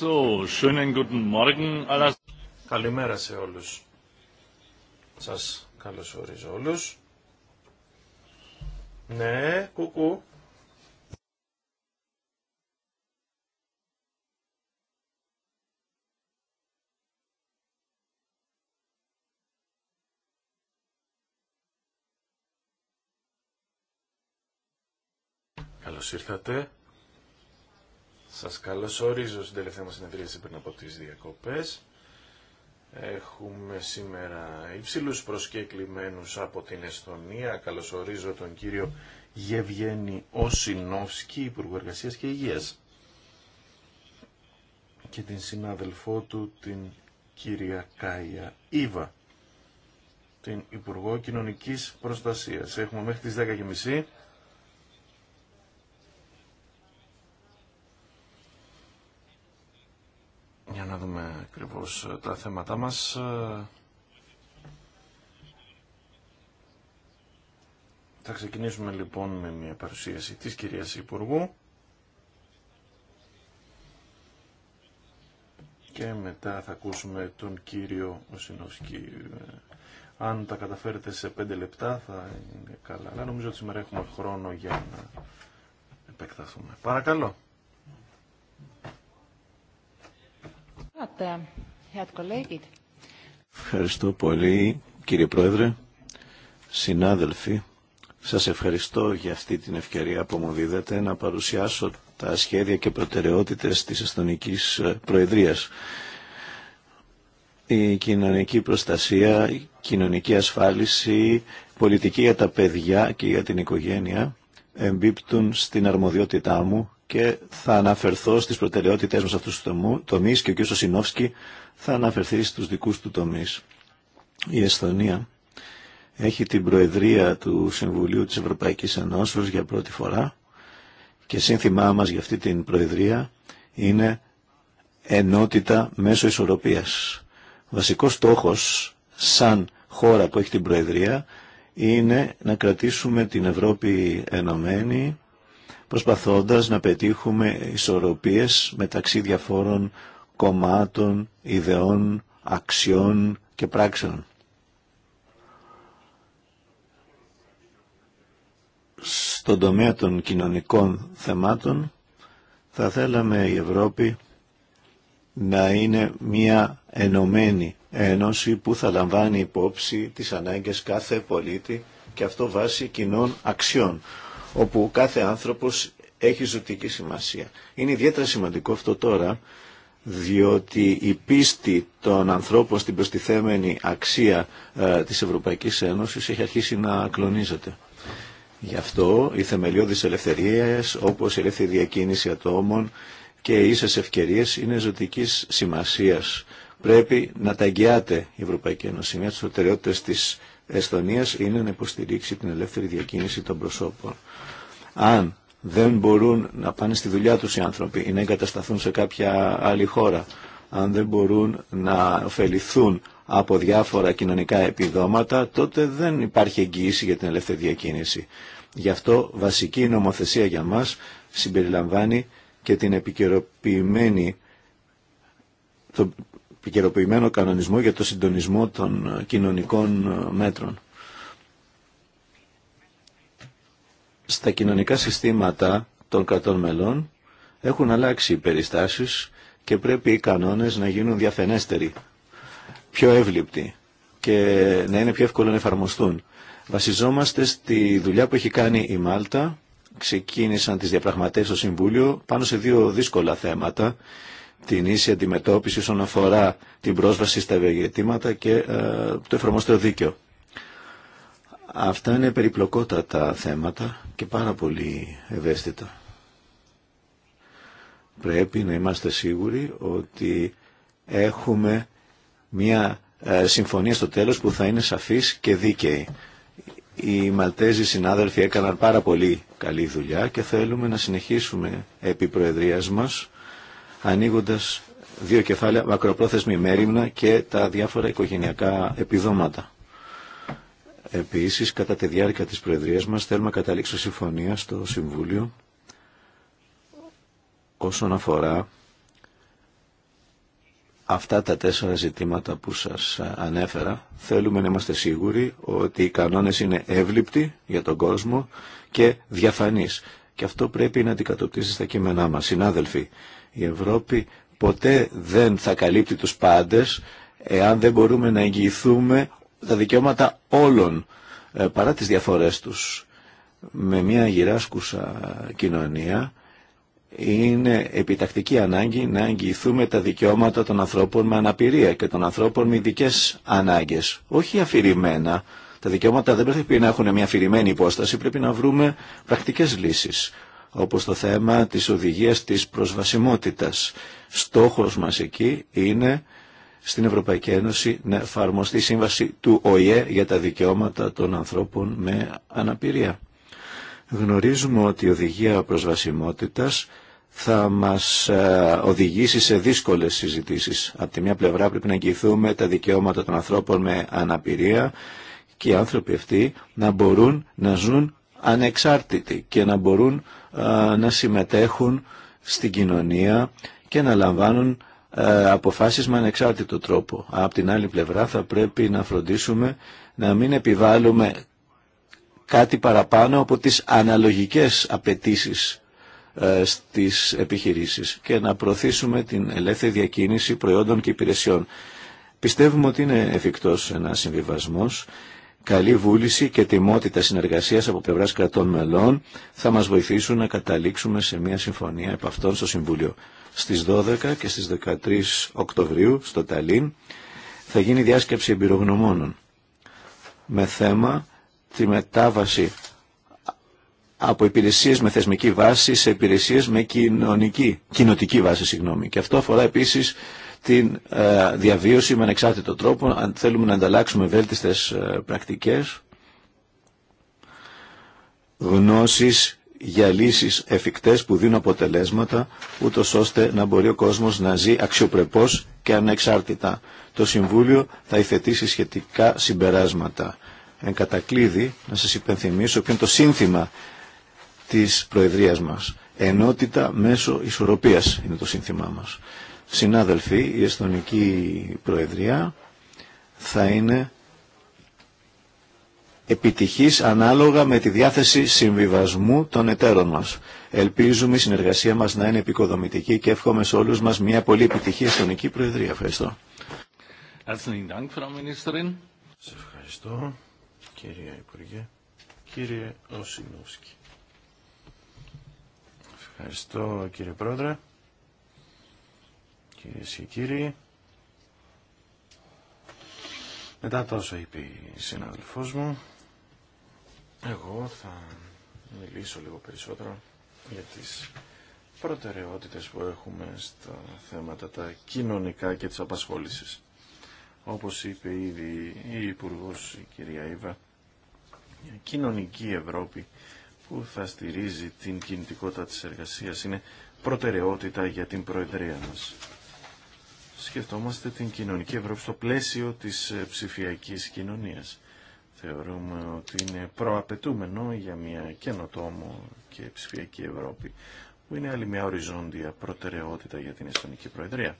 So, schönen guten Morgen. Καλημέρα σε όλους. Σας καλωσορίζω όλους. Ναι, κουκού. Καλώς ήρθατε. Σας καλωσορίζω στην τελευταία μας συνεδρίαση πριν από τις διακοπές. Έχουμε σήμερα υψηλούς προσκεκλημένους από την Εστονία. Καλωσορίζω τον κύριο Γευγένη Οσινόφσκι, Υπουργό Εργασίας και Υγείας. Και την συνάδελφό του, την κυρία Κάια Ήβα, την Υπουργό Κοινωνικής Προστασίας. Έχουμε μέχρι τις 10.30 ακριβώς ε, τα θέματα μας. Ε, θα ξεκινήσουμε λοιπόν με μια παρουσίαση της κυρίας Υπουργού και μετά θα ακούσουμε τον κύριο Οσινόφσκι. Ε, αν τα καταφέρετε σε πέντε λεπτά θα είναι καλά, αλλά νομίζω ότι σήμερα έχουμε χρόνο για να επεκταθούμε. Παρακαλώ. Ευχαριστώ πολύ κύριε Πρόεδρε, συνάδελφοι. Σας ευχαριστώ για αυτή την ευκαιρία που μου δίδετε να παρουσιάσω τα σχέδια και προτεραιότητες της Εστονικής ε, Προεδρίας. Η κοινωνική προστασία, η κοινωνική ασφάλιση, πολιτική για τα παιδιά και για την οικογένεια εμπίπτουν στην αρμοδιότητά μου και θα αναφερθώ στις προτεραιότητες μας αυτούς τους τομείς και ο κ. Σινόφσκι θα αναφερθεί στους δικούς του τομείς. Η Εσθονία έχει την Προεδρία του Συμβουλίου της Ευρωπαϊκής Ενώσεως για πρώτη φορά και σύνθημά μας για αυτή την Προεδρία είναι ενότητα μέσω ισορροπίας. Ο βασικός στόχος σαν χώρα που έχει την Προεδρία είναι να κρατήσουμε την Ευρώπη ενωμένη προσπαθώντας να πετύχουμε ισορροπίες μεταξύ διαφόρων κομμάτων, ιδεών, αξιών και πράξεων. Στον τομέα των κοινωνικών θεμάτων θα θέλαμε η Ευρώπη να είναι μια ενωμένη ένωση που θα λαμβάνει υπόψη τις ανάγκες κάθε πολίτη και αυτό βάσει κοινών αξιών όπου κάθε άνθρωπος έχει ζωτική σημασία. Είναι ιδιαίτερα σημαντικό αυτό τώρα, διότι η πίστη των ανθρώπων στην προστιθέμενη αξία ε, της Ευρωπαϊκής Ένωσης έχει αρχίσει να κλονίζεται. Γι' αυτό οι θεμελιώδεις ελευθερίες, όπως η ελεύθερη διακίνηση ατόμων και οι ίσες ευκαιρίες είναι ζωτικής σημασίας. Πρέπει να τα εγγυάται η Ευρωπαϊκή Ένωση. Μια από τις προτεραιότητες της Εσθονίας είναι να υποστηρίξει την ελεύθερη διακίνηση των προσώπων. Αν δεν μπορούν να πάνε στη δουλειά τους οι άνθρωποι ή να εγκατασταθούν σε κάποια άλλη χώρα, αν δεν μπορούν να ωφεληθούν από διάφορα κοινωνικά επιδόματα, τότε δεν υπάρχει εγγύηση για την ελεύθερη διακίνηση. Γι' αυτό βασική νομοθεσία για μας συμπεριλαμβάνει και την επικαιροποιημένη, το επικαιροποιημένο κανονισμό για το συντονισμό των κοινωνικών μέτρων. στα κοινωνικά συστήματα των κρατών μελών έχουν αλλάξει οι περιστάσεις και πρέπει οι κανόνες να γίνουν διαφενέστεροι, πιο εύληπτοι και να είναι πιο εύκολο να εφαρμοστούν. Βασιζόμαστε στη δουλειά που έχει κάνει η Μάλτα, ξεκίνησαν τις διαπραγματεύσεις στο Συμβούλιο πάνω σε δύο δύσκολα θέματα, την ίση αντιμετώπιση όσον αφορά την πρόσβαση στα ευεργετήματα και ε, το εφαρμοστείο δίκαιο. Αυτά είναι περιπλοκότατα θέματα και πάρα πολύ ευαίσθητα. Πρέπει να είμαστε σίγουροι ότι έχουμε μια ε, συμφωνία στο τέλος που θα είναι σαφής και δίκαιη. Οι Μαλτέζοι συνάδελφοι έκαναν πάρα πολύ καλή δουλειά και θέλουμε να συνεχίσουμε επί προεδρίας μας ανοίγοντας δύο κεφάλαια μακροπρόθεσμη μέρημνα και τα διάφορα οικογενειακά επιδόματα. Επίσης, κατά τη διάρκεια της Προεδρίας μας θέλουμε να καταλήξω συμφωνία στο Συμβούλιο όσον αφορά αυτά τα τέσσερα ζητήματα που σας ανέφερα. Θέλουμε να είμαστε σίγουροι ότι οι κανόνες είναι εύληπτοι για τον κόσμο και διαφανείς. Και αυτό πρέπει να αντικατοπτήσει στα κείμενά μας. Συνάδελφοι, η Ευρώπη ποτέ δεν θα καλύπτει τους πάντες εάν δεν μπορούμε να εγγυηθούμε τα δικαιώματα όλων ε, παρά τις διαφορές τους με μια γυράσκουσα κοινωνία είναι επιτακτική ανάγκη να εγγυηθούμε τα δικαιώματα των ανθρώπων με αναπηρία και των ανθρώπων με ειδικέ ανάγκες. Όχι αφηρημένα. Τα δικαιώματα δεν πρέπει να έχουν μια αφηρημένη υπόσταση, πρέπει να βρούμε πρακτικές λύσεις όπως το θέμα της οδηγίας της προσβασιμότητας. Στόχος μας εκεί είναι στην Ευρωπαϊκή Ένωση να εφαρμοστεί σύμβαση του ΟΗΕ για τα δικαιώματα των ανθρώπων με αναπηρία. Γνωρίζουμε ότι η οδηγία προσβασιμότητας θα μας ε, οδηγήσει σε δύσκολες συζητήσεις. Από τη μια πλευρά πρέπει να εγγυηθούμε τα δικαιώματα των ανθρώπων με αναπηρία και οι άνθρωποι αυτοί να μπορούν να ζουν ανεξάρτητοι και να μπορούν ε, να συμμετέχουν στην κοινωνία και να λαμβάνουν ε, αποφάσεις με ανεξάρτητο τρόπο. Από την άλλη πλευρά θα πρέπει να φροντίσουμε να μην επιβάλλουμε κάτι παραπάνω από τις αναλογικές απαιτήσει ε, στις επιχειρήσεις και να προωθήσουμε την ελεύθερη διακίνηση προϊόντων και υπηρεσιών. Πιστεύουμε ότι είναι εφικτός ένας συμβιβασμός. Καλή βούληση και τιμότητα συνεργασίας από πλευράς κρατών μελών θα μας βοηθήσουν να καταλήξουμε σε μια συμφωνία επ' αυτών στο Συμβούλιο στις 12 και στις 13 Οκτωβρίου στο Ταλίν θα γίνει διάσκεψη εμπειρογνωμόνων με θέμα τη μετάβαση από υπηρεσίες με θεσμική βάση σε υπηρεσίες με κοινωνική, κοινοτική βάση. Συγγνώμη. Και αυτό αφορά επίσης την ε, διαβίωση με ανεξάρτητο τρόπο, αν θέλουμε να ανταλλάξουμε βέλτιστες ε, πρακτικές, γνώσεις για λύσεις εφικτές που δίνουν αποτελέσματα, ούτω ώστε να μπορεί ο κόσμος να ζει αξιοπρεπώς και ανεξάρτητα. Το Συμβούλιο θα υθετήσει σχετικά συμπεράσματα. Εν κατακλείδη, να σας υπενθυμίσω ποιο είναι το σύνθημα της Προεδρίας μας. Ενότητα μέσω ισορροπίας είναι το σύνθημά μας. Συνάδελφοι, η εσθονική Προεδρία θα είναι επιτυχής ανάλογα με τη διάθεση συμβιβασμού των εταίρων μας. Ελπίζουμε η συνεργασία μας να είναι επικοδομητική και εύχομαι σε όλους μας μια πολύ επιτυχή εστονική προεδρία. Ευχαριστώ. ευχαριστώ, κύριε Υπουργέ. Κύριε Ευχαριστώ, κύριε Πρόεδρε. Κυρίε και κύριοι, μετά τόσο είπε η συναδελφός μου, εγώ θα μιλήσω λίγο περισσότερο για τις προτεραιότητες που έχουμε στα θέματα τα κοινωνικά και της απασχόλησης. Όπως είπε ήδη η Υπουργός, η κυρία Ήβα, η κοινωνική Ευρώπη που θα στηρίζει την κινητικότητα της εργασίας είναι προτεραιότητα για την Προεδρία μας. Σκεφτόμαστε την κοινωνική Ευρώπη στο πλαίσιο της ψηφιακής κοινωνίας. Θεωρούμε ότι είναι προαπαιτούμενο για μια καινοτόμο και ψηφιακή Ευρώπη, που είναι άλλη μια οριζόντια προτεραιότητα για την Εστονική Προεδρία.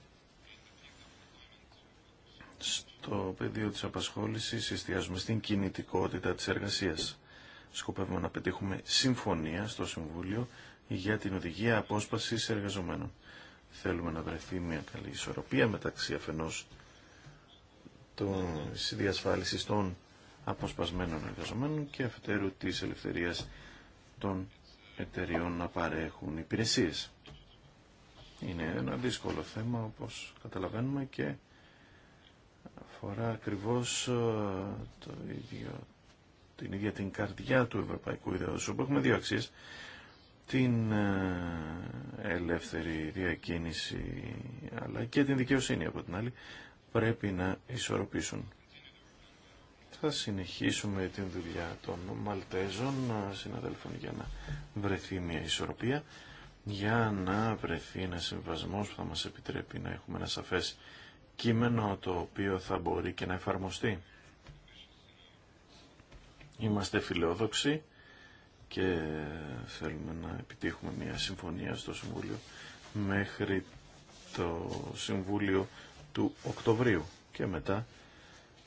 Στο πεδίο της απασχόλησης εστιάζουμε στην κινητικότητα της εργασίας. Σκοπεύουμε να πετύχουμε συμφωνία στο Συμβούλιο για την οδηγία απόσπασης εργαζομένων. Θέλουμε να βρεθεί μια καλή ισορροπία μεταξύ αφενός της διασφάλισης των αποσπασμένων εργαζομένων και αφετέρου της ελευθερίας των εταιριών να παρέχουν υπηρεσίες. Είναι ένα δύσκολο θέμα όπως καταλαβαίνουμε και αφορά ακριβώς ε, το ίδιο, την ίδια την καρδιά του ευρωπαϊκού ιδεώδους όπου έχουμε δύο αξίες την ε, ελεύθερη διακίνηση αλλά και την δικαιοσύνη από την άλλη πρέπει να ισορροπήσουν θα συνεχίσουμε την δουλειά των Μαλτέζων ε, συναδέλφων για να βρεθεί μια ισορροπία για να βρεθεί ένα συμβασμό που θα μας επιτρέπει να έχουμε ένα σαφές κείμενο το οποίο θα μπορεί και να εφαρμοστεί. Είμαστε φιλόδοξοι και θέλουμε να επιτύχουμε μια συμφωνία στο Συμβούλιο μέχρι το Συμβούλιο του Οκτωβρίου και μετά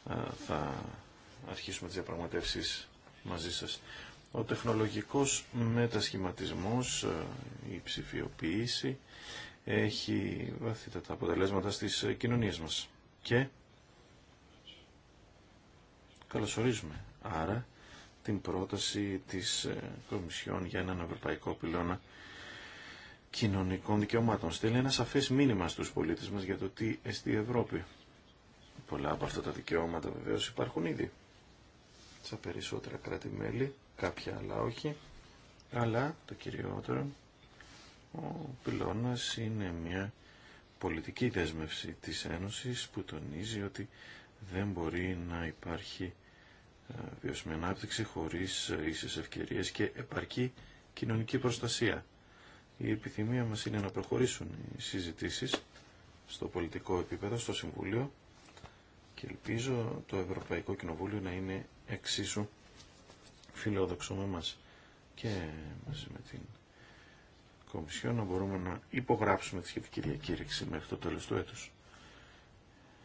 ε, θα αρχίσουμε τις διαπραγματεύσεις μαζί σας. Ο τεχνολογικός μετασχηματισμός, ε, η ψηφιοποίηση, έχει βαθύτατα αποτελέσματα στις ε, κοινωνίες μας. Και καλωσορίζουμε άρα την πρόταση της ε, Κομισιόν για έναν ευρωπαϊκό πυλώνα κοινωνικών δικαιωμάτων. Στέλνει ένα σαφές μήνυμα στους πολίτες μας για το τι εστί η Ευρώπη. Πολλά από αυτά τα δικαιώματα βεβαίως υπάρχουν ήδη στα περισσότερα κράτη-μέλη, κάποια άλλα όχι, αλλά το κυριότερο ο πυλώνας είναι μια πολιτική δέσμευση της Ένωσης που τονίζει ότι δεν μπορεί να υπάρχει ε, βιώσιμη ανάπτυξη χωρίς ε, ίσες ευκαιρίες και επαρκή κοινωνική προστασία. Η επιθυμία μας είναι να προχωρήσουν οι συζητήσεις στο πολιτικό επίπεδο, στο Συμβούλιο, και ελπίζω το Ευρωπαϊκό Κοινοβούλιο να είναι εξίσου φιλόδοξο με μας και μαζί με την Κομισιό να μπορούμε να υπογράψουμε τη σχετική διακήρυξη μέχρι το τέλος του έτους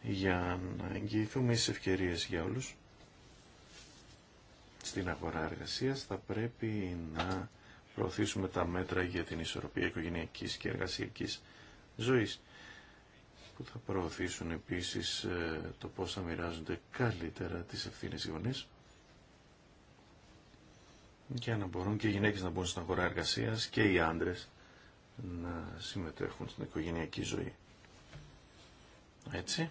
για να εγγυηθούμε στις ευκαιρίες για όλους στην αγορά εργασίας θα πρέπει να προωθήσουμε τα μέτρα για την ισορροπία οικογενειακής και εργασιακής ζωής που θα προωθήσουν επίσης ε, το πώς θα μοιράζονται καλύτερα τις ευθύνες οι γονείς για να μπορούν και οι γυναίκες να μπουν στην αγορά εργασίας και οι άντρες να συμμετέχουν στην οικογενειακή ζωή. Έτσι,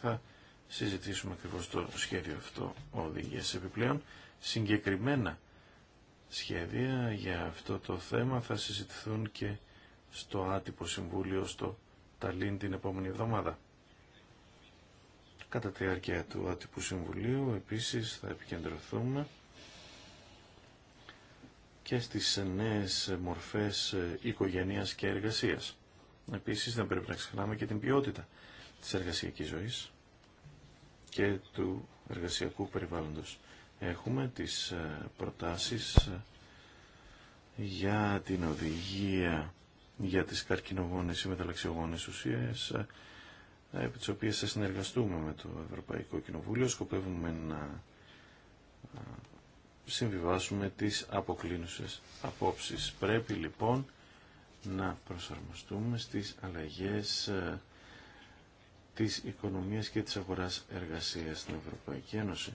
θα συζητήσουμε ακριβώ το σχέδιο αυτό οδηγίας επιπλέον. Συγκεκριμένα σχέδια για αυτό το θέμα θα συζητηθούν και στο άτυπο συμβούλιο στο Ταλίν την επόμενη εβδομάδα. Κατά τη διάρκεια του Ατυπού Συμβουλίου επίσης θα επικεντρωθούμε και στις νέες μορφές οικογένειας και εργασίας. Επίσης δεν πρέπει να ξεχνάμε και την ποιότητα της εργασιακής ζωής και του εργασιακού περιβάλλοντος. Έχουμε τις ε, προτάσεις ε, για την οδηγία για τις καρκινογόνες ή μεταλλαξιογόνες ουσίες ε, επί τις οποίες θα συνεργαστούμε με το Ευρωπαϊκό Κοινοβούλιο. Σκοπεύουμε να ε, συμβιβάσουμε τις αποκλίνουσες απόψεις. Πρέπει λοιπόν να προσαρμοστούμε στις αλλαγές ε, της οικονομίας και της αγοράς εργασίας στην Ευρωπαϊκή Ένωση.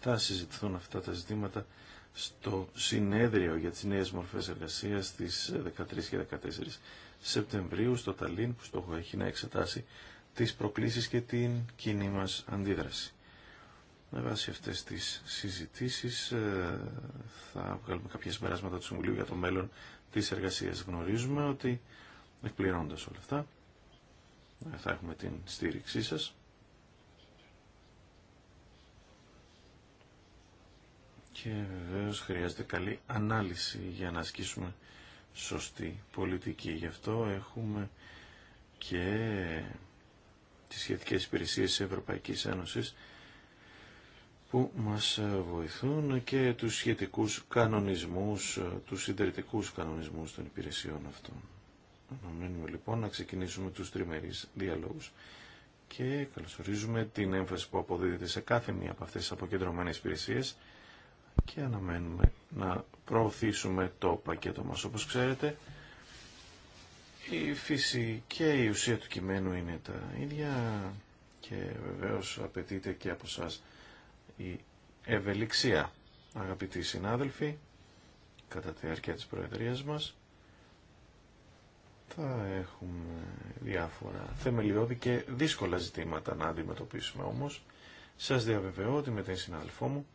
Θα συζητηθούν αυτά τα ζητήματα στο συνέδριο για τις νέες μορφές εργασίας στις 13 και 14 Σεπτεμβρίου στο Ταλίν που στόχο έχει να εξετάσει τις προκλήσεις και την κοινή μας αντίδραση. Με βάση αυτές τις συζητήσεις ε, θα βγάλουμε κάποια συμπεράσματα του Συμβουλίου για το μέλλον της εργασίας. Γνωρίζουμε ότι εκπληρώνοντας όλα αυτά θα έχουμε την στήριξή σας και βεβαίω χρειάζεται καλή ανάλυση για να ασκήσουμε σωστή πολιτική. Γι' αυτό έχουμε και τις σχετικές υπηρεσίες της Ευρωπαϊκής Ένωσης που μας βοηθούν και τους σχετικούς κανονισμούς, τους συντηρητικούς κανονισμούς των υπηρεσιών αυτών. Αναμένουμε λοιπόν να ξεκινήσουμε τους τριμερείς διαλόγους και καλωσορίζουμε την έμφαση που αποδίδεται σε κάθε μία από αυτές τις αποκεντρωμένες υπηρεσίες και αναμένουμε να προωθήσουμε το πακέτο μας. Όπως ξέρετε, η φύση και η ουσία του κειμένου είναι τα ίδια και βεβαίως απαιτείται και από σας η ευελιξία. Αγαπητοί συνάδελφοι, κατά τη διάρκεια της Προεδρίας μας θα έχουμε διάφορα θεμελιώδη και δύσκολα ζητήματα να αντιμετωπίσουμε όμως. Σας διαβεβαιώ ότι με την συνάδελφό μου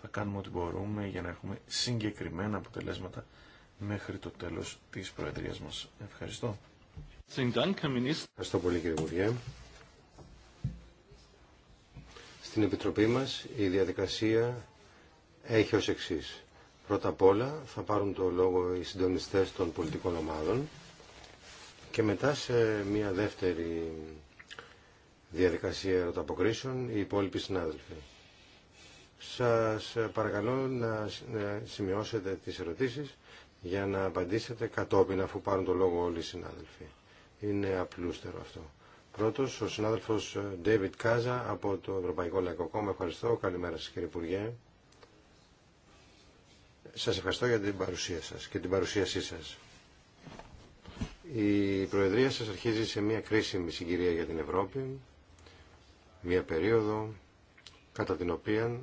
θα κάνουμε ό,τι μπορούμε για να έχουμε συγκεκριμένα αποτελέσματα μέχρι το τέλος της Προεδρίας μας. Ευχαριστώ. Ευχαριστώ πολύ κύριε Βουδιέ. Στην Επιτροπή μας η διαδικασία έχει ως εξής. Πρώτα απ' όλα θα πάρουν το λόγο οι συντονιστές των πολιτικών ομάδων και μετά σε μια δεύτερη διαδικασία ερωταποκρίσεων οι υπόλοιποι συνάδελφοι. Σας παρακαλώ να σημειώσετε τις ερωτήσεις για να απαντήσετε κατόπιν αφού πάρουν το λόγο όλοι οι συνάδελφοι. Είναι απλούστερο αυτό. Πρώτος, ο συνάδελφος David Κάζα από το Ευρωπαϊκό Λαϊκό Κόμμα. Ευχαριστώ. Καλημέρα σας κύριε Υπουργέ. Σας ευχαριστώ για την παρουσία σας και την παρουσίασή σας. Η Προεδρία σας αρχίζει σε μια κρίσιμη συγκυρία για την Ευρώπη, μια περίοδο κατά την οποία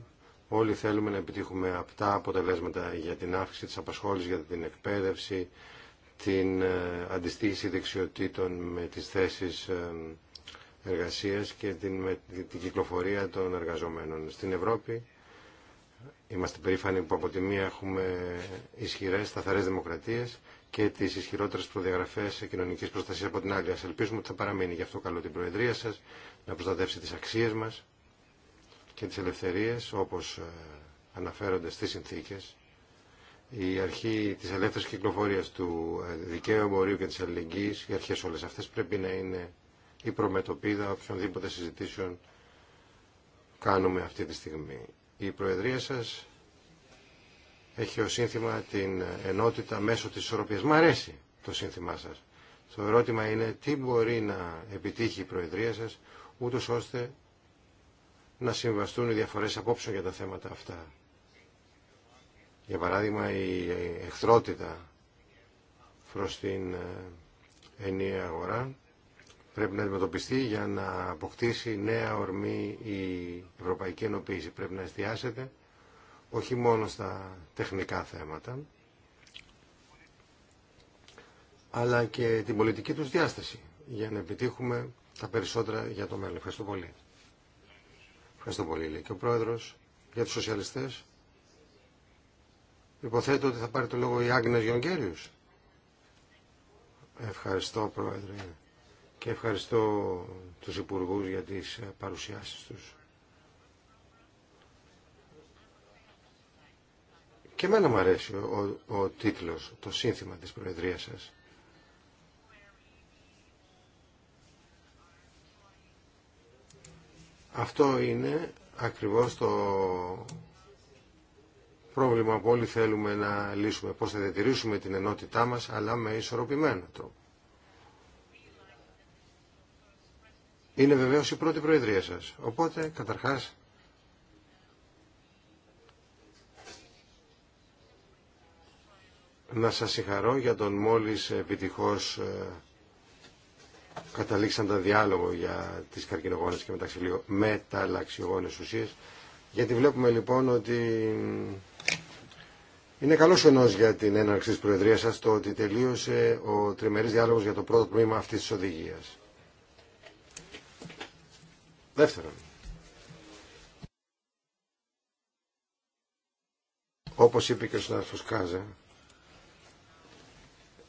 Όλοι θέλουμε να επιτύχουμε απτά αποτελέσματα για την αύξηση της απασχόλησης, για την εκπαίδευση, την ε, αντιστοίχηση δεξιοτήτων με τις θέσεις ε, εργασίας και την, με, κυκλοφορία των εργαζομένων. Στην Ευρώπη είμαστε περήφανοι που από τη μία έχουμε ισχυρές, σταθερές δημοκρατίες και τι ισχυρότερε προδιαγραφέ κοινωνική προστασία από την άλλη. Ας ελπίζουμε ότι θα παραμείνει γι' αυτό καλό την Προεδρία σα να προστατεύσει τι αξίε μα και τις ελευθερίες όπως ε, αναφέρονται στις συνθήκες η αρχή της ελεύθερης κυκλοφορίας του ε, δικαίου εμπορίου και της αλληλεγγύης, οι αρχές όλες αυτές πρέπει να είναι η προμετωπίδα οποιονδήποτε συζητήσεων κάνουμε αυτή τη στιγμή. Η Προεδρία σας έχει ως σύνθημα την ενότητα μέσω της ισορροπίας. Μ' αρέσει το σύνθημά σας. Το ερώτημα είναι τι μπορεί να επιτύχει η Προεδρία σας ούτως ώστε να συμβαστούν οι διαφορές απόψεων για τα θέματα αυτά. Για παράδειγμα, η εχθρότητα προς την ε, ενιαία αγορά πρέπει να αντιμετωπιστεί για να αποκτήσει νέα ορμή η ευρωπαϊκή ενοποίηση. Πρέπει να εστιάσετε όχι μόνο στα τεχνικά θέματα, αλλά και την πολιτική τους διάσταση για να επιτύχουμε τα περισσότερα για το μέλλον. Ευχαριστώ πολύ. Ευχαριστώ πολύ, λέει και ο Πρόεδρος. Για τους σοσιαλιστές. Υποθέτω ότι θα πάρει το λόγο η Άγνε Γιονγκέριου. Ευχαριστώ, Πρόεδρε. Και ευχαριστώ τους Υπουργούς για τις ε, παρουσιάσει τους. Και εμένα μου αρέσει ο, ο, ο τίτλος, το σύνθημα της Προεδρίας σας. Αυτό είναι ακριβώς το πρόβλημα που όλοι θέλουμε να λύσουμε, πώς θα διατηρήσουμε την ενότητά μας, αλλά με ισορροπημένο τρόπο. Είναι βεβαίως η πρώτη προεδρία σας. Οπότε, καταρχάς, να σας συγχαρώ για τον μόλις επιτυχώς ε, τα διάλογο για τις καρκινογόνες και μεταλλαξιογόνες ουσίες. Γιατί βλέπουμε λοιπόν ότι είναι καλός ενός για την έναρξη της Προεδρίας σας το ότι τελείωσε ο τριμερής διάλογος για το πρώτο τμήμα αυτής της οδηγίας. Δεύτερον, όπως είπε και ο συνάδελφος Κάζα,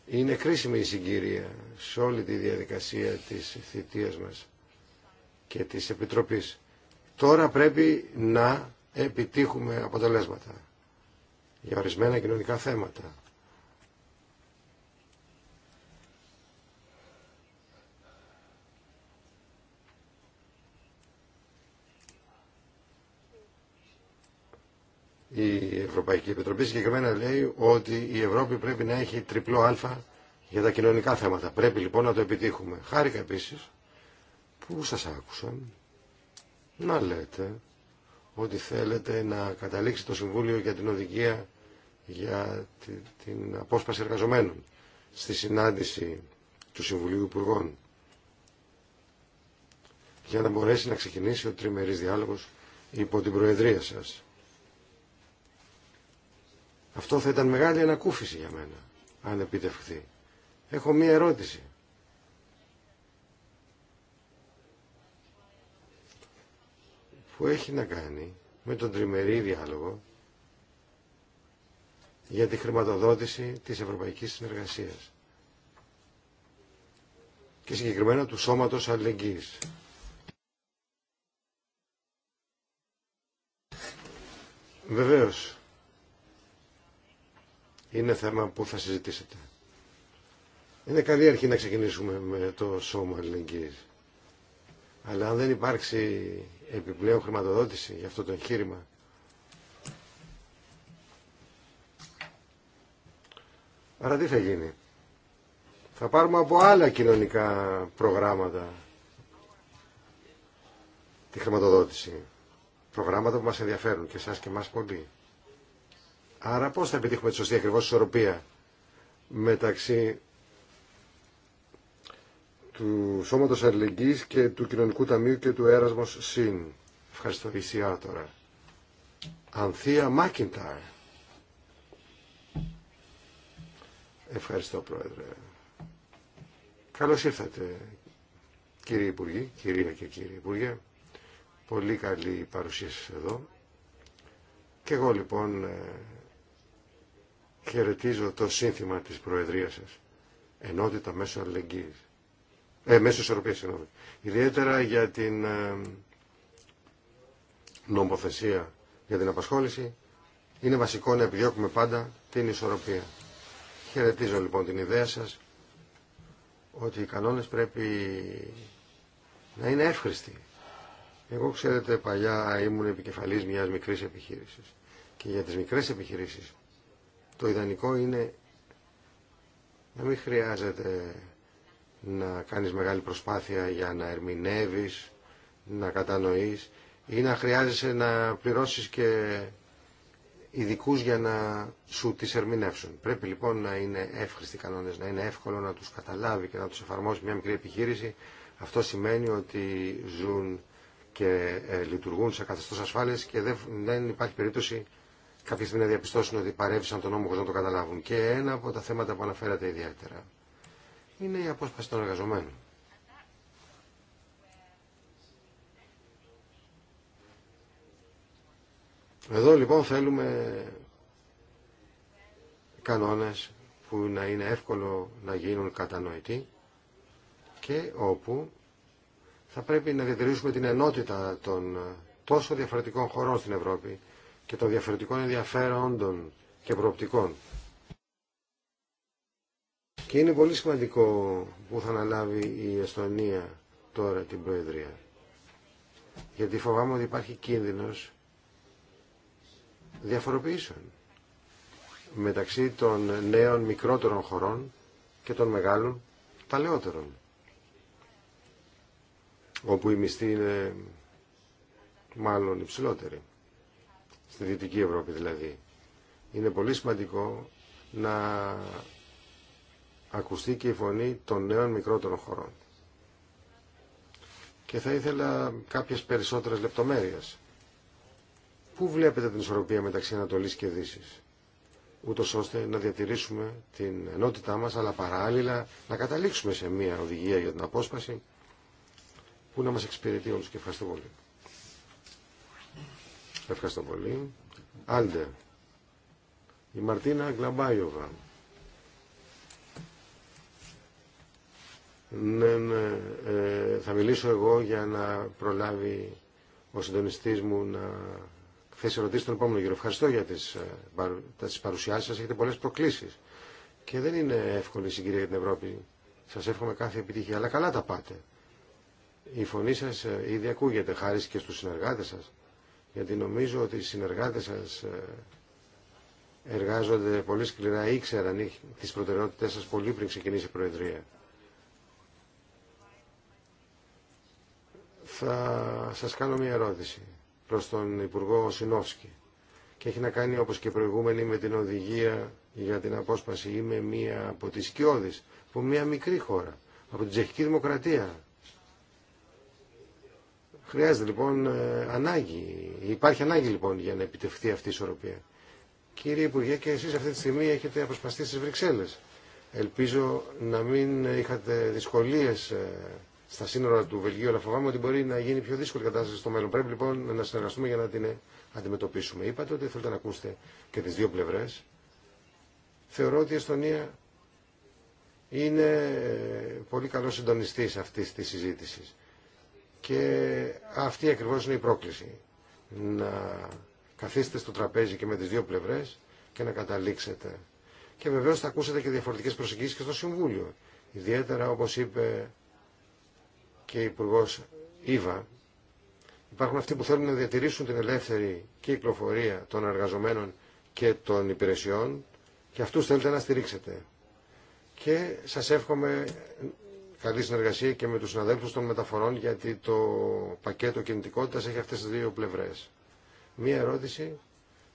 είναι κρίσιμη η συγκύρια σε όλη τη διαδικασία της θητείας μας και της Επιτροπής. Τώρα πρέπει να επιτύχουμε αποτελέσματα για ορισμένα κοινωνικά θέματα. η Ευρωπαϊκή Επιτροπή συγκεκριμένα λέει ότι η Ευρώπη πρέπει να έχει τριπλό α για τα κοινωνικά θέματα. Πρέπει λοιπόν να το επιτύχουμε. Χάρηκα επίσης που σας άκουσα να λέτε ότι θέλετε να καταλήξει το Συμβούλιο για την Οδηγία για την απόσπαση εργαζομένων στη συνάντηση του Συμβουλίου Υπουργών για να μπορέσει να ξεκινήσει ο τριμερής διάλογος υπό την Προεδρία σας. Αυτό θα ήταν μεγάλη ανακούφιση για μένα, αν επιτευχθεί. Έχω μία ερώτηση. Που έχει να κάνει με τον τριμερή διάλογο για τη χρηματοδότηση της Ευρωπαϊκής Συνεργασίας και συγκεκριμένα του Σώματος Αλληλεγγύης. Βεβαίως, είναι θέμα που θα συζητήσετε. Είναι καλή αρχή να ξεκινήσουμε με το σώμα αλληλεγγύης. Αλλά αν δεν υπάρξει επιπλέον χρηματοδότηση για αυτό το εγχείρημα, Άρα τι θα γίνει. Θα πάρουμε από άλλα κοινωνικά προγράμματα τη χρηματοδότηση. Προγράμματα που μας ενδιαφέρουν και εσάς και εμάς πολύ. Άρα πώς θα επιτύχουμε τη σωστή ακριβώς ισορροπία μεταξύ του Σώματος Αλληλεγγύης και του Κοινωνικού Ταμείου και του Έρασμος ΣΥΝ. Ευχαριστώ. Ισιά τώρα. Ανθία Μάκιντάρ. Ευχαριστώ Πρόεδρε. Καλώς ήρθατε κύριε Υπουργή, κυρία και κύριε Υπουργέ. Πολύ καλή παρουσία εδώ. Και εγώ λοιπόν ε, χαιρετίζω το σύνθημα της Προεδρίας σας. Ενότητα μέσω αλληλεγγύης. Ε, μέσω ισορροπίας, συγγνώμη. Ιδιαίτερα για την ε, νομοθεσία, για την απασχόληση, είναι βασικό να επιδιώκουμε πάντα την ισορροπία. Χαιρετίζω λοιπόν την ιδέα σας ότι οι κανόνες πρέπει να είναι εύχριστοι. Εγώ ξέρετε παλιά ήμουν επικεφαλής μιας μικρής επιχείρησης και για τις μικρές επιχειρήσεις το ιδανικό είναι να μην χρειάζεται να κάνεις μεγάλη προσπάθεια για να ερμηνεύεις, να κατανοείς ή να χρειάζεσαι να πληρώσεις και ειδικού για να σου τις ερμηνεύσουν. Πρέπει λοιπόν να είναι εύχρηστοι κανόνες, να είναι εύκολο να τους καταλάβει και να τους εφαρμόσει μια μικρή επιχείρηση. Αυτό σημαίνει ότι ζουν και ε, λειτουργούν σε καθεστώς ασφάλειας και δεν υπάρχει περίπτωση κάποια στιγμή να διαπιστώσουν ότι παρέβησαν τον νόμο χωρίς να το καταλάβουν. Και ένα από τα θέματα που αναφέρατε ιδιαίτερα είναι η απόσπαση των εργαζομένων. Εδώ λοιπόν θέλουμε κανόνες που να είναι εύκολο να γίνουν κατανοητοί και όπου θα πρέπει να διατηρήσουμε την ενότητα των τόσο διαφορετικών χωρών στην Ευρώπη και των διαφορετικών ενδιαφέροντων και προοπτικών. Και είναι πολύ σημαντικό που θα αναλάβει η Εστονία τώρα την Προεδρία. Γιατί φοβάμαι ότι υπάρχει κίνδυνος διαφοροποιήσεων μεταξύ των νέων μικρότερων χωρών και των μεγάλων παλαιότερων όπου οι μισθοί είναι μάλλον υψηλότεροι στη Δυτική Ευρώπη δηλαδή. Είναι πολύ σημαντικό να ακουστεί και η φωνή των νέων μικρότερων χωρών. Και θα ήθελα κάποιες περισσότερες λεπτομέρειες. Πού βλέπετε την ισορροπία μεταξύ Ανατολής και Δύσης, ούτως ώστε να διατηρήσουμε την ενότητά μας, αλλά παράλληλα να καταλήξουμε σε μια οδηγία για την απόσπαση που να μας εξυπηρετεί όλους και ευχαριστώ πολύ. Ευχαριστώ πολύ. Άντε, Η Μαρτίνα Γκλαμπάιοβα. Ναι, ναι, ε, θα μιλήσω εγώ για να προλάβει ο συντονιστή μου να θέσει ερωτήσει στον επόμενο γύρο. Ευχαριστώ για τις, ε, τις παρουσιάσεις σας. Έχετε πολλές προκλήσεις. Και δεν είναι εύκολη η συγκυρία για την Ευρώπη. Σας εύχομαι κάθε επιτυχία, αλλά καλά τα πάτε. Η φωνή σας ε, ήδη ακούγεται χάρη και στους συνεργάτες σας γιατί νομίζω ότι οι συνεργάτες σας ε, εργάζονται πολύ σκληρά, ήξεραν τις προτεραιότητες σας πολύ πριν ξεκινήσει η Προεδρία. Θα σας κάνω μια ερώτηση προς τον Υπουργό Σινόφσκι και έχει να κάνει όπως και προηγούμενη με την οδηγία για την απόσπαση. με μία από τις Κιώδης, από μία μικρή χώρα, από την Τσεχική Δημοκρατία. Χρειάζεται λοιπόν ε, ανάγκη, υπάρχει ανάγκη λοιπόν για να επιτευχθεί αυτή η ισορροπία. Κύριε Υπουργέ, και εσείς αυτή τη στιγμή έχετε αποσπαστεί στις Βρυξέλλες. Ελπίζω να μην είχατε δυσκολίες ε, στα σύνορα του Βελγίου, αλλά φοβάμαι ότι μπορεί να γίνει πιο δύσκολη κατάσταση στο μέλλον. Πρέπει λοιπόν να συνεργαστούμε για να την ε, αντιμετωπίσουμε. Είπατε ότι θέλετε να ακούσετε και τις δύο πλευρές. Θεωρώ ότι η Εστονία είναι πολύ καλό συντονιστή αυτή τη συζήτηση. Και αυτή ακριβώς είναι η πρόκληση. Να καθίσετε στο τραπέζι και με τις δύο πλευρές και να καταλήξετε. Και βεβαίως θα ακούσετε και διαφορετικές προσεγγίσεις και στο Συμβούλιο. Ιδιαίτερα όπως είπε και η Υπουργό Ήβα, υπάρχουν αυτοί που θέλουν να διατηρήσουν την ελεύθερη κυκλοφορία των εργαζομένων και των υπηρεσιών και αυτούς θέλετε να στηρίξετε. Και σας εύχομαι καλή συνεργασία και με τους συναδέλφους των μεταφορών γιατί το πακέτο κινητικότητας έχει αυτές τις δύο πλευρές. Μία ερώτηση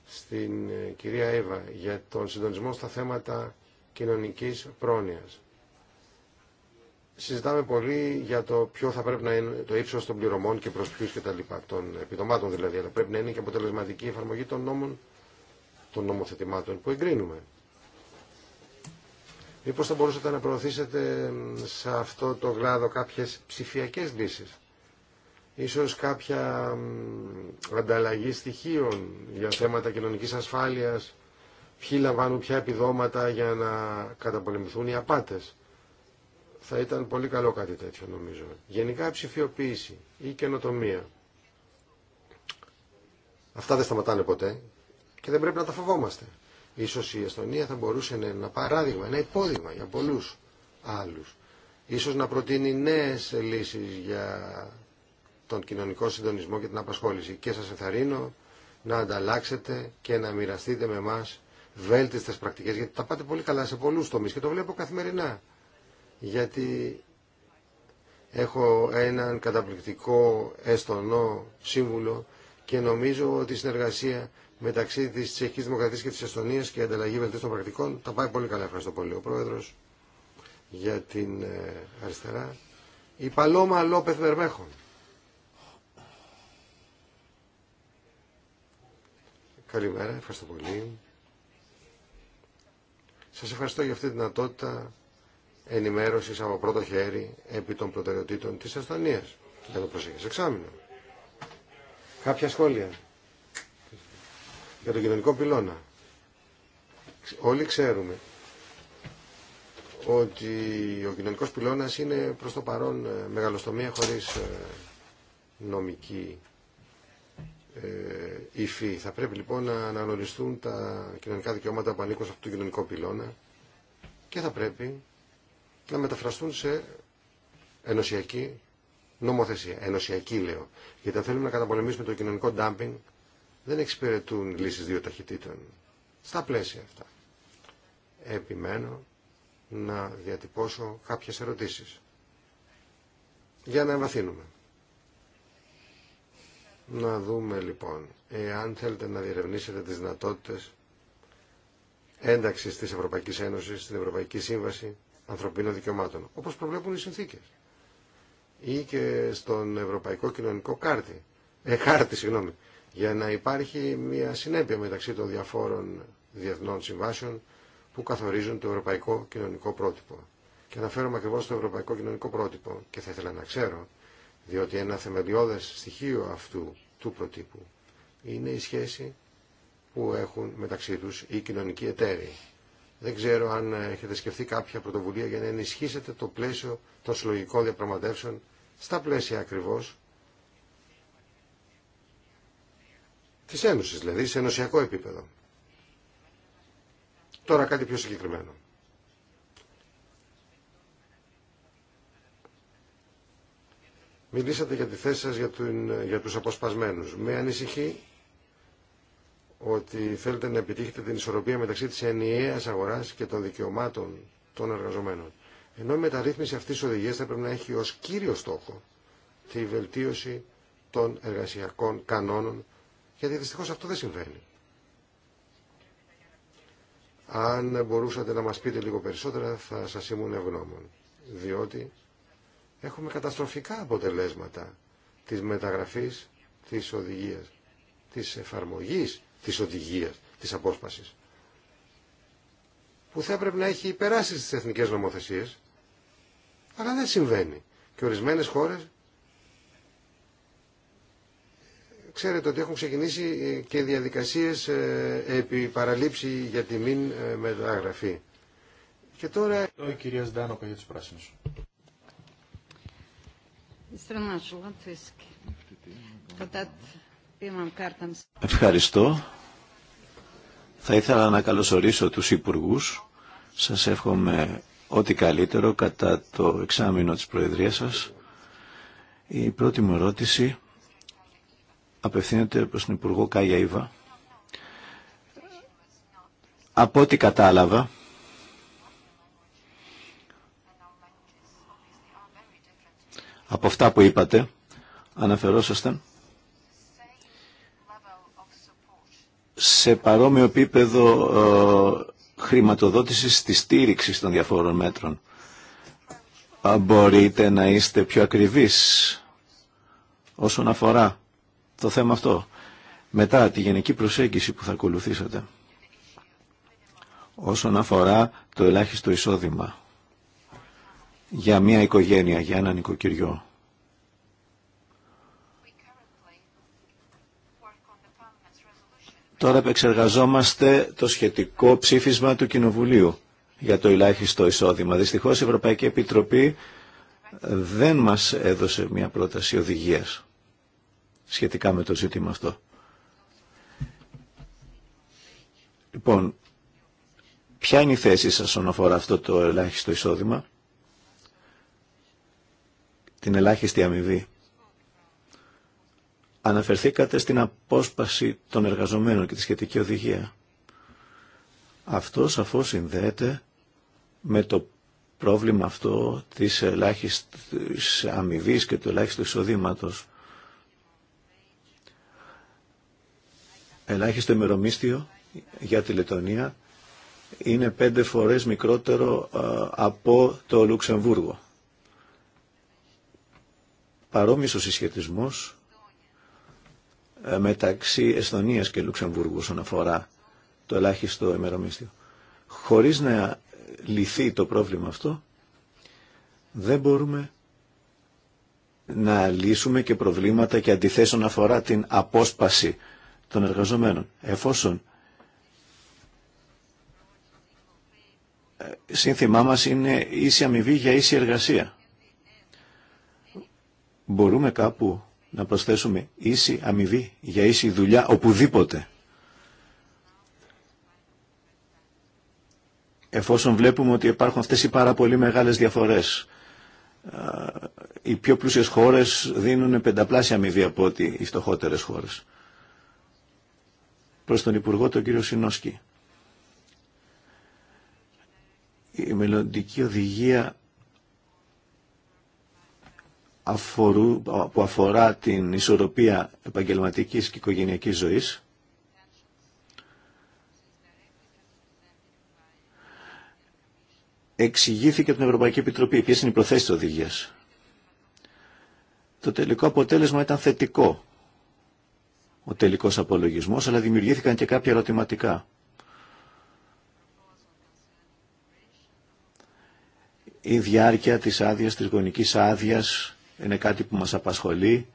στην ε, κυρία Εύα για τον συντονισμό στα θέματα κοινωνικής πρόνοιας. Συζητάμε πολύ για το ποιο θα πρέπει να είναι το ύψος των πληρωμών και προς ποιους και τα λοιπά, των επιδομάτων δηλαδή, αλλά πρέπει να είναι και αποτελεσματική εφαρμογή των νόμων των νομοθετημάτων που εγκρίνουμε. Μήπως θα μπορούσατε να προωθήσετε σε αυτό το κλάδο κάποιες ψηφιακές λύσεις. Ίσως κάποια ανταλλαγή στοιχείων για θέματα κοινωνικής ασφάλειας, ποιοι λαμβάνουν ποια επιδόματα για να καταπολεμηθούν οι απάτες. Θα ήταν πολύ καλό κάτι τέτοιο νομίζω. Γενικά ψηφιοποίηση ή καινοτομία. Αυτά δεν σταματάνε ποτέ και δεν πρέπει να τα φοβόμαστε. Ίσως η Εστονία θα μπορούσε να είναι ένα παράδειγμα, ένα υπόδειγμα για πολλούς άλλους. Ίσως να προτείνει νέες λύσεις για τον κοινωνικό συντονισμό και την απασχόληση. Και σας ενθαρρύνω να ανταλλάξετε και να μοιραστείτε με εμά βέλτιστες πρακτικές, γιατί τα πάτε πολύ καλά σε πολλούς τομείς και το βλέπω καθημερινά. Γιατί έχω έναν καταπληκτικό εστονό σύμβουλο και νομίζω ότι η συνεργασία μεταξύ τη Τσεχική Δημοκρατία και τη Εστονία και η ανταλλαγή βελτίστων πρακτικών. Τα πάει πολύ καλά. Ευχαριστώ πολύ ο Πρόεδρο για την ε, αριστερά. Η Παλώμα Λόπεθ Βερμέχων. Καλημέρα, ευχαριστώ πολύ. Σα ευχαριστώ για αυτή τη δυνατότητα ενημέρωσης από πρώτο χέρι επί των προτεραιοτήτων της Εστονία για το προσεχέ εξάμεινο. Κάποια σχόλια για τον κοινωνικό πυλώνα. Όλοι ξέρουμε ότι ο κοινωνικό πυλώνας είναι προ το παρόν ε, μεγαλοστομία χωρίς ε, νομική ε, υφή. Θα πρέπει λοιπόν να αναγνωριστούν τα κοινωνικά δικαιώματα που ανήκουν σε αυτόν τον κοινωνικό πυλώνα και θα πρέπει να μεταφραστούν σε ενωσιακή νομοθεσία. Ενωσιακή λέω. Γιατί αν θέλουμε να καταπολεμήσουμε το κοινωνικό ντάμπινγκ δεν εξυπηρετούν λύσεις δύο ταχυτήτων. Στα πλαίσια αυτά. Επιμένω να διατυπώσω κάποιες ερωτήσεις. Για να εμβαθύνουμε. Να δούμε λοιπόν, εάν θέλετε να διερευνήσετε τις δυνατότητες ένταξης της Ευρωπαϊκής Ένωσης στην Ευρωπαϊκή Σύμβαση Ανθρωπίνων Δικαιωμάτων, όπως προβλέπουν οι συνθήκες, ή και στον Ευρωπαϊκό Κοινωνικό Κάρτη, ε, Χάρτη, συγγνώμη, για να υπάρχει μια συνέπεια μεταξύ των διαφόρων διεθνών συμβάσεων που καθορίζουν το ευρωπαϊκό κοινωνικό πρότυπο. Και αναφέρομαι ακριβώ στο ευρωπαϊκό κοινωνικό πρότυπο και θα ήθελα να ξέρω, διότι ένα θεμελιώδε στοιχείο αυτού του προτύπου είναι η σχέση που έχουν μεταξύ του οι κοινωνικοί εταίροι. Δεν ξέρω αν έχετε σκεφτεί κάποια πρωτοβουλία για να ενισχύσετε το πλαίσιο των συλλογικών διαπραγματεύσεων στα πλαίσια ακριβώς Τη Ένωση, δηλαδή σε ενωσιακό επίπεδο. Τώρα κάτι πιο συγκεκριμένο. Μιλήσατε για τη θέση σας για, για τους αποσπασμένους. Με ανησυχεί ότι θέλετε να επιτύχετε την ισορροπία μεταξύ της ενιαίας αγοράς και των δικαιωμάτων των εργαζομένων. Ενώ η μεταρρύθμιση αυτής της οδηγίας θα πρέπει να έχει ως κύριο στόχο τη βελτίωση των εργασιακών κανόνων γιατί δυστυχώ αυτό δεν συμβαίνει. Αν μπορούσατε να μας πείτε λίγο περισσότερα θα σας ήμουν ευγνώμων. Διότι έχουμε καταστροφικά αποτελέσματα της μεταγραφής της οδηγίας, της εφαρμογής της οδηγίας, της απόσπασης. Που θα έπρεπε να έχει περάσει στις εθνικές νομοθεσίες, αλλά δεν συμβαίνει. Και ορισμένες χώρες Ξέρετε ότι έχουν ξεκινήσει ε, και διαδικασίες ε, επί παραλήψη για τη μην ε, μεταγραφή. Και τώρα... Ο για Ευχαριστώ. Θα ήθελα να καλωσορίσω τους Υπουργούς. Σας εύχομαι ό,τι καλύτερο κατά το εξάμεινο της Προεδρίας σας. Η πρώτη μου ερώτηση απευθύνεται προς τον Υπουργό Καγιαΐβα. Από ό,τι κατάλαβα, από αυτά που είπατε, αναφερόσασταν σε παρόμοιο επίπεδο ε, χρηματοδότησης της στήριξης των διαφόρων μέτρων. Μπορείτε να είστε πιο ακριβείς όσον αφορά το θέμα αυτό. Μετά τη γενική προσέγγιση που θα ακολουθήσατε όσον αφορά το ελάχιστο εισόδημα για μια οικογένεια, για ένα νοικοκυριό. Τώρα επεξεργαζόμαστε το σχετικό ψήφισμα του Κοινοβουλίου για το ελάχιστο εισόδημα. Δυστυχώς η Ευρωπαϊκή Επιτροπή δεν μας έδωσε μια πρόταση οδηγίας σχετικά με το ζήτημα αυτό. Λοιπόν, ποια είναι η θέση σας όσον αφορά αυτό το ελάχιστο εισόδημα, την ελάχιστη αμοιβή. Αναφερθήκατε στην απόσπαση των εργαζομένων και τη σχετική οδηγία. Αυτό σαφώς συνδέεται με το πρόβλημα αυτό της ελάχιστης αμοιβή και του ελάχιστου εισοδήματος. ελάχιστο ημερομίσθιο για τη Λετωνία είναι πέντε φορές μικρότερο ε, από το Λουξεμβούργο. Παρόμοιος ο συσχετισμός ε, μεταξύ Εσθονίας και Λουξεμβούργου όσον αφορά το ελάχιστο ημερομίσθιο. Χωρίς να λυθεί το πρόβλημα αυτό, δεν μπορούμε να λύσουμε και προβλήματα και αντιθέσεων αφορά την απόσπαση των εργαζομένων. Εφόσον ε, σύνθημά μας είναι ίση αμοιβή για ίση εργασία. Μπορούμε κάπου να προσθέσουμε ίση αμοιβή για ίση δουλειά οπουδήποτε. Εφόσον βλέπουμε ότι υπάρχουν αυτές οι πάρα πολύ μεγάλες διαφορές. Ε, οι πιο πλούσιες χώρες δίνουν πενταπλάσια αμοιβή από ότι οι φτωχότερες χώρες προς τον Υπουργό τον κύριο Σινόσκι. Η μελλοντική οδηγία που αφορά την ισορροπία επαγγελματικής και οικογενειακής ζωής εξηγήθηκε από την Ευρωπαϊκή Επιτροπή ποιες είναι οι προθέσεις της οδηγίας. Το τελικό αποτέλεσμα ήταν θετικό ο τελικός απολογισμός, αλλά δημιουργήθηκαν και κάποια ερωτηματικά. Η διάρκεια της άδειας, της γονικής άδειας, είναι κάτι που μας απασχολεί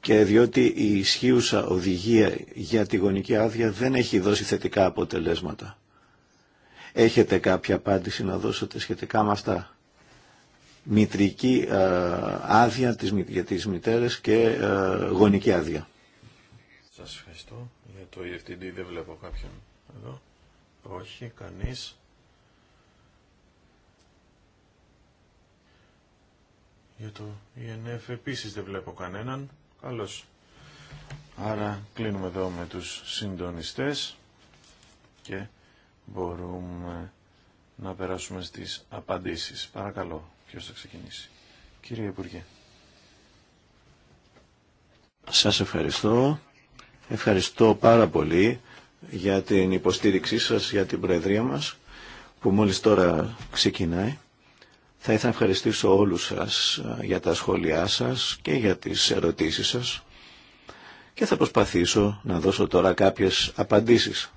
και διότι η ισχύουσα οδηγία για τη γονική άδεια δεν έχει δώσει θετικά αποτελέσματα. Έχετε κάποια απάντηση να δώσετε σχετικά με αυτά μητρική ε, άδεια για τις μητέρες και ε, γονική άδεια. Σας ευχαριστώ. Για το EFTD δεν βλέπω κάποιον εδώ. Όχι, κανείς. Για το ENF επίσης δεν βλέπω κανέναν. Καλώς. Άρα κλείνουμε εδώ με τους συντονιστές και μπορούμε να περάσουμε στις απαντήσεις. Παρακαλώ. Ποιο θα ξεκινήσει. Κύριε Υπουργέ. Σας ευχαριστώ. Ευχαριστώ πάρα πολύ για την υποστήριξή σας, για την Προεδρία μας, που μόλις τώρα ξεκινάει. Θα ήθελα να ευχαριστήσω όλους σας ε, για τα σχόλιά σας και για τις ερωτήσεις σας και θα προσπαθήσω να δώσω τώρα κάποιες απαντήσεις.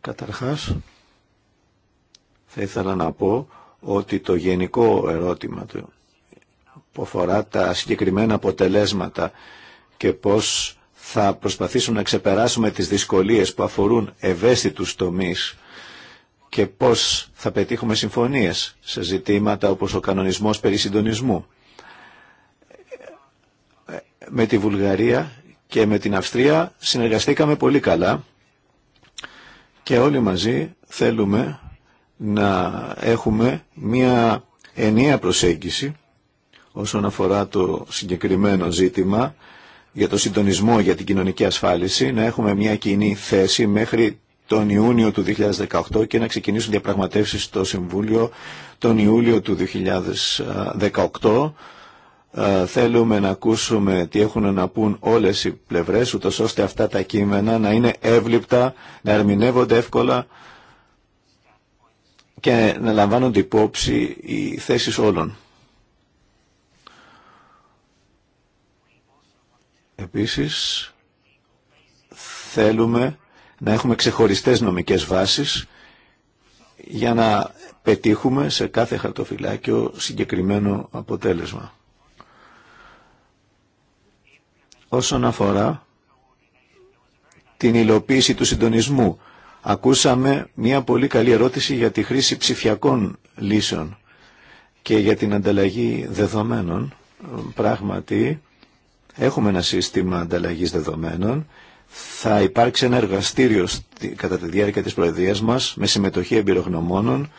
Καταρχάς, θα ήθελα να πω ότι το γενικό ερώτημα του που αφορά τα συγκεκριμένα αποτελέσματα και πώς θα προσπαθήσουμε να ξεπεράσουμε τις δυσκολίες που αφορούν ευαίσθητους τομείς και πώς θα πετύχουμε συμφωνίες σε ζητήματα όπως ο κανονισμός περί συντονισμού. Με τη Βουλγαρία και με την Αυστρία συνεργαστήκαμε πολύ καλά και όλοι μαζί θέλουμε να έχουμε μια ενιαία προσέγγιση όσον αφορά το συγκεκριμένο ζήτημα για το συντονισμό για την κοινωνική ασφάλιση, να έχουμε μια κοινή θέση μέχρι τον Ιούνιο του 2018 και να ξεκινήσουν διαπραγματεύσεις στο Συμβούλιο τον Ιούλιο του 2018. Ε, θέλουμε να ακούσουμε τι έχουν να πούν όλες οι πλευρές, ούτως ώστε αυτά τα κείμενα να είναι εύληπτα, να ερμηνεύονται εύκολα και να λαμβάνονται υπόψη οι θέσεις όλων. Επίσης, θέλουμε να έχουμε ξεχωριστές νομικές βάσεις για να πετύχουμε σε κάθε χαρτοφυλάκιο συγκεκριμένο αποτέλεσμα. Όσον αφορά την υλοποίηση του συντονισμού, Ακούσαμε μια πολύ καλή ερώτηση για τη χρήση ψηφιακών λύσεων και για την ανταλλαγή δεδομένων. Πράγματι, έχουμε ένα σύστημα ανταλλαγής δεδομένων. Θα υπάρξει ένα εργαστήριο κατά τη διάρκεια της προεδρίας μας με συμμετοχή εμπειρογνωμόνων.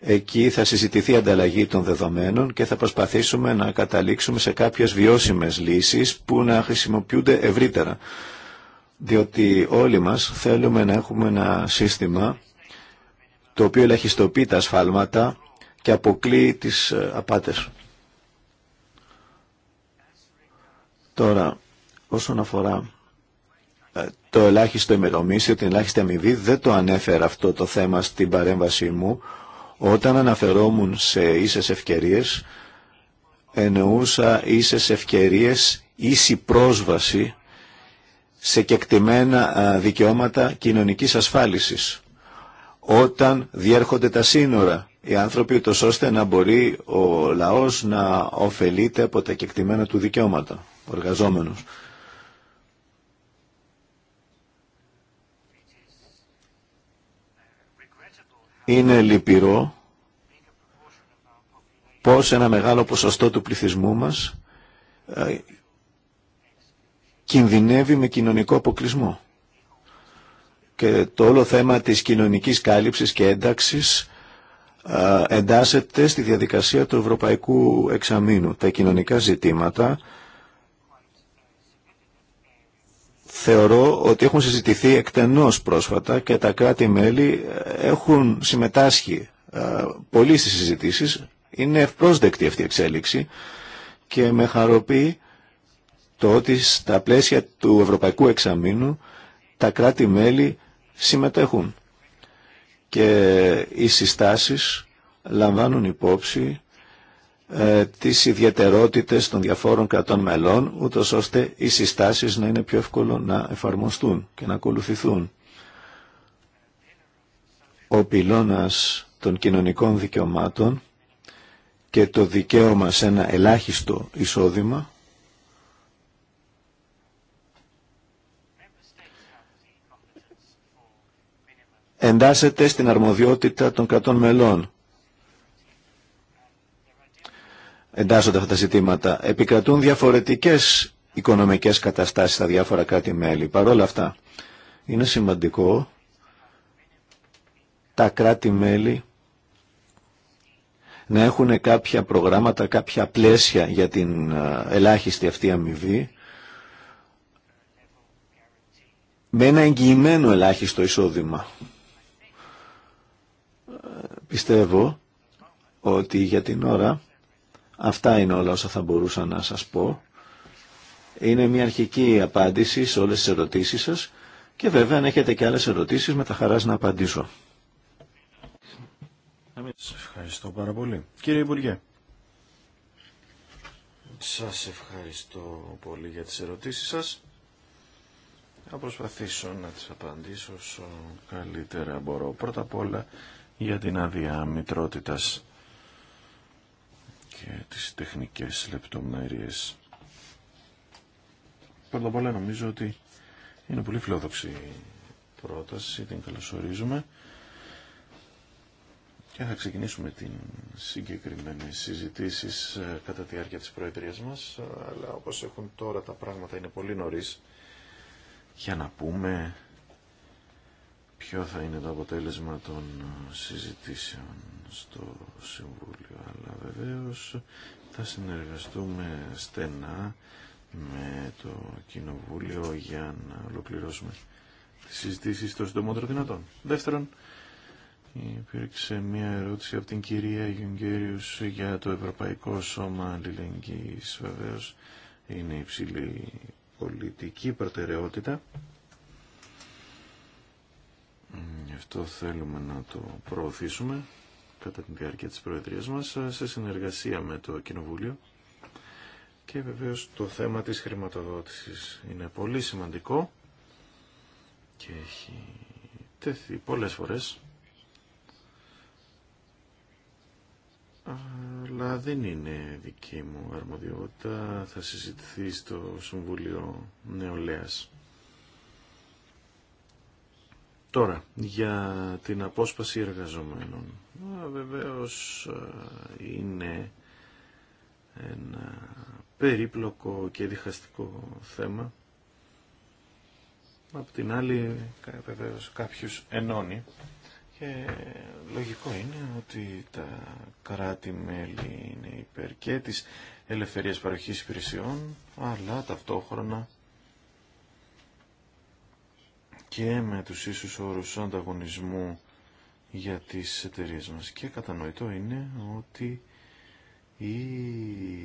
Εκεί θα συζητηθεί η ανταλλαγή των δεδομένων και θα προσπαθήσουμε να καταλήξουμε σε κάποιες βιώσιμες λύσεις που να χρησιμοποιούνται ευρύτερα διότι όλοι μας θέλουμε να έχουμε ένα σύστημα το οποίο ελαχιστοποιεί τα ασφάλματα και αποκλείει τις ε, απάτες. Τώρα, όσον αφορά ε, το ελάχιστο ημερομίσιο, την ελάχιστη αμοιβή, δεν το ανέφερα αυτό το θέμα στην παρέμβασή μου. Όταν αναφερόμουν σε ίσες ευκαιρίες, εννοούσα ίσες ευκαιρίες, ίση πρόσβαση σε κεκτημένα δικαιώματα κοινωνικής ασφάλισης. Όταν διέρχονται τα σύνορα οι άνθρωποι ούτως ώστε να μπορεί ο λαός να ωφελείται από τα κεκτημένα του δικαιώματα, ο Είναι λυπηρό πως ένα μεγάλο ποσοστό του πληθυσμού μας κινδυνεύει με κοινωνικό αποκλεισμό. Και το όλο θέμα της κοινωνικής κάλυψης και ένταξης εντάσσεται στη διαδικασία του Ευρωπαϊκού Εξαμήνου. Τα κοινωνικά ζητήματα θεωρώ ότι έχουν συζητηθεί εκτενώς πρόσφατα και τα κράτη-μέλη έχουν συμμετάσχει πολύ στις συζητήσεις. Είναι ευπρόσδεκτη αυτή η εξέλιξη και με χαροποιεί το ότι στα πλαίσια του Ευρωπαϊκού Εξαμήνου τα κράτη-μέλη συμμετέχουν και οι συστάσεις λαμβάνουν υπόψη ε, τις ιδιαιτερότητες των διαφόρων κρατών μελών, ούτω ώστε οι συστάσεις να είναι πιο εύκολο να εφαρμοστούν και να ακολουθηθούν. Ο πυλώνας των κοινωνικών δικαιωμάτων και το δικαίωμα σε ένα ελάχιστο εισόδημα εντάσσεται στην αρμοδιότητα των κρατών μελών. Εντάσσονται αυτά τα ζητήματα. Επικρατούν διαφορετικές οικονομικές καταστάσεις στα διάφορα κράτη-μέλη. Παρ' όλα αυτά, είναι σημαντικό τα κράτη-μέλη να έχουν κάποια προγράμματα, κάποια πλαίσια για την ε, ελάχιστη αυτή αμοιβή με ένα εγγυημένο ελάχιστο εισόδημα. Πιστεύω ότι για την ώρα αυτά είναι όλα όσα θα μπορούσα να σας πω. Είναι μια αρχική απάντηση σε όλες τις ερωτήσεις σας και βέβαια αν έχετε και άλλες ερωτήσεις με τα χαράς να απαντήσω. Σας ευχαριστώ πάρα πολύ. Κύριε Υπουργέ. Σας ευχαριστώ πολύ για τις ερωτήσεις σας. Θα προσπαθήσω να τις απαντήσω όσο καλύτερα μπορώ. Πρώτα απ' όλα για την άδεια μητρότητας και τις τεχνικές λεπτομέρειες. Πρώτα απ' όλα νομίζω ότι είναι πολύ φιλόδοξη η πρόταση, την καλωσορίζουμε και θα ξεκινήσουμε την συγκεκριμένη συζητήσεις ε, κατά τη διάρκεια της προεδρίας μας, ε, αλλά όπως έχουν τώρα τα πράγματα είναι πολύ νωρίς για να πούμε ποιο θα είναι το αποτέλεσμα των συζητήσεων στο Συμβούλιο. Αλλά βεβαίως θα συνεργαστούμε στενά με το Κοινοβούλιο για να ολοκληρώσουμε τις συζητήσεις στο συντομότερο δυνατόν. Δεύτερον, υπήρξε μια ερώτηση από την κυρία Γιουγκέριους για το Ευρωπαϊκό Σώμα Αλληλεγγύης. Βεβαίως είναι υψηλή πολιτική προτεραιότητα Γι' αυτό θέλουμε να το προωθήσουμε κατά την διάρκεια της Προεδρίας μας σε συνεργασία με το Κοινοβούλιο και βεβαίως το θέμα της χρηματοδότησης είναι πολύ σημαντικό και έχει τέθει πολλές φορές αλλά δεν είναι δική μου αρμοδιότητα θα συζητηθεί στο Συμβούλιο Νεολαίας Τώρα, για την απόσπαση εργαζομένων. Βεβαίως είναι ένα περίπλοκο και διχαστικό θέμα. από την άλλη, βεβαίως κάποιους ενώνει. Και λογικό είναι ότι τα κράτη-μέλη είναι υπέρ και της ελευθερίας παροχής υπηρεσιών, αλλά ταυτόχρονα και με τους ίσους όρους ανταγωνισμού για τις εταιρείε μας. Και κατανοητό είναι ότι η,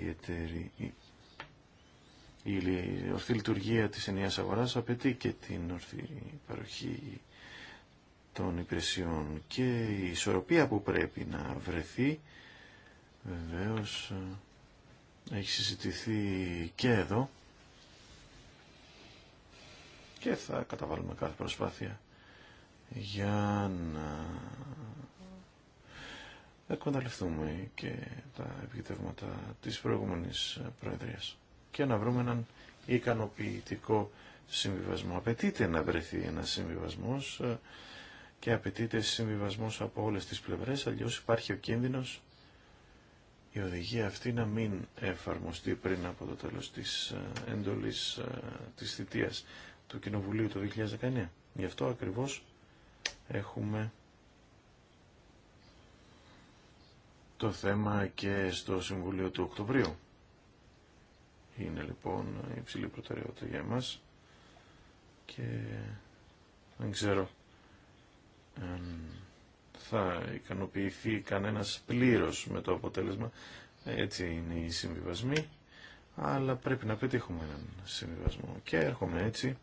εταιρεία, η ορθή λειτουργία της ενιαίας αγοράς απαιτεί και την ορθή παροχή των υπηρεσιών και η ισορροπία που πρέπει να βρεθεί βεβαίως έχει συζητηθεί και εδώ και θα καταβάλουμε κάθε προσπάθεια για να εκμεταλλευτούμε και τα επιτεύγματα της προηγούμενης Προεδρίας και να βρούμε έναν ικανοποιητικό συμβιβασμό. Απαιτείται να βρεθεί ένας συμβιβασμός ε, και απαιτείται συμβιβασμός από όλες τις πλευρές, αλλιώς υπάρχει ο κίνδυνος η οδηγία αυτή να μην εφαρμοστεί πριν από το τέλος της ε, εντολής ε, της θητείας του Κοινοβουλίου το 2019. Γι' αυτό ακριβώς έχουμε το θέμα και στο Συμβουλίο του Οκτωβρίου. Είναι λοιπόν υψηλή προτεραιότητα για μας και δεν ξέρω αν θα ικανοποιηθεί κανένας πλήρως με το αποτέλεσμα. Έτσι είναι οι συμβιβασμοί, αλλά πρέπει να πετύχουμε έναν συμβιβασμό. Και έρχομαι έτσι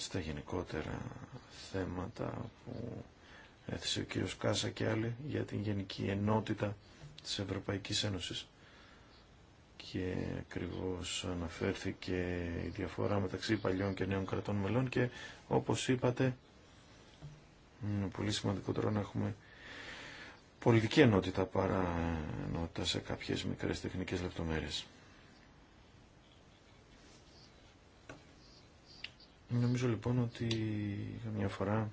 στα γενικότερα θέματα που έθεσε ο κύριος Κάσα και άλλοι για την γενική ενότητα της Ευρωπαϊκής Ένωσης. Και ακριβώ αναφέρθηκε η διαφορά μεταξύ παλιών και νέων κρατών μελών και όπως είπατε είναι πολύ σημαντικό τώρα να έχουμε πολιτική ενότητα παρά ενότητα σε κάποιες μικρές τεχνικές λεπτομέρειες. Νομίζω λοιπόν ότι μια φορά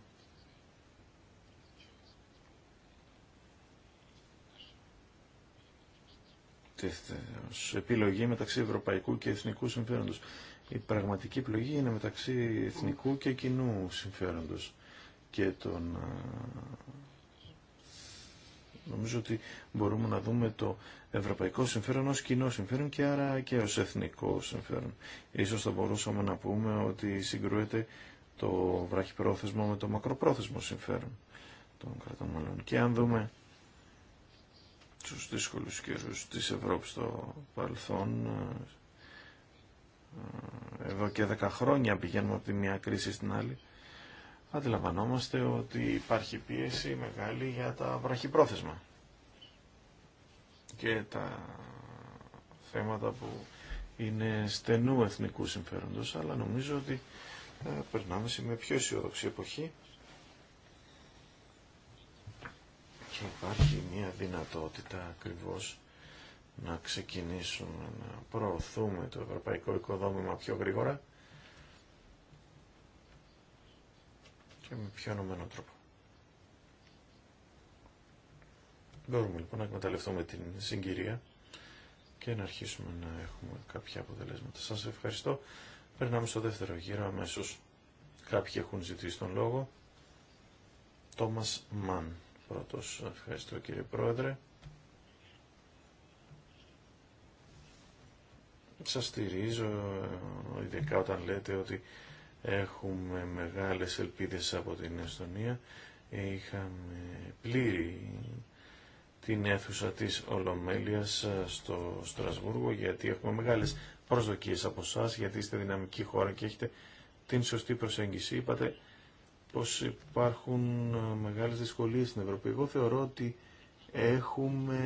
ως επιλογή μεταξύ ευρωπαϊκού και εθνικού συμφέροντος. Η πραγματική επιλογή είναι μεταξύ εθνικού και κοινού συμφέροντος και των Νομίζω ότι μπορούμε να δούμε το ευρωπαϊκό συμφέρον ως κοινό συμφέρον και άρα και ως εθνικό συμφέρον. Ίσως θα μπορούσαμε να πούμε ότι συγκρούεται το βραχυπρόθεσμο με το μακροπρόθεσμο συμφέρον των κρατών μελών. Και αν δούμε τους δύσκολου καιρού της Ευρώπης στο παρελθόν, ε, ε, εδώ και 10 χρόνια πηγαίνουμε από τη μία κρίση στην άλλη, αντιλαμβανόμαστε ότι υπάρχει πίεση μεγάλη για τα βραχυπρόθεσμα και τα θέματα που είναι στενού εθνικού συμφέροντος, αλλά νομίζω ότι ε, περνάμε σε μια πιο αισιοδοξή εποχή και υπάρχει μια δυνατότητα ακριβώς να ξεκινήσουμε να προωθούμε το ευρωπαϊκό οικοδόμημα πιο γρήγορα και με πιο ενωμένο τρόπο. Μπορούμε λοιπόν να εκμεταλλευτούμε την συγκυρία και να αρχίσουμε να έχουμε κάποια αποτελέσματα. Σας ευχαριστώ. Περνάμε στο δεύτερο γύρο αμέσω. Κάποιοι έχουν ζητήσει τον λόγο. Τόμας Μαν πρώτος. Ευχαριστώ κύριε Πρόεδρε. Σας στηρίζω ειδικά όταν λέτε ότι έχουμε μεγάλες ελπίδες από την Εστονία. Είχαμε πλήρη την αίθουσα της Ολομέλειας ε, στο Στρασβούργο γιατί έχουμε μεγάλες προσδοκίες από εσά γιατί είστε δυναμική χώρα και έχετε την σωστή προσέγγιση. Είπατε πως υπάρχουν ε, μεγάλες δυσκολίες στην Ευρώπη. Εγώ θεωρώ ότι έχουμε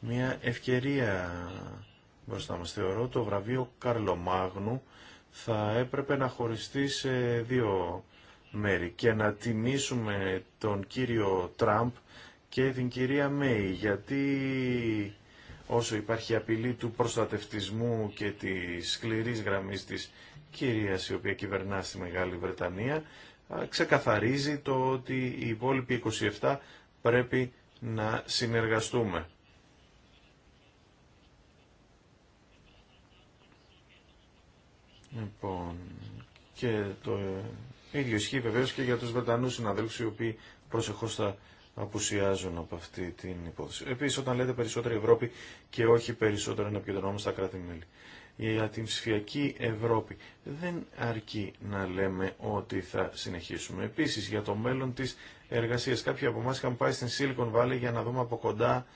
μια ευκαιρία μπροστά μας. Θεωρώ το βραβείο Καρλομάγνου θα έπρεπε να χωριστεί σε δύο μέρη και να τιμήσουμε τον κύριο Τραμπ και την κυρία Μέη γιατί όσο υπάρχει απειλή του προστατευτισμού και της σκληρής γραμμής της κυρίας η οποία κυβερνά στη Μεγάλη Βρετανία ξεκαθαρίζει το ότι οι υπόλοιποι 27 πρέπει να συνεργαστούμε. Λοιπόν, και το ίδιο ισχύει βεβαίως και για τους Βρετανούς συναδέλφους οι οποίοι προσεχώς θα απουσιάζουν από αυτή την υπόθεση. Επίσης, όταν λέτε περισσότερη Ευρώπη και όχι περισσότερο να επικεντρωνόμαστε στα κράτη-μέλη. Για την ψηφιακή Ευρώπη δεν αρκεί να λέμε ότι θα συνεχίσουμε. Επίσης, για το μέλλον της εργασίας. Κάποιοι από εμά είχαν πάει στην Silicon Valley για να δούμε από κοντά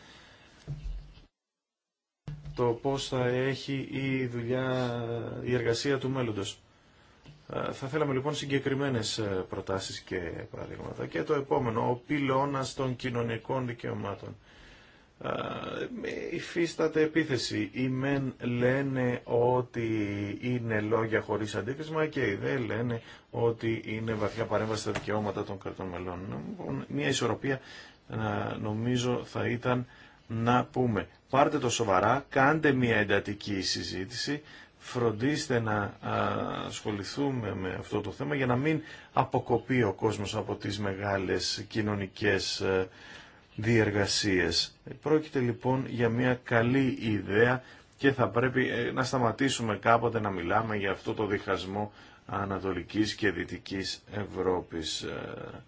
το πώς θα έχει η δουλειά, η εργασία του μέλλοντος. Ε, θα θέλαμε λοιπόν συγκεκριμένες ε, προτάσεις και παραδείγματα. Και το επόμενο, ο πυλώνας των κοινωνικών δικαιωμάτων. Ε, υφίσταται επίθεση. Οι μεν λένε ότι είναι λόγια χωρίς αντίκρισμα και οι δε λένε ότι είναι βαθιά παρέμβαση στα δικαιώματα των κρατών μελών. Λοιπόν, μια ισορροπία νομίζω θα ήταν να πούμε πάρτε το σοβαρά, κάντε μια εντατική συζήτηση, φροντίστε να ασχοληθούμε με αυτό το θέμα για να μην αποκοπεί ο κόσμος από τις μεγάλες κοινωνικές ε, διεργασίες. Πρόκειται λοιπόν για μια καλή ιδέα και θα πρέπει ε, να σταματήσουμε κάποτε να μιλάμε για αυτό το διχασμό Ανατολικής και Δυτικής Ευρώπης. Ε,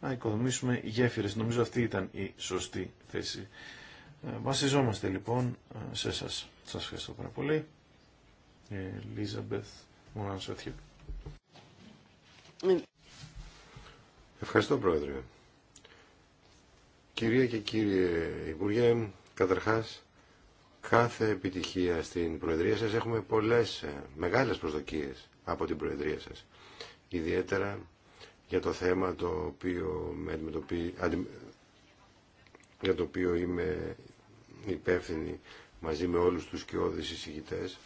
να οικοδομήσουμε γέφυρες. Νομίζω αυτή ήταν η σωστή θέση ε, βασιζόμαστε λοιπόν ε, σε εσά. Σας ευχαριστώ πάρα πολύ. Ελίζαμπεθ Μονάνσοτιου. Ευχαριστώ Πρόεδρε. Κυρία και κύριε Υπουργέ, καταρχάς κάθε επιτυχία στην Προεδρία σας. Έχουμε πολλές ε, μεγάλες προσδοκίες από την Προεδρία σας. Ιδιαίτερα για το θέμα το οποίο, με για το οποίο είμαι υπεύθυνοι μαζί με όλους τους κοιόδης εισηγητές,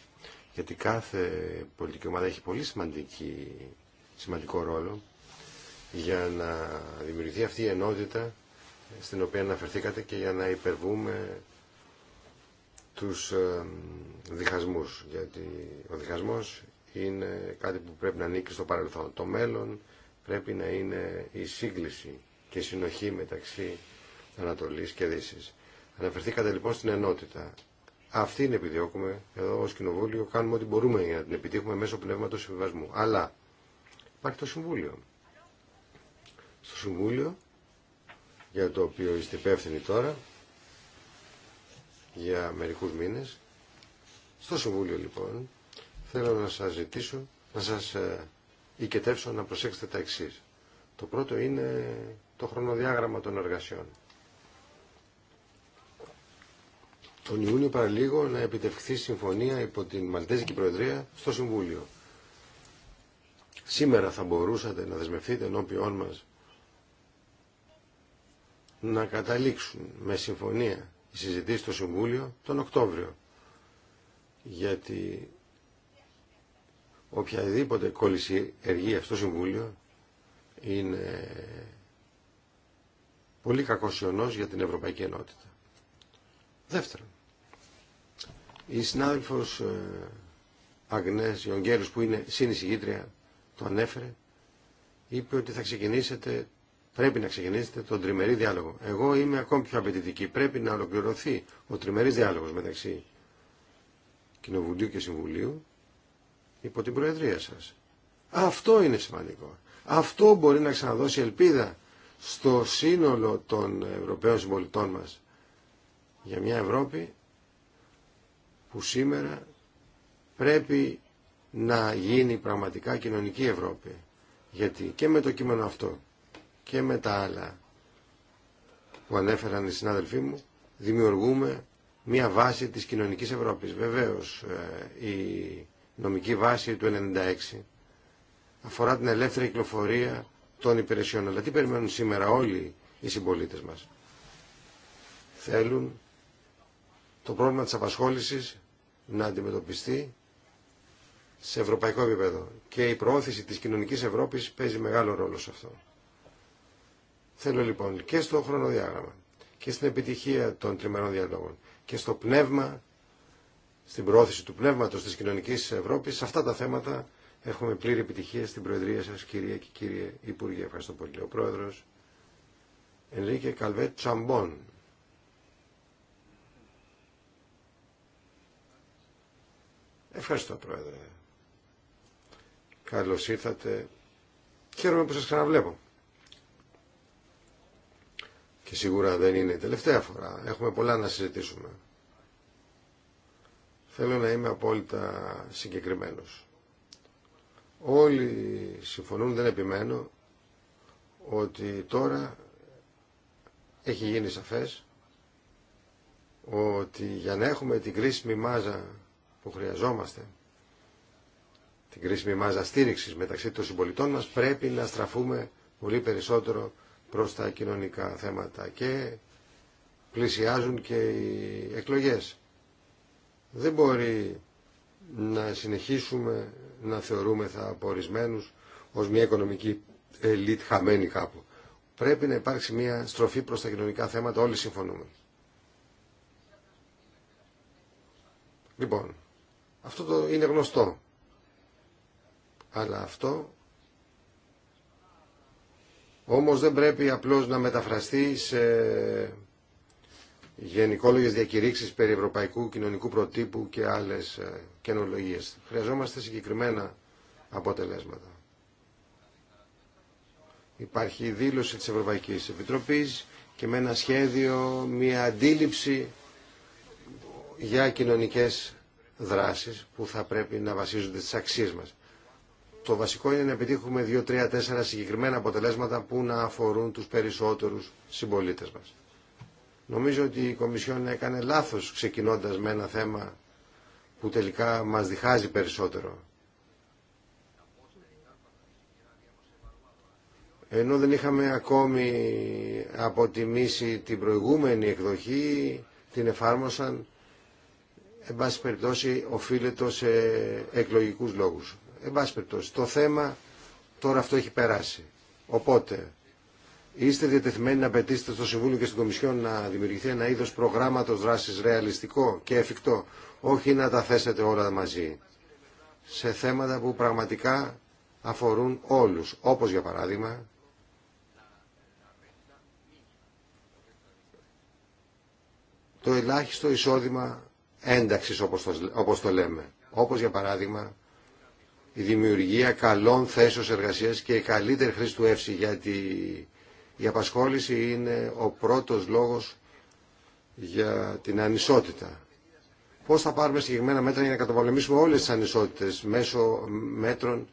γιατί κάθε πολιτική ομάδα έχει πολύ σημαντική, σημαντικό ρόλο για να δημιουργηθεί αυτή η ενότητα στην οποία αναφερθήκατε και για να υπερβούμε τους ε, διχασμούς, γιατί ο διχασμός είναι κάτι που πρέπει να ανήκει στο παρελθόν. Το μέλλον πρέπει να είναι η σύγκληση και η συνοχή μεταξύ Ανατολής και Δύσης. Αναφερθήκατε λοιπόν στην ενότητα. Αυτή είναι επιδιώκουμε εδώ ως Κοινοβούλιο, κάνουμε ό,τι μπορούμε για να την επιτύχουμε μέσω πνεύματος συμβιβασμού. Αλλά υπάρχει το Συμβούλιο. Στο Συμβούλιο, για το οποίο είστε υπεύθυνοι τώρα, για μερικούς μήνες. Στο Συμβούλιο λοιπόν, θέλω να σας ζητήσω, να σας οικετεύσω ε, να προσέξετε τα εξής. Το πρώτο είναι το χρονοδιάγραμμα των εργασιών. τον Ιούνιο παραλίγο να επιτευχθεί συμφωνία υπό την Μαλτέζικη Προεδρία στο Συμβούλιο. Σήμερα θα μπορούσατε να δεσμευτείτε ενώπιόν μας να καταλήξουν με συμφωνία οι συζητήσεις στο Συμβούλιο τον Οκτώβριο. Γιατί οποιαδήποτε κόλληση εργία στο Συμβούλιο είναι πολύ κακός για την Ευρωπαϊκή Ενότητα. Δεύτερον, η συνάδελφος ε, Αγνές Γιονγκέρους που είναι συνεισηγήτρια το ανέφερε είπε ότι θα ξεκινήσετε πρέπει να ξεκινήσετε τον τριμερή διάλογο. Εγώ είμαι ακόμη πιο απαιτητική. Πρέπει να ολοκληρωθεί ο τριμερής διάλογος μεταξύ Κοινοβουλίου και Συμβουλίου υπό την Προεδρία σας. Αυτό είναι σημαντικό. Αυτό μπορεί να ξαναδώσει ελπίδα στο σύνολο των Ευρωπαίων συμπολιτών μας για μια Ευρώπη που σήμερα πρέπει να γίνει πραγματικά κοινωνική Ευρώπη. Γιατί και με το κείμενο αυτό και με τα άλλα που ανέφεραν οι συνάδελφοί μου, δημιουργούμε μια βάση της κοινωνικής Ευρώπης. Βεβαίως, ε, η νομική βάση του 1996 αφορά την ελεύθερη κυκλοφορία των υπηρεσιών. Αλλά τι περιμένουν σήμερα όλοι οι συμπολίτες μας. Θέλουν το πρόβλημα της απασχόλησης να αντιμετωπιστεί σε ευρωπαϊκό επίπεδο. Και η προώθηση της κοινωνικής Ευρώπης παίζει μεγάλο ρόλο σε αυτό. Θέλω λοιπόν και στο χρονοδιάγραμμα και στην επιτυχία των τριμερών διαλόγων και στο πνεύμα, στην προώθηση του πνεύματος της κοινωνικής Ευρώπης, σε αυτά τα θέματα έχουμε πλήρη επιτυχία στην Προεδρία σας, κυρία και κύριε Υπουργέ. Ευχαριστώ πολύ. Ο Πρόεδρος Ενρίκε Καλβέ Τσαμπών. Ευχαριστώ, Πρόεδρε. Καλώς ήρθατε. Χαίρομαι που σας ξαναβλέπω. Και σίγουρα δεν είναι η τελευταία φορά. Έχουμε πολλά να συζητήσουμε. Θέλω να είμαι απόλυτα συγκεκριμένος. Όλοι συμφωνούν, δεν επιμένω, ότι τώρα έχει γίνει σαφές ότι για να έχουμε την κρίσιμη μάζα που χρειαζόμαστε, την κρίσιμη μάζα στήριξης μεταξύ των συμπολιτών μας, πρέπει να στραφούμε πολύ περισσότερο προς τα κοινωνικά θέματα και πλησιάζουν και οι εκλογές. Δεν μπορεί να συνεχίσουμε να θεωρούμε θα απορισμένους ως μια οικονομική ελίτ χαμένη κάπου. Πρέπει να υπάρξει μια στροφή προς τα κοινωνικά θέματα, όλοι συμφωνούμε. Λοιπόν, αυτό το είναι γνωστό. Αλλά αυτό όμως δεν πρέπει απλώς να μεταφραστεί σε γενικόλογες διακηρύξεις περί ευρωπαϊκού κοινωνικού προτύπου και άλλες ε, καινολογίες. Χρειαζόμαστε συγκεκριμένα αποτελέσματα. Υπάρχει η δήλωση της Ευρωπαϊκής Επιτροπής και με ένα σχέδιο, μια αντίληψη για κοινωνικές δράσεις που θα πρέπει να βασίζονται στις αξίες μας. Το βασικό είναι να επιτύχουμε 2, 3, 4 συγκεκριμένα αποτελέσματα που να αφορούν τους περισσότερους συμπολίτες μας. Νομίζω ότι η Κομισιόν έκανε λάθος ξεκινώντας με ένα θέμα που τελικά μας διχάζει περισσότερο. Ενώ δεν είχαμε ακόμη αποτιμήσει την προηγούμενη εκδοχή, την εφάρμοσαν εν πάση περιπτώσει οφείλεται σε εκλογικούς λόγους. Εν πάση περιπτώσει, το θέμα τώρα αυτό έχει περάσει. Οπότε, είστε διατεθειμένοι να απαιτήσετε στο Συμβούλιο και στην Κομισιόν να δημιουργηθεί ένα είδος προγράμματος δράσης ρεαλιστικό και εφικτό, όχι να τα θέσετε όλα μαζί σε θέματα που πραγματικά αφορούν όλους, όπως για παράδειγμα το ελάχιστο εισόδημα ένταξης όπως το, όπως λέμε. Όπως για παράδειγμα η δημιουργία καλών θέσεων εργασίας και η καλύτερη χρήση του εύση γιατί η απασχόληση είναι ο πρώτος λόγος για την ανισότητα. Πώς θα πάρουμε συγκεκριμένα μέτρα για να καταπολεμήσουμε όλες τις ανισότητες μέσω μέτρων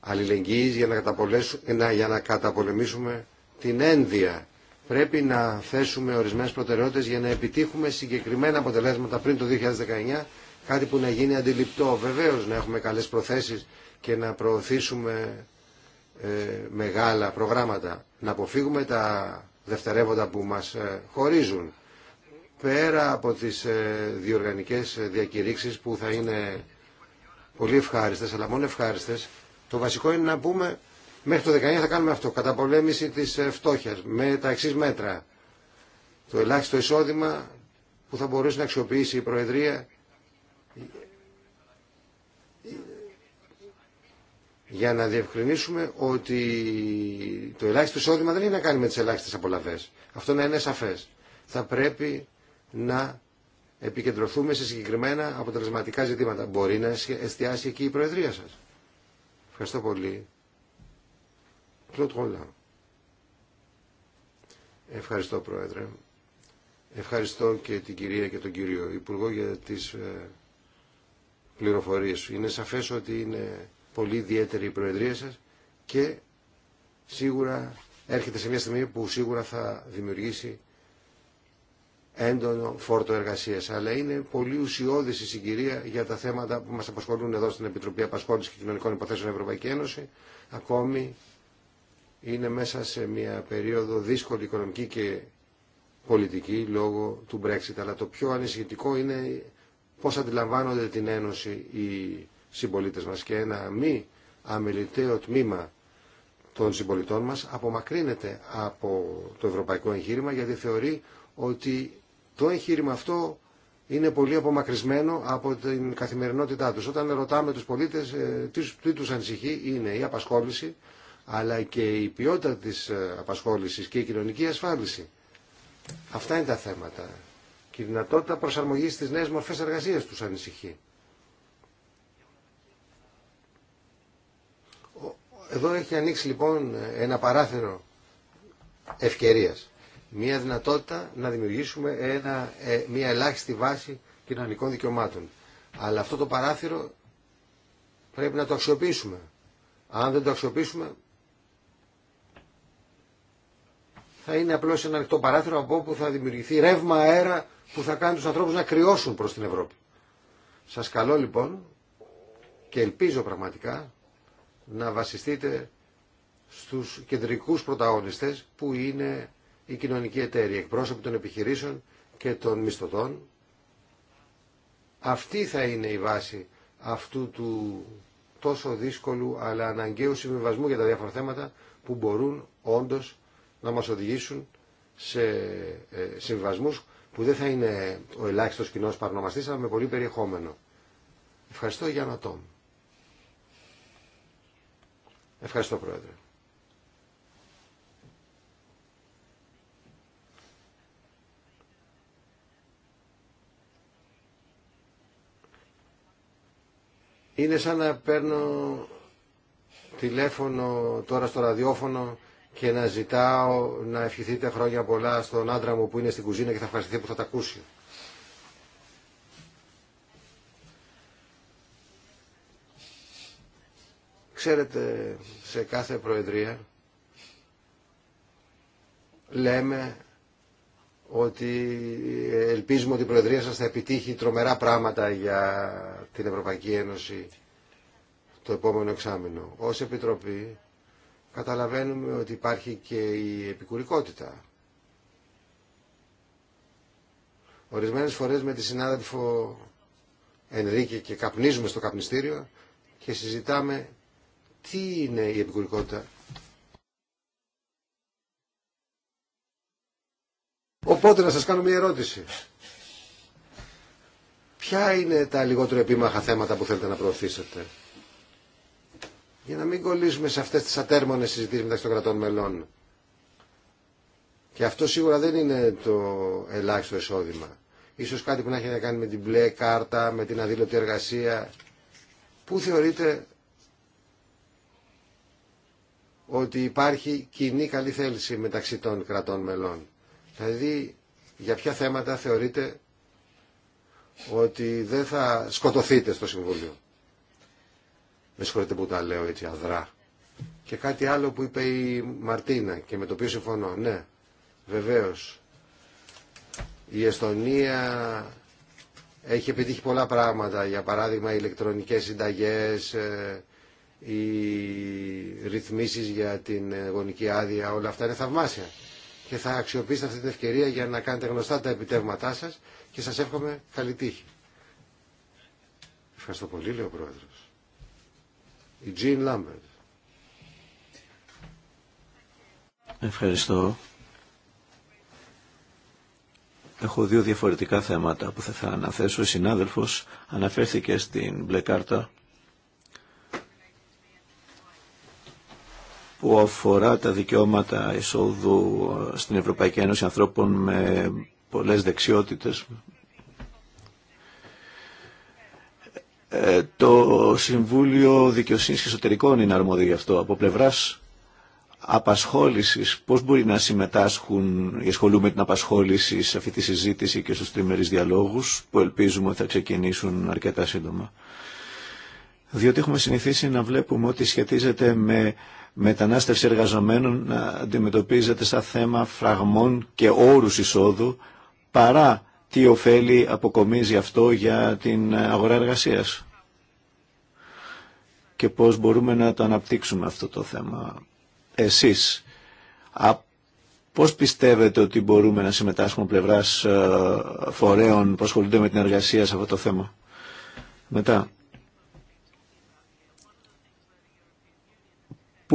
αλληλεγγύης για να, για να καταπολεμήσουμε την ένδυα πρέπει να θέσουμε ορισμένες προτεραιότητες για να επιτύχουμε συγκεκριμένα αποτελέσματα πριν το 2019, κάτι που να γίνει αντιληπτό. Βεβαίως να έχουμε καλές προθέσεις και να προωθήσουμε ε, μεγάλα προγράμματα, να αποφύγουμε τα δευτερεύοντα που μας ε, χωρίζουν. Πέρα από τις ε, διοργανικές ε, διακηρύξεις που θα είναι πολύ ευχάριστες, αλλά μόνο ευχάριστες, το βασικό είναι να πούμε Μέχρι το 19 θα κάνουμε αυτό. Καταπολέμηση τη ε, φτώχεια με τα εξή μέτρα. Το ελάχιστο εισόδημα που θα μπορέσει να αξιοποιήσει η Προεδρία για να διευκρινίσουμε ότι το ελάχιστο εισόδημα δεν είναι να κάνει με τις ελάχιστες απολαβές. Αυτό να είναι σαφές. Θα πρέπει να επικεντρωθούμε σε συγκεκριμένα αποτελεσματικά ζητήματα. Μπορεί να εστιάσει εκεί η Προεδρία σας. Ευχαριστώ πολύ. Ευχαριστώ Πρόεδρε. Ευχαριστώ και την κυρία και τον κύριο Υπουργό για τις ε, πληροφορίες. Είναι σαφές ότι είναι πολύ ιδιαίτερη η Προεδρία σας και σίγουρα έρχεται σε μια στιγμή που σίγουρα θα δημιουργήσει έντονο φόρτο εργασίας. Αλλά είναι πολύ ουσιώδης η συγκυρία για τα θέματα που μας απασχολούν εδώ στην Επιτροπή Απασχόλησης και Κοινωνικών Υποθέσεων Ευρωπαϊκή Ένωση. Ακόμη είναι μέσα σε μια περίοδο δύσκολη οικονομική και πολιτική λόγω του Brexit. Αλλά το πιο ανησυχητικό είναι πώς αντιλαμβάνονται την Ένωση οι συμπολίτες μας και ένα μη αμεληταίο τμήμα των συμπολιτών μας απομακρύνεται από το ευρωπαϊκό εγχείρημα γιατί θεωρεί ότι το εγχείρημα αυτό είναι πολύ απομακρυσμένο από την καθημερινότητά τους. Όταν ρωτάμε τους πολίτες ε, τι τους ανησυχεί είναι η απασχόληση, αλλά και η ποιότητα της ε, απασχόλησης και η κοινωνική ασφάλιση. Αυτά είναι τα θέματα. Και η δυνατότητα προσαρμογής στις νέες μορφές εργασίας τους ανησυχεί. Εδώ έχει ανοίξει λοιπόν ένα παράθυρο ευκαιρίας. Μία δυνατότητα να δημιουργήσουμε ένα, ε, μία ελάχιστη βάση κοινωνικών δικαιωμάτων. Αλλά αυτό το παράθυρο πρέπει να το αξιοποιήσουμε. Αν δεν το αξιοποιήσουμε θα είναι απλώς ένα ανοιχτό παράθυρο από όπου θα δημιουργηθεί ρεύμα αέρα που θα κάνει τους ανθρώπους να κρυώσουν προς την Ευρώπη. Σας καλώ λοιπόν και ελπίζω πραγματικά να βασιστείτε στους κεντρικούς πρωταγωνιστές που είναι η κοινωνική εταίροι, εκπρόσωποι των επιχειρήσεων και των μισθωτών. Αυτή θα είναι η βάση αυτού του τόσο δύσκολου αλλά αναγκαίου συμβιβασμού για τα διάφορα θέματα που μπορούν όντως να μας οδηγήσουν σε ε, συμβασμούς που δεν θα είναι ο ελάχιστος κοινό παρνομαστής, αλλά με πολύ περιεχόμενο. Ευχαριστώ για να τόμ. Ευχαριστώ, Πρόεδρε. Είναι σαν να παίρνω τηλέφωνο τώρα στο ραδιόφωνο και να ζητάω να ευχηθείτε χρόνια πολλά στον άντρα μου που είναι στην κουζίνα και θα ευχαριστηθεί που θα τα ακούσει. Ξέρετε, σε κάθε προεδρία λέμε ότι ελπίζουμε ότι η Προεδρία σας θα επιτύχει τρομερά πράγματα για την Ευρωπαϊκή Ένωση το επόμενο εξάμεινο. Ως Επιτροπή καταλαβαίνουμε ότι υπάρχει και η επικουρικότητα. Ορισμένες φορές με τη συνάδελφο Ενρίκη και καπνίζουμε στο καπνιστήριο και συζητάμε τι είναι η επικουρικότητα. Οπότε να σας κάνω μια ερώτηση. Ποια είναι τα λιγότερο επίμαχα θέματα που θέλετε να προωθήσετε για να μην κολλήσουμε σε αυτές τις ατέρμονες συζητήσεις μεταξύ των κρατών μελών. Και αυτό σίγουρα δεν είναι το ελάχιστο εισόδημα. Ίσως κάτι που να έχει να κάνει με την μπλε κάρτα, με την αδήλωτη εργασία. Πού θεωρείτε ότι υπάρχει κοινή καλή θέληση μεταξύ των κρατών μελών. Δηλαδή, για ποια θέματα θεωρείτε ότι δεν θα σκοτωθείτε στο Συμβούλιο. Με συγχωρείτε που τα λέω έτσι αδρά. Και κάτι άλλο που είπε η Μαρτίνα και με το οποίο συμφωνώ. Ναι, βεβαίως. Η Εστονία έχει επιτύχει πολλά πράγματα. Για παράδειγμα, οι ηλεκτρονικές συνταγέ, ε, οι ρυθμίσεις για την ε, γονική άδεια, όλα αυτά είναι θαυμάσια. Και θα αξιοποιήσετε αυτή την ευκαιρία για να κάνετε γνωστά τα επιτεύγματά σα και σα εύχομαι καλή τύχη. Ευχαριστώ πολύ, λέει ο Πρόεδρος. Ευχαριστώ. Έχω δύο διαφορετικά θέματα που θα, θα αναθέσω. Ο συνάδελφος αναφέρθηκε στην μπλε κάρτα που αφορά τα δικαιώματα εισόδου στην Ευρωπαϊκή Ένωση ανθρώπων με πολλές δεξιότητες, Ε, το Συμβούλιο Δικαιοσύνης και Εσωτερικών είναι αρμόδιο γι' αυτό. Από πλευράς απασχόλησης, πώς μπορεί να συμμετάσχουν οι ασχολούμενοι την απασχόληση σε αυτή τη συζήτηση και στους τριμερείς διαλόγους που ελπίζουμε ότι θα ξεκινήσουν αρκετά σύντομα. Διότι έχουμε συνηθίσει να βλέπουμε ότι σχετίζεται με μετανάστευση εργαζομένων να αντιμετωπίζεται σαν θέμα φραγμών και όρους εισόδου παρά τι ωφέλη αποκομίζει αυτό για την αγορά εργασίας και πώς μπορούμε να το αναπτύξουμε αυτό το θέμα. Εσείς, α, πώς πιστεύετε ότι μπορούμε να συμμετάσχουμε πλευράς ε, φορέων που ασχολούνται με την εργασία σε αυτό το θέμα. Μετά,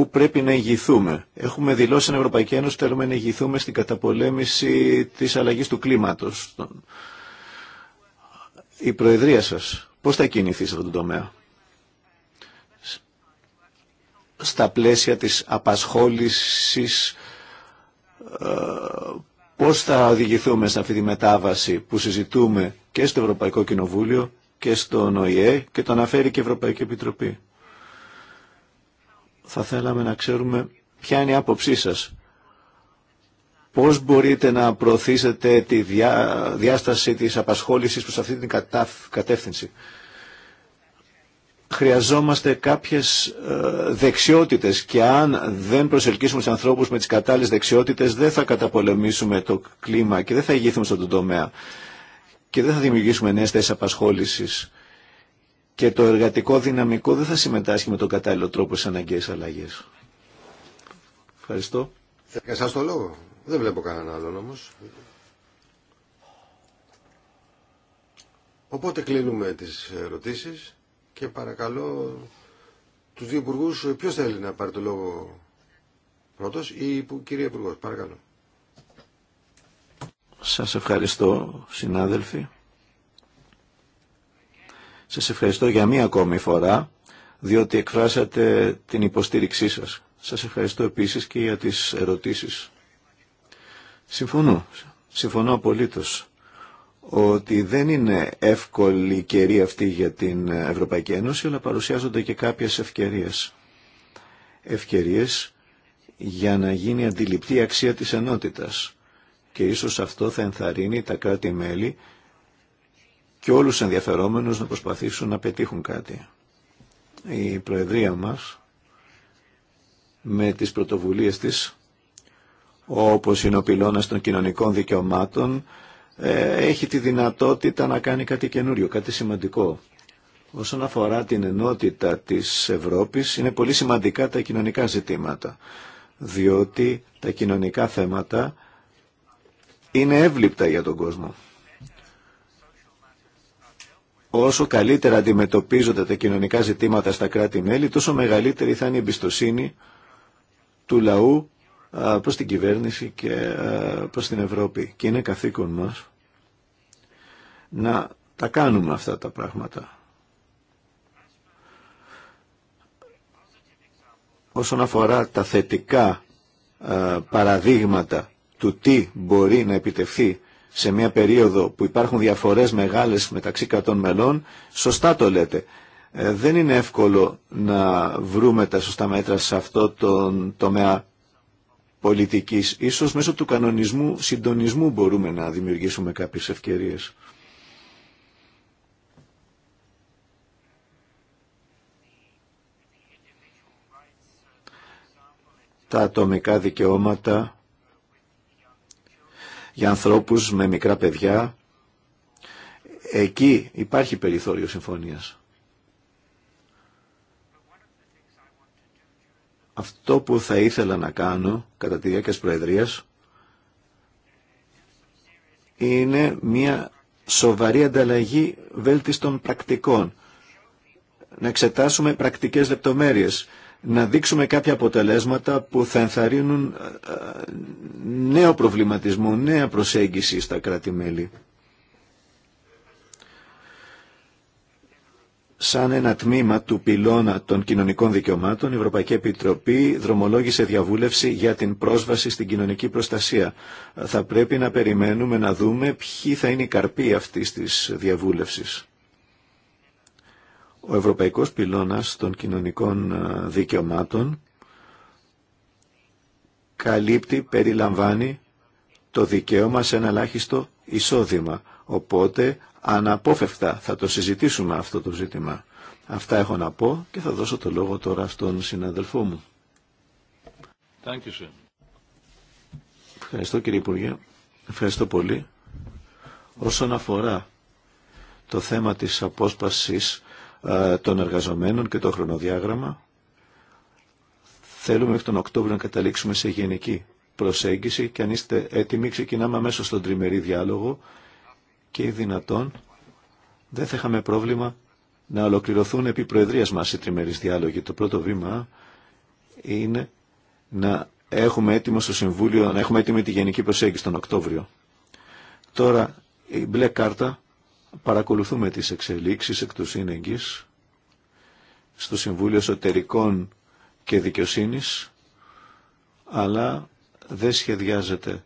που πρέπει να ηγηθούμε. Έχουμε δηλώσει στην Ευρωπαϊκή Ένωση ότι θέλουμε να ηγηθούμε στην καταπολέμηση της αλλαγής του κλίματος. Η Προεδρία σας, πώς θα κινηθεί σε αυτόν τον τομέα. Στα πλαίσια της απασχόλησης, ε, πώς θα οδηγηθούμε σε αυτή τη μετάβαση που συζητούμε και στο Ευρωπαϊκό Κοινοβούλιο και στον ΟΗΕ και το αναφέρει και η Ευρωπαϊκή Επιτροπή θα θέλαμε να ξέρουμε ποια είναι η άποψή σας. Πώς μπορείτε να προωθήσετε τη διά, διάσταση της απασχόλησης προς αυτή την κατεύθυνση. Χρειαζόμαστε κάποιες ε, δεξιότητες και αν δεν προσελκύσουμε τους ανθρώπους με τις κατάλληλες δεξιότητες δεν θα καταπολεμήσουμε το κλίμα και δεν θα ηγηθούμε στον τομέα και δεν θα δημιουργήσουμε νέες θέσεις απασχόλησης και το εργατικό δυναμικό δεν θα συμμετάσχει με τον κατάλληλο τρόπο στι αναγκαίε αλλαγέ. Ευχαριστώ. Θέλω και το λόγο. Δεν βλέπω κανέναν άλλον όμω. Οπότε κλείνουμε τις ερωτήσεις και παρακαλώ τους δύο υπουργού ποιος θέλει να πάρει το λόγο πρώτος ή κυρία Υπουργό, παρακαλώ. Σας ευχαριστώ συνάδελφοι. Σας ευχαριστώ για μία ακόμη φορά, διότι εκφράσατε την υποστήριξή σας. Σας ευχαριστώ επίσης και για τις ερωτήσεις. Συμφωνώ, συμφωνώ απολύτως ότι δεν είναι εύκολη η καιρή αυτή για την Ευρωπαϊκή Ένωση, αλλά παρουσιάζονται και κάποιες ευκαιρίες. Ευκαιρίες για να γίνει αντιληπτή η αξία της ενότητας. Και ίσως αυτό θα ενθαρρύνει τα κράτη-μέλη και όλους τους ενδιαφερόμενους να προσπαθήσουν να πετύχουν κάτι. Η Προεδρία μας με τις πρωτοβουλίες της όπως είναι ο πυλώνας των κοινωνικών δικαιωμάτων ε, έχει τη δυνατότητα να κάνει κάτι καινούριο, κάτι σημαντικό. Όσον αφορά την ενότητα της Ευρώπης είναι πολύ σημαντικά τα κοινωνικά ζητήματα διότι τα κοινωνικά θέματα είναι εύληπτα για τον κόσμο. Όσο καλύτερα αντιμετωπίζονται τα κοινωνικά ζητήματα στα κράτη-μέλη, τόσο μεγαλύτερη θα είναι η εμπιστοσύνη του λαού προς την κυβέρνηση και προς την Ευρώπη. Και είναι καθήκον μας να τα κάνουμε αυτά τα πράγματα. Όσον αφορά τα θετικά παραδείγματα του τι μπορεί να επιτευχθεί σε μια περίοδο που υπάρχουν διαφορές μεγάλες μεταξύ κρατών μελών, σωστά το λέτε. Ε, δεν είναι εύκολο να βρούμε τα σωστά μέτρα σε αυτό το τομέα πολιτικής. Ίσως μέσω του κανονισμού συντονισμού μπορούμε να δημιουργήσουμε κάποιες ευκαιρίες. Τα ατομικά δικαιώματα για ανθρώπους με μικρά παιδιά. Εκεί υπάρχει περιθώριο συμφωνίας. Αυτό που θα ήθελα να κάνω κατά τη διάρκεια της Προεδρίας είναι μια σοβαρή ανταλλαγή βέλτιστων πρακτικών. Να εξετάσουμε πρακτικές λεπτομέρειες να δείξουμε κάποια αποτελέσματα που θα ενθαρρύνουν ε, ε, νέο προβληματισμό, νέα προσέγγιση στα κράτη-μέλη. Σαν ένα τμήμα του πυλώνα των κοινωνικών δικαιωμάτων, η Ευρωπαϊκή Επιτροπή δρομολόγησε διαβούλευση για την πρόσβαση στην κοινωνική προστασία. Θα πρέπει να περιμένουμε να δούμε ποιοι θα είναι οι καρποί αυτής της διαβούλευσης. Ο ευρωπαϊκός πυλώνας των κοινωνικών ε, δικαιωμάτων καλύπτει, περιλαμβάνει το δικαίωμα σε ένα ελάχιστο εισόδημα. Οπότε αναπόφευκτα θα το συζητήσουμε αυτό το ζήτημα. Αυτά έχω να πω και θα δώσω το λόγο τώρα στον συναδελφό μου. Ευχαριστώ κύριε Υπουργέ. Ευχαριστώ πολύ. Όσον αφορά το θέμα της απόσπασης ε, των εργαζομένων και το χρονοδιάγραμμα. Θέλουμε μέχρι τον Οκτώβριο να καταλήξουμε σε γενική προσέγγιση και αν είστε έτοιμοι ξεκινάμε αμέσως στον τριμερή διάλογο και οι δυνατόν δεν θα είχαμε πρόβλημα να ολοκληρωθούν επί προεδρίας μας οι τριμερείς διάλογοι. Το πρώτο βήμα είναι να έχουμε έτοιμο στο Συμβούλιο, να έχουμε έτοιμη τη γενική προσέγγιση τον Οκτώβριο. Τώρα η μπλε κάρτα Παρακολουθούμε τις εξελίξεις εκ του σύνεγγης στο Συμβούλιο Εσωτερικών και Δικαιοσύνης, αλλά δεν σχεδιάζεται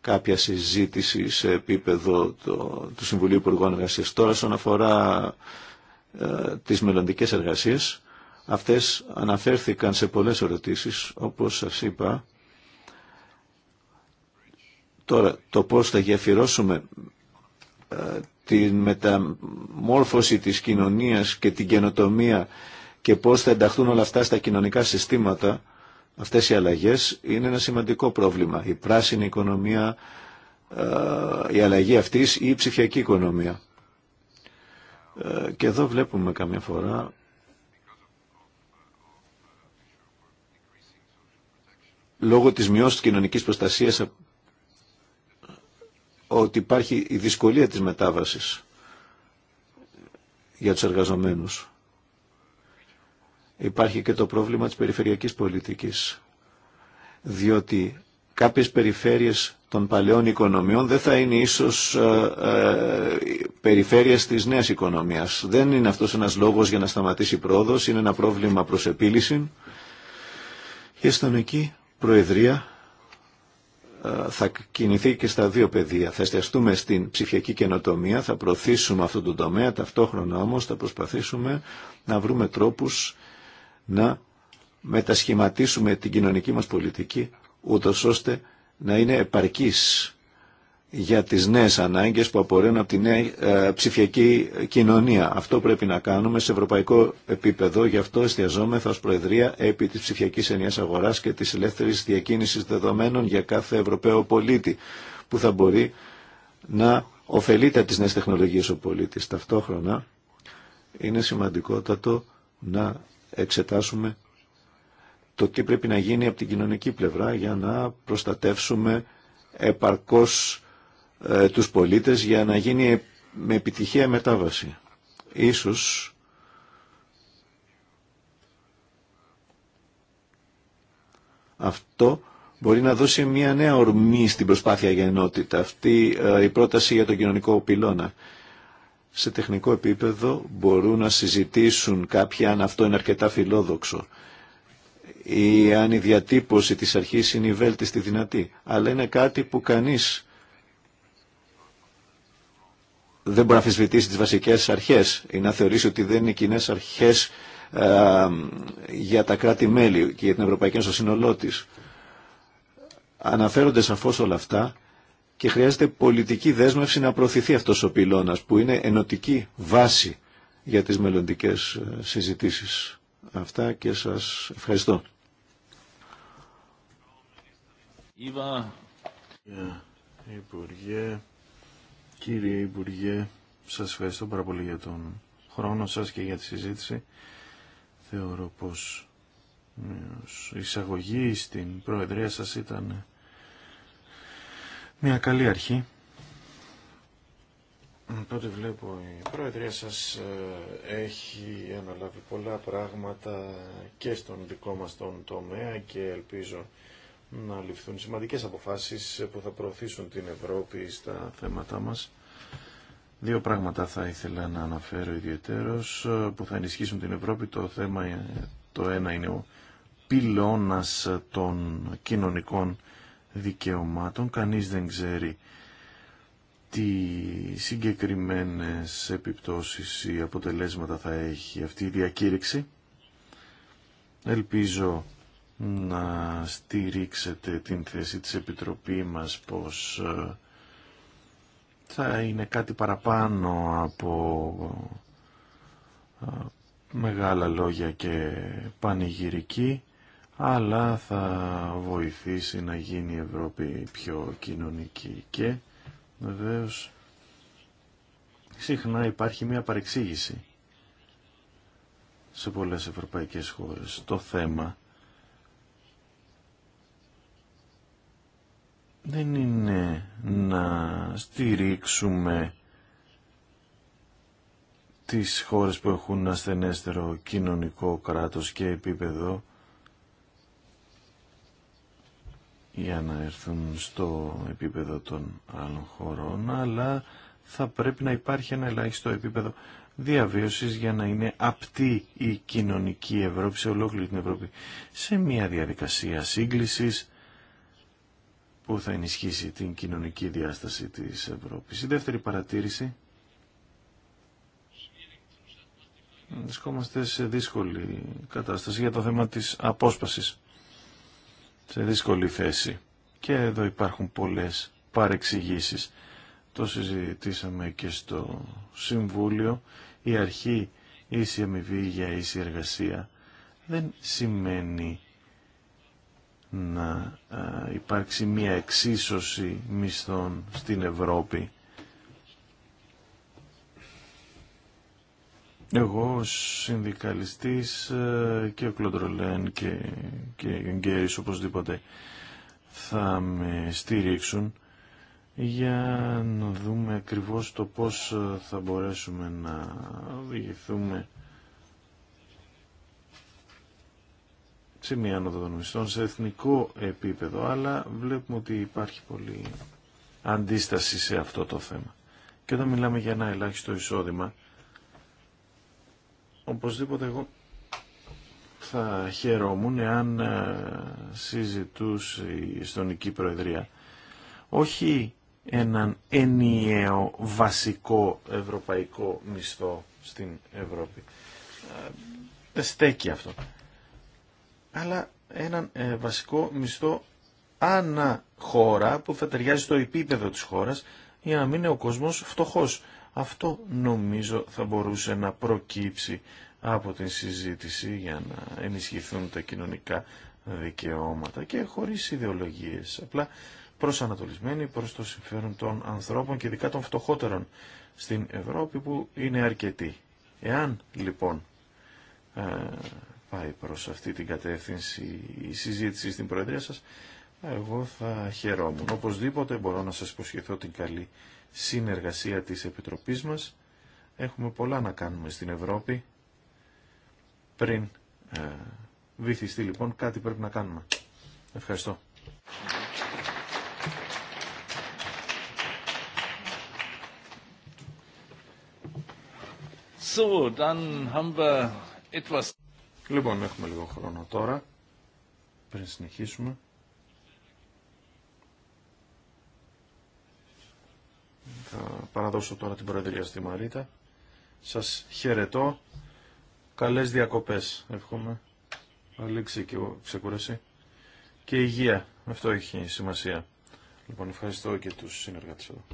κάποια συζήτηση σε επίπεδο το, του Συμβουλίου Υπουργών Εργασίας. Τώρα, σχετικά αφορά ε, τις μελλοντικές εργασίες, αυτές αναφέρθηκαν σε πολλές ερωτήσεις, όπως σας είπα. Τώρα, το πώς θα γεφυρώσουμε την μεταμόρφωση της κοινωνίας και την καινοτομία και πώς θα ενταχθούν όλα αυτά στα κοινωνικά συστήματα, αυτές οι αλλαγές είναι ένα σημαντικό πρόβλημα. Η πράσινη οικονομία, ε, η αλλαγή αυτής ή η ψηφιακή οικονομία. Ε, και εδώ βλέπουμε καμιά φορά λόγω της μειώσης της κοινωνικής προστασίας ότι υπάρχει η δυσκολία της μετάβασης για τους εργαζομένους. Υπάρχει και το πρόβλημα της περιφερειακής πολιτικής, διότι κάποιες περιφέρειες των παλαιών οικονομιών δεν θα είναι ίσως ε, ε περιφέρειες της νέας οικονομίας. Δεν είναι αυτός ένας λόγος για να σταματήσει η πρόοδος, είναι ένα πρόβλημα προς επίλυση. Και στον εκεί Προεδρία θα κινηθεί και στα δύο πεδία. Θα εστιαστούμε στην ψηφιακή καινοτομία, θα προωθήσουμε αυτόν τον τομέα, ταυτόχρονα όμως θα προσπαθήσουμε να βρούμε τρόπους να μετασχηματίσουμε την κοινωνική μας πολιτική, ούτως ώστε να είναι επαρκής για τις νέες ανάγκες που απορρέουν από τη νέα ε, ψηφιακή κοινωνία. Αυτό πρέπει να κάνουμε σε ευρωπαϊκό επίπεδο, γι' αυτό εστιαζόμεθα ως Προεδρία επί της ψηφιακής ενιαίας αγοράς και της ελεύθερης διακίνησης δεδομένων για κάθε Ευρωπαίο πολίτη, που θα μπορεί να ωφελείται τις νέες τεχνολογίες ο πολίτης. Ταυτόχρονα είναι σημαντικότατο να εξετάσουμε το τι πρέπει να γίνει από την κοινωνική πλευρά για να προστατεύσουμε επαρκώς ε, τους πολίτες για να γίνει με επιτυχία μετάβαση. Ίσως αυτό μπορεί να δώσει μια νέα ορμή στην προσπάθεια για ενότητα. Αυτή ε, η πρόταση για τον κοινωνικό πυλώνα. Σε τεχνικό επίπεδο μπορούν να συζητήσουν κάποιοι αν αυτό είναι αρκετά φιλόδοξο ή αν η διατύπωση της αρχής είναι η βέλτιστη δυνατή. Αλλά είναι κάτι που κανείς δεν μπορεί να αφισβητήσει τις βασικές αρχές ή να θεωρήσει ότι δεν είναι κοινέ αρχές ε, για τα κράτη-μέλη και για την Ευρωπαϊκή Ένωση στο σύνολό τη. Αναφέρονται σαφώς όλα αυτά και χρειάζεται πολιτική δέσμευση να προωθηθεί αυτός ο πυλώνας που είναι ενωτική βάση για τις μελλοντικέ ε, συζητήσεις. Αυτά και σας ευχαριστώ. Υπουργέ, Κύριε Υπουργέ, σας ευχαριστώ πάρα πολύ για τον χρόνο σας και για τη συζήτηση. Θεωρώ πως η εισαγωγή στην Προεδρία σας ήταν μια καλή αρχή. Τότε βλέπω η Προεδρία σας ε, έχει αναλάβει πολλά πράγματα και στον δικό μας τον τομέα και ελπίζω να ληφθούν σημαντικές αποφάσεις που θα προωθήσουν την Ευρώπη στα θέματα μας. Δύο πράγματα θα ήθελα να αναφέρω ιδιαίτερος ε, που θα ενισχύσουν την Ευρώπη. Το θέμα ε, το ένα είναι ο πυλώνας των κοινωνικών δικαιωμάτων. Κανείς δεν ξέρει τι συγκεκριμένες επιπτώσεις ή αποτελέσματα θα έχει αυτή η διακήρυξη. Ελπίζω να στηρίξετε την θέση της Επιτροπή μας πως ε, θα είναι κάτι παραπάνω από ε, μεγάλα λόγια και πανηγυρική αλλά θα βοηθήσει να γίνει η Ευρώπη πιο κοινωνική και βεβαίω συχνά υπάρχει μια παρεξήγηση σε πολλές ευρωπαϊκές χώρες. Το θέμα δεν είναι να στηρίξουμε τις χώρες που έχουν ασθενέστερο κοινωνικό κράτος και επίπεδο για να έρθουν στο επίπεδο των άλλων χωρών, αλλά θα πρέπει να υπάρχει ένα ελάχιστο επίπεδο διαβίωσης για να είναι απτή η κοινωνική Ευρώπη σε ολόκληρη την Ευρώπη σε μια διαδικασία σύγκλησης που θα ενισχύσει την κοινωνική διάσταση της Ευρώπης. Η δεύτερη παρατήρηση. Βρισκόμαστε σε δύσκολη κατάσταση για το θέμα της απόσπασης. Σε δύσκολη θέση. Και εδώ υπάρχουν πολλές παρεξηγήσεις. Το συζητήσαμε και στο Συμβούλιο. Η αρχή ίση αμοιβή για ίση εργασία δεν σημαίνει να ε, υπάρξει μια εξίσωση μισθών στην Ευρώπη. Εγώ ως συνδικαλιστής ε, και ο Κλοντρολέν και, και ο Γκέρις οπωσδήποτε θα με στήριξουν για να δούμε ακριβώς το πώς ε, θα μπορέσουμε να οδηγηθούμε σε μια άνοδο των μισθών σε εθνικό επίπεδο, αλλά βλέπουμε ότι υπάρχει πολύ αντίσταση σε αυτό το θέμα. Και όταν μιλάμε για ένα ελάχιστο εισόδημα, οπωσδήποτε εγώ θα χαιρόμουν εάν ε, συζητούσε η Εστονική Προεδρία όχι έναν ενιαίο βασικό ευρωπαϊκό μισθό στην Ευρώπη. Δεν στέκει αυτό αλλά έναν ε, βασικό μισθό ανά χώρα που θα ταιριάζει στο επίπεδο της χώρας για να μην είναι ο κόσμος φτωχός. Αυτό νομίζω θα μπορούσε να προκύψει από την συζήτηση για να ενισχυθούν τα κοινωνικά δικαιώματα και χωρίς ιδεολογίες, απλά ανατολισμένοι, προς το συμφέρον των ανθρώπων και ειδικά των φτωχότερων στην Ευρώπη που είναι αρκετοί. Εάν λοιπόν ε, πάει προς αυτή την κατεύθυνση η συζήτηση στην Προεδρία σας, εγώ θα χαιρόμουν. Οπωσδήποτε μπορώ να σας υποσχεθώ την καλή συνεργασία της Επιτροπής μας. Έχουμε πολλά να κάνουμε στην Ευρώπη. Πριν ε, βυθιστεί λοιπόν κάτι πρέπει να κάνουμε. Ευχαριστώ. So, dann haben wir etwas... Λοιπόν, έχουμε λίγο χρόνο τώρα πριν συνεχίσουμε. Θα παραδώσω τώρα την Προεδρία στη Μαρίτα. Σας χαιρετώ. Καλές διακοπές, εύχομαι. Αλήξη και ξεκούραση. Και υγεία. Αυτό έχει σημασία. Λοιπόν, ευχαριστώ και τους συνεργάτες εδώ.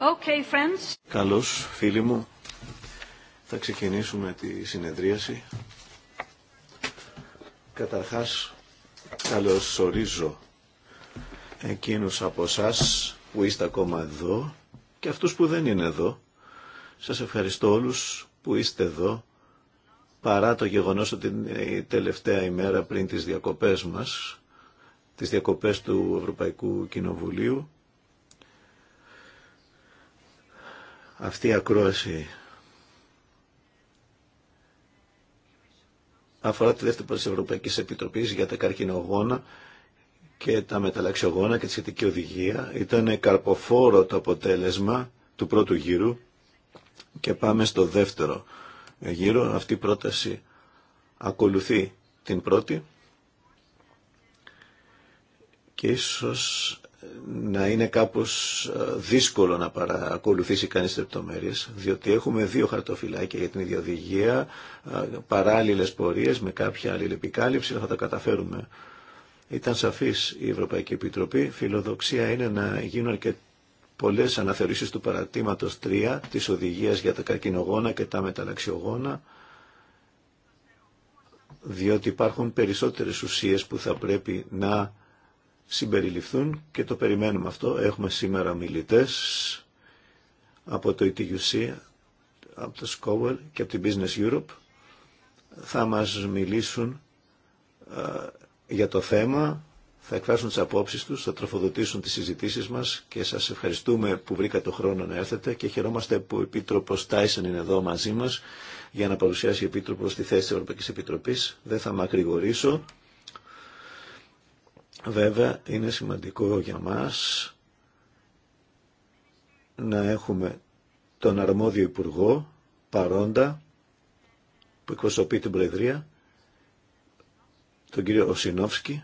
Okay, friends. Καλώς, φίλοι μου. Θα ξεκινήσουμε τη συνεδρίαση. Καταρχάς, ορίζω εκείνους από εσά που είστε ακόμα εδώ και αυτούς που δεν είναι εδώ. Σας ευχαριστώ όλους που είστε εδώ παρά το γεγονός ότι είναι η τελευταία ημέρα πριν τις διακοπές μας, τις διακοπές του Ευρωπαϊκού Κοινοβουλίου αυτή η ακρόαση αφορά τη δεύτερη πρόταση Ευρωπαϊκή Επιτροπή για τα καρκινογόνα και τα μεταλλαξιογόνα και τη σχετική οδηγία. Ήταν καρποφόρο το αποτέλεσμα του πρώτου γύρου και πάμε στο δεύτερο γύρο. Αυτή η πρόταση ακολουθεί την πρώτη και ίσως να είναι κάπως ε, δύσκολο να παρακολουθήσει κανείς λεπτομέρειες, διότι έχουμε δύο χαρτοφυλάκια για την ίδια οδηγία, ε, παράλληλες πορείες με κάποια άλλη επικάλυψη, θα τα καταφέρουμε. Ήταν σαφής η Ευρωπαϊκή Επιτροπή, φιλοδοξία είναι να γίνουν και πολλές αναθεωρήσεις του παρατήματος 3 της οδηγίας για τα καρκινογόνα και τα μεταλλαξιογόνα, διότι υπάρχουν περισσότερες ουσίες που θα πρέπει να συμπεριληφθούν και το περιμένουμε αυτό. Έχουμε σήμερα μιλητές από το ETUC, από το SCOWEL και από την Business Europe. Θα μας μιλήσουν ε, για το θέμα, θα εκφράσουν τις απόψεις τους, θα τροφοδοτήσουν τις συζητήσεις μας και σας ευχαριστούμε που βρήκατε το χρόνο να έρθετε και χαιρόμαστε που ο Επίτροπος Τάισεν είναι εδώ μαζί μας για να παρουσιάσει η Επίτροπος τη θέση της Ευρωπαϊκής Επιτροπής. Δεν θα ακρηγορήσω Βέβαια είναι σημαντικό για μας να έχουμε τον αρμόδιο υπουργό παρόντα που εκπροσωπεί την Προεδρία, τον κύριο Οσινόφσκι,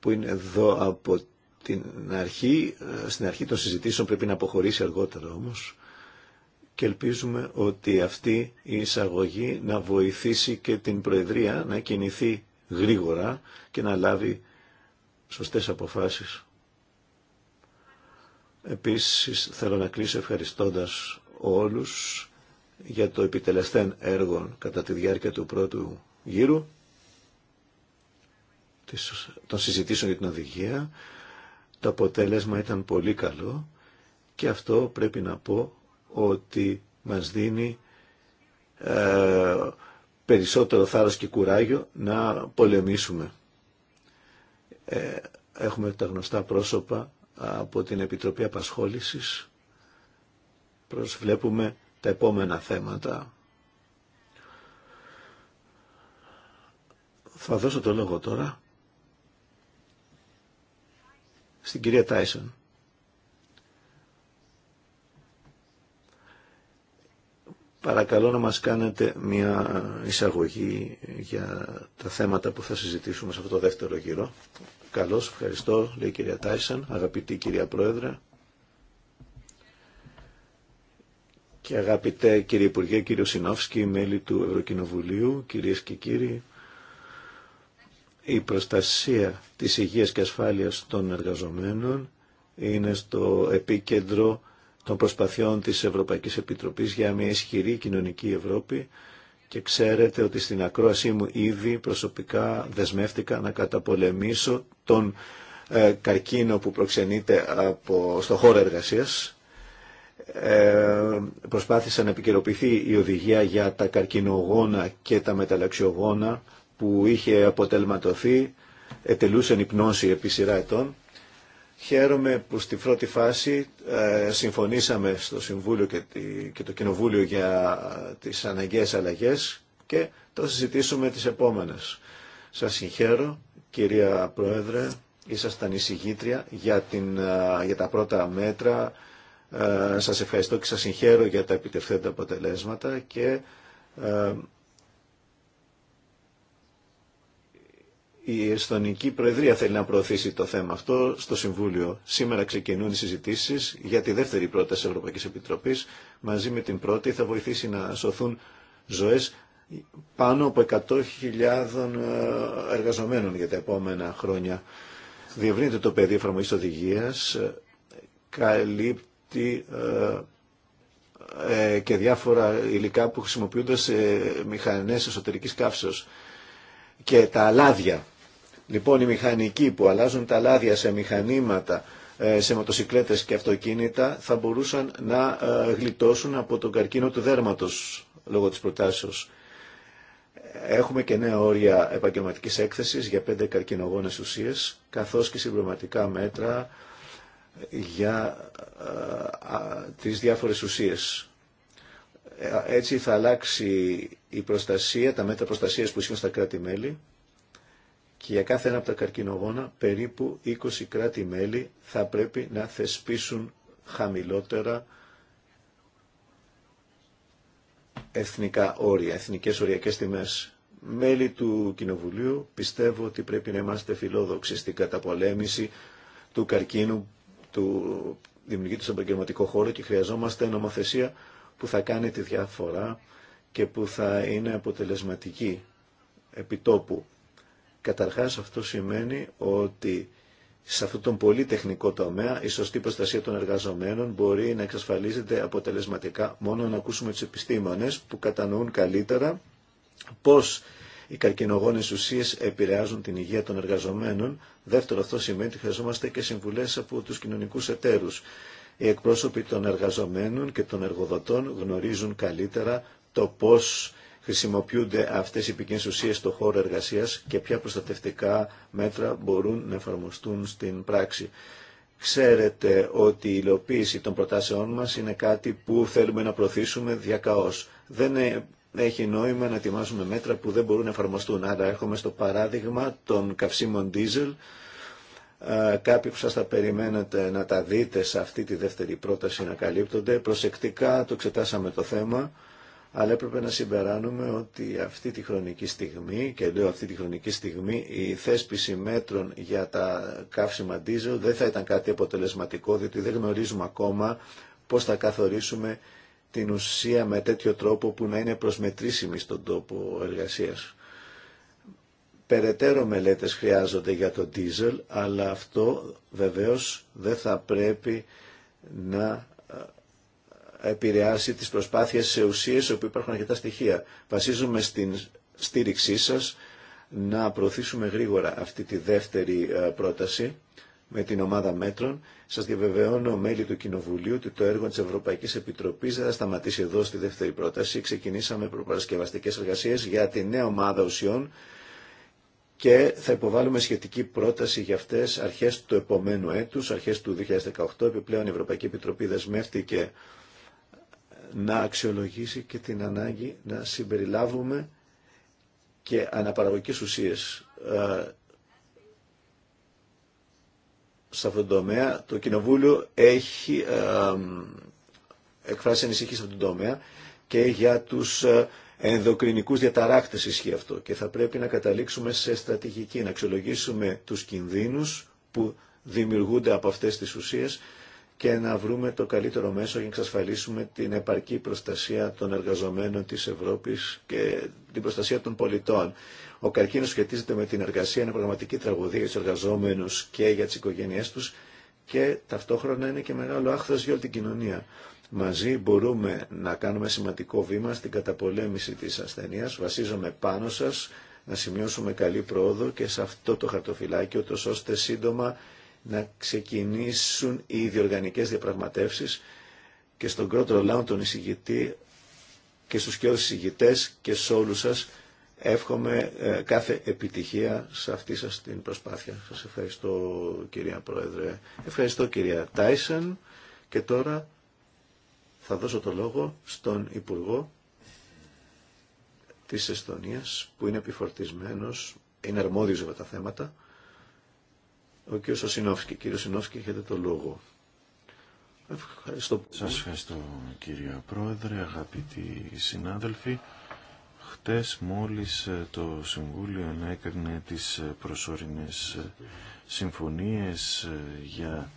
που είναι εδώ από την αρχή, στην αρχή των συζητήσεων πρέπει να αποχωρήσει αργότερα όμως και ελπίζουμε ότι αυτή η εισαγωγή να βοηθήσει και την Προεδρία να κινηθεί γρήγορα και να λάβει σωστές αποφάσεις. Επίσης θέλω να κλείσω ευχαριστώντας όλους για το επιτελεστέν έργο κατά τη διάρκεια του πρώτου γύρου των συζητήσεων για την οδηγία. Το αποτέλεσμα ήταν πολύ καλό και αυτό πρέπει να πω ότι μας δίνει ε, περισσότερο θάρρος και κουράγιο να πολεμήσουμε. Ε, έχουμε τα γνωστά πρόσωπα από την Επιτροπή Απασχόλησης. Προσβλέπουμε τα επόμενα θέματα. Θα δώσω το λόγο τώρα στην κυρία Τάισον. Παρακαλώ να μας κάνετε μια εισαγωγή για τα θέματα που θα συζητήσουμε σε αυτό το δεύτερο γύρο. Καλώς, ευχαριστώ, λέει η κυρία Τάισαν, αγαπητή κυρία Πρόεδρε. Και αγαπητέ κύριε Υπουργέ, κύριο Σινόφσκι, μέλη του Ευρωκοινοβουλίου, κυρίες και κύριοι, η προστασία της υγείας και ασφάλειας των εργαζομένων είναι στο επίκεντρο των προσπαθειών της Ευρωπαϊκής Επιτροπής για μια ισχυρή κοινωνική Ευρώπη και ξέρετε ότι στην ακρόασή μου ήδη προσωπικά δεσμεύτηκα να καταπολεμήσω τον ε, καρκίνο που προξενείται από, στο χώρο εργασίας. Ε, προσπάθησα να επικαιροποιηθεί η οδηγία για τα καρκινογόνα και τα μεταλλαξιογόνα που είχε αποτελματωθεί, ετελούσε πνώση επί σειρά ετών Χαίρομαι που στη πρώτη φάση ε, συμφωνήσαμε στο Συμβούλιο και το Κοινοβούλιο για ε, τις αναγκαίες αλλαγές και το συζητήσουμε τις επόμενες. Σας συγχαίρω, κυρία Πρόεδρε, ήσασταν εισηγήτρια για, την, ε, για τα πρώτα μέτρα. Σας ευχαριστώ και σας συγχαίρω για τα επιτευθέντα αποτελέσματα και η Εσθονική Προεδρία θέλει να προωθήσει το θέμα αυτό στο Συμβούλιο. Σήμερα ξεκινούν οι συζητήσεις για τη δεύτερη πρόταση Ευρωπαϊκής Επιτροπής. Μαζί με την πρώτη θα βοηθήσει να σωθούν ζωέ πάνω από 100.000 ε, εργαζομένων για τα επόμενα χρόνια. Διευρύνεται το πεδίο εφαρμογής οδηγίας, ε, καλύπτει ε, και διάφορα υλικά που χρησιμοποιούνται σε μηχανές εσωτερικής καύσεως και τα αλάδια Λοιπόν, οι μηχανικοί που αλλάζουν τα λάδια σε μηχανήματα, ε, σε μοτοσυκλέτες και αυτοκίνητα θα μπορούσαν να ε, γλιτώσουν από τον καρκίνο του δέρματος λόγω της προτάσεως. Έχουμε και νέα όρια επαγγελματικής έκθεσης για πέντε καρκινογόνες ουσίες, καθώς και συμπληρωματικά μέτρα για ε, τις διάφορες ουσίες. Έτσι θα αλλάξει η προστασία, τα μέτρα προστασίας που ισχύουν στα κράτη-μέλη και για κάθε ένα από τα καρκινογόνα περίπου 20 κράτη-μέλη θα πρέπει να θεσπίσουν χαμηλότερα εθνικά όρια, εθνικές οριακές τιμές. Μέλη του Κοινοβουλίου πιστεύω ότι πρέπει να είμαστε φιλόδοξοι στην καταπολέμηση του καρκίνου του δημιουργείται στον επαγγελματικό χώρο και χρειαζόμαστε νομοθεσία που θα κάνει τη διαφορά και που θα είναι αποτελεσματική επιτόπου Καταρχάς αυτό σημαίνει ότι σε αυτόν τον πολύ τεχνικό τομέα η σωστή προστασία των εργαζομένων μπορεί να εξασφαλίζεται αποτελεσματικά μόνο να ακούσουμε τους επιστήμονες που κατανοούν καλύτερα πώς οι καρκινογόνες ουσίες επηρεάζουν την υγεία των εργαζομένων. Δεύτερο αυτό σημαίνει ότι χρειαζόμαστε και συμβουλές από τους κοινωνικούς εταίρους. Οι εκπρόσωποι των εργαζομένων και των εργοδοτών γνωρίζουν καλύτερα το πώς χρησιμοποιούνται αυτέ οι επικίνδυνε ουσίε στον χώρο εργασία και ποια προστατευτικά μέτρα μπορούν να εφαρμοστούν στην πράξη. Ξέρετε ότι η υλοποίηση των προτάσεών μα είναι κάτι που θέλουμε να προωθήσουμε διακαώ. Δεν ε, έχει νόημα να ετοιμάζουμε μέτρα που δεν μπορούν να εφαρμοστούν. Άρα έρχομαι στο παράδειγμα των καυσίμων δίζελ. Κάποιοι που σας θα περιμένετε να τα δείτε σε αυτή τη δεύτερη πρόταση να καλύπτονται. Προσεκτικά το εξετάσαμε το θέμα αλλά έπρεπε να συμπεράνουμε ότι αυτή τη χρονική στιγμή, και λέω αυτή τη χρονική στιγμή, η θέσπιση μέτρων για τα καύσιμα ντίζελ δεν θα ήταν κάτι αποτελεσματικό, διότι δεν γνωρίζουμε ακόμα πώς θα καθορίσουμε την ουσία με τέτοιο τρόπο που να είναι προσμετρήσιμη στον τόπο εργασίας. Περαιτέρω μελέτες χρειάζονται για το diesel, αλλά αυτό βεβαίως δεν θα πρέπει να επηρεάσει τις προσπάθειες σε ουσίες όπου υπάρχουν αρκετά στοιχεία. Βασίζουμε στην στήριξή σας να προωθήσουμε γρήγορα αυτή τη δεύτερη ε, πρόταση με την ομάδα μέτρων. Σας διαβεβαιώνω μέλη του Κοινοβουλίου ότι το έργο της Ευρωπαϊκής Επιτροπής δεν θα σταματήσει εδώ στη δεύτερη πρόταση. Ξεκινήσαμε προπαρασκευαστικές εργασίες για τη νέα ομάδα ουσιών και θα υποβάλουμε σχετική πρόταση για αυτές αρχές του επομένου έτους, αρχές του 2018. Επιπλέον η Ευρωπαϊκή Επιτροπή δεσμεύτηκε να αξιολογήσει και την ανάγκη να συμπεριλάβουμε και αναπαραγωγικές ουσίες ε, σε αυτόν τον τομέα. Το Κοινοβούλιο έχει ε, εκφράσει ανησυχή σε αυτόν τομέα και για τους ε, ενδοκρινικούς διαταράκτες ισχύει αυτό και θα πρέπει να καταλήξουμε σε στρατηγική, να αξιολογήσουμε τους κινδύνους που δημιουργούνται από αυτές τις ουσίες και να βρούμε το καλύτερο μέσο για να εξασφαλίσουμε την επαρκή προστασία των εργαζομένων της Ευρώπης και την προστασία των πολιτών. Ο καρκίνος σχετίζεται με την εργασία, είναι πραγματική τραγωδία για τους εργαζόμενους και για τις οικογένειές τους και ταυτόχρονα είναι και μεγάλο άχθος για όλη την κοινωνία. Μαζί μπορούμε να κάνουμε σημαντικό βήμα στην καταπολέμηση της ασθενείας. Βασίζομαι πάνω σας να σημειώσουμε καλή πρόοδο και σε αυτό το χαρτοφυλάκιο, ώστε σύντομα να ξεκινήσουν οι διοργανικές διαπραγματεύσεις και στον κρότορο λαό τον εισηγητή και στους και εισηγητές και σε όλους σας εύχομαι ε, κάθε επιτυχία σε αυτή σας την προσπάθεια. Σας ευχαριστώ κυρία Πρόεδρε. Ευχαριστώ κυρία Τάισεν και τώρα θα δώσω το λόγο στον Υπουργό της Εστονίας που είναι επιφορτισμένος, είναι αρμόδιος για τα θέματα. Ο κύριος Σινόφσκι. Κύριο Σινόφσκι, έχετε το λόγο. Ευχαριστώ. Σας ευχαριστώ κύριε Πρόεδρε, αγαπητοί συνάδελφοι. Χτες μόλις ε, το Συμβούλιο έκανε τις ε, προσωρινές ε, συμφωνίες για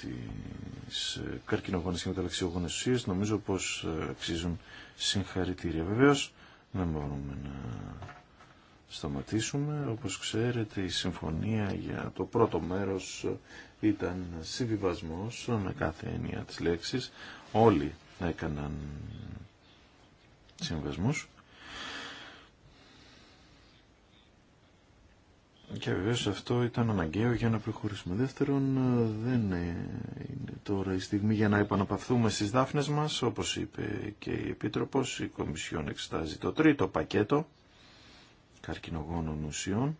τις καρκινογόνες και μεταλλαξιογόνες ουσίες. Νομίζω πως αξίζουν συγχαρητήρια. Βεβαίως δεν μπορούμε να σταματήσουμε. Όπως ξέρετε η συμφωνία για το πρώτο μέρος ήταν συμβιβασμός με κάθε έννοια της λέξης. Όλοι έκαναν συμβασμούς. Και βεβαίως αυτό ήταν αναγκαίο για να προχωρήσουμε. Δεύτερον, δεν είναι τώρα η στιγμή για να επαναπαυθούμε στις δάφνες μας. Όπως είπε και η Επίτροπος, η Κομισιόν εξετάζει το τρίτο πακέτο καρκινογόνων ουσιών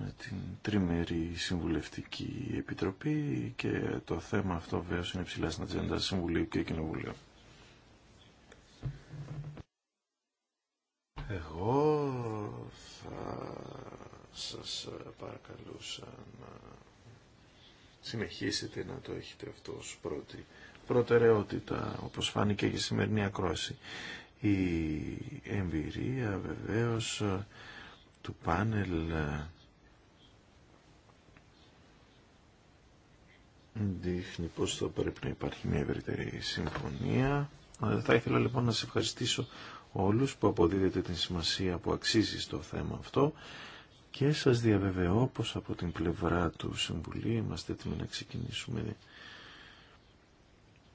με την τριμερή συμβουλευτική επιτροπή και το θέμα αυτό βέβαια είναι ψηλά στην ατζέντα Συμβουλίου και Κοινοβουλίου. Εγώ θα σας παρακαλούσα να συνεχίσετε να το έχετε αυτό ως πρώτη προτεραιότητα, όπως φάνηκε και η σημερινή ακρόαση η εμπειρία βεβαίως ε, του πάνελ ε, δείχνει πως θα πρέπει να υπάρχει μια ευρύτερη συμφωνία. Ε, θα ήθελα λοιπόν να σε ευχαριστήσω όλους που αποδίδετε την σημασία που αξίζει στο θέμα αυτό και σας διαβεβαιώ πως από την πλευρά του Συμβουλίου είμαστε έτοιμοι να ξεκινήσουμε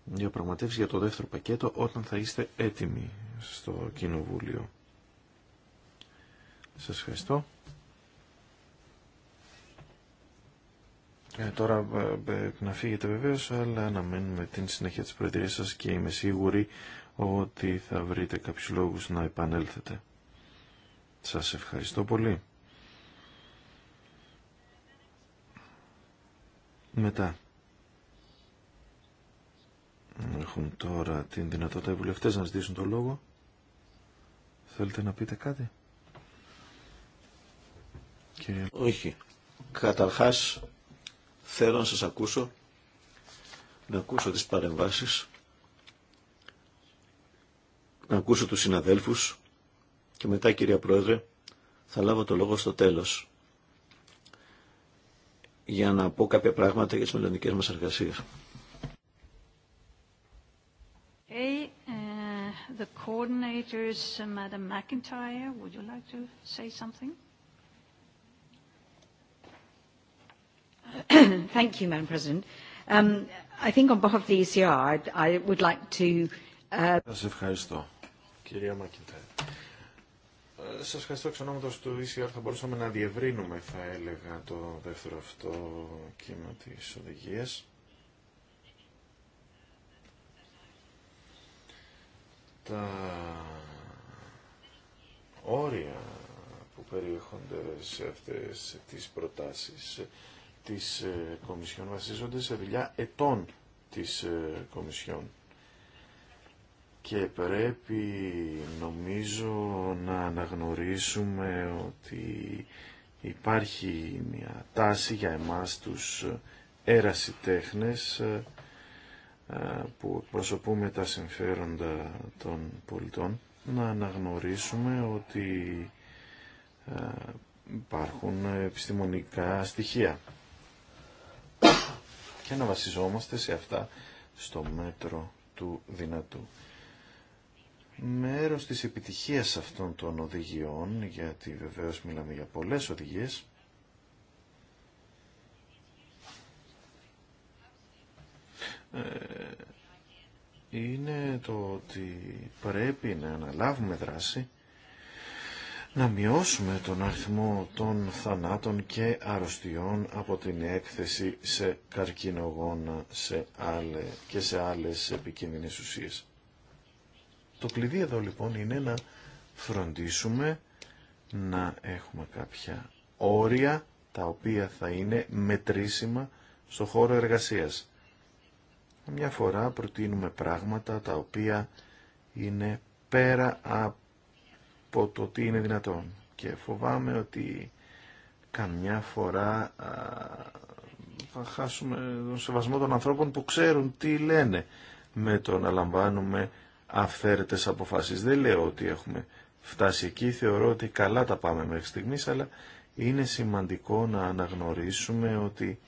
διαπραγματεύσει για το δεύτερο πακέτο όταν θα είστε έτοιμοι στο Κοινοβούλιο. Σας ευχαριστώ. Ε, τώρα ε, ε, να φύγετε βεβαίω, αλλά αναμένουμε την συνέχεια της προεδρίας σας και είμαι σίγουρη ότι θα βρείτε κάποιους λόγους να επανέλθετε. Σας ευχαριστώ πολύ. Μετά έχουν τώρα την δυνατότητα οι βουλευτές να ζητήσουν το λόγο. Θέλετε να πείτε κάτι. Όχι. Καταρχάς θέλω να σας ακούσω, να ακούσω τις παρεμβάσεις, να ακούσω τους συναδέλφους και μετά κυρία Πρόεδρε θα λάβω το λόγο στο τέλος για να πω κάποια πράγματα για τις μελλοντικές μας εργασίες. the coordinators, Madam McIntyre, would you like to say something? Thank you, Madam President. Um, I think on behalf of the ECR, I would like to... Σας ευχαριστώ, κυρία Μακίντερ. Σας ευχαριστώ εξ όνομα του ECR. Θα μπορούσαμε να διευρύνουμε, θα έλεγα, το δεύτερο αυτό κείμενο της οδηγίας τα όρια που περιέχονται σε αυτές τις προτάσεις της ε, Κομισιόν βασίζονται σε δουλειά ετών της ε, Κομισιόν και πρέπει νομίζω να αναγνωρίσουμε ότι υπάρχει μια τάση για εμάς τους ε, έρασιτέχνες που εκπροσωπούμε τα συμφέροντα των πολιτών να αναγνωρίσουμε ότι υπάρχουν επιστημονικά στοιχεία και να βασιζόμαστε σε αυτά στο μέτρο του δυνατού. Μέρος της επιτυχίας αυτών των οδηγιών, γιατί βεβαίως μιλάμε για πολλές οδηγίες, Ε, είναι το ότι πρέπει να αναλάβουμε δράση, να μειώσουμε τον αριθμό των θανάτων και αρρωστιών από την έκθεση σε καρκινογόνα σε άλλε, και σε άλλες επικίνδυνες ουσίες. Το κλειδί εδώ λοιπόν είναι να φροντίσουμε να έχουμε κάποια όρια τα οποία θα είναι μετρήσιμα στο χώρο εργασίας. Μια φορά προτείνουμε πράγματα τα οποία είναι πέρα από το τι είναι δυνατόν. Και φοβάμαι ότι καμιά φορά θα χάσουμε τον σεβασμό των ανθρώπων που ξέρουν τι λένε με το να λαμβάνουμε αυθαίρετες αποφάσεις. Δεν λέω ότι έχουμε φτάσει εκεί, θεωρώ ότι καλά τα πάμε μέχρι στιγμής, αλλά είναι σημαντικό να αναγνωρίσουμε ότι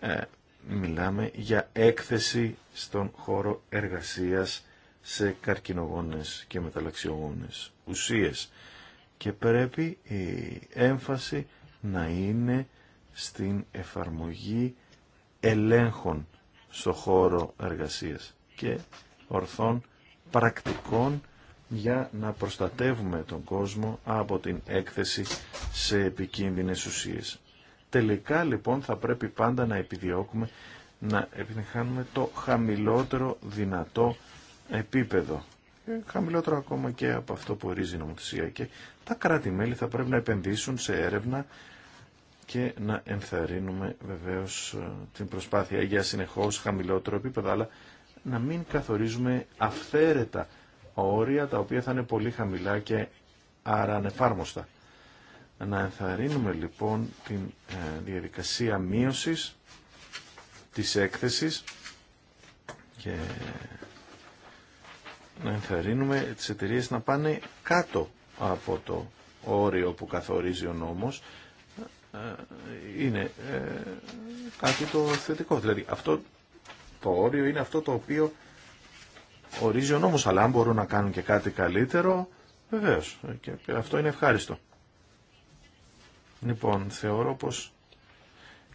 ε, μιλάμε για έκθεση στον χώρο εργασίας σε καρκινογόνες και μεταλλαξιογόνες ουσίες και πρέπει η έμφαση να είναι στην εφαρμογή ελέγχων στο χώρο εργασίας και ορθών πρακτικών για να προστατεύουμε τον κόσμο από την έκθεση σε επικίνδυνες ουσίες. Τελικά λοιπόν θα πρέπει πάντα να επιδιώκουμε να επιτυχάνουμε το χαμηλότερο δυνατό επίπεδο. Ε, χαμηλότερο ακόμα και από αυτό που ορίζει η νομοθεσία. Και τα κράτη-μέλη θα πρέπει να επενδύσουν σε έρευνα και να ενθαρρύνουμε βεβαίως ε, την προσπάθεια για συνεχώς χαμηλότερο επίπεδο, αλλά να μην καθορίζουμε αυθαίρετα όρια τα οποία θα είναι πολύ χαμηλά και άρα ανεφάρμοστα. Να ενθαρρύνουμε λοιπόν την ε, διαδικασία μείωσης της έκθεσης και να ενθαρρύνουμε τις εταιρείε να πάνε κάτω από το όριο που καθορίζει ο νόμος ε, είναι ε, κάτι το θετικό. Δηλαδή αυτό το όριο είναι αυτό το οποίο ορίζει ο νόμος, αλλά αν μπορούν να κάνουν και κάτι καλύτερο, βεβαίως. Και αυτό είναι ευχάριστο. Λοιπόν, θεωρώ πως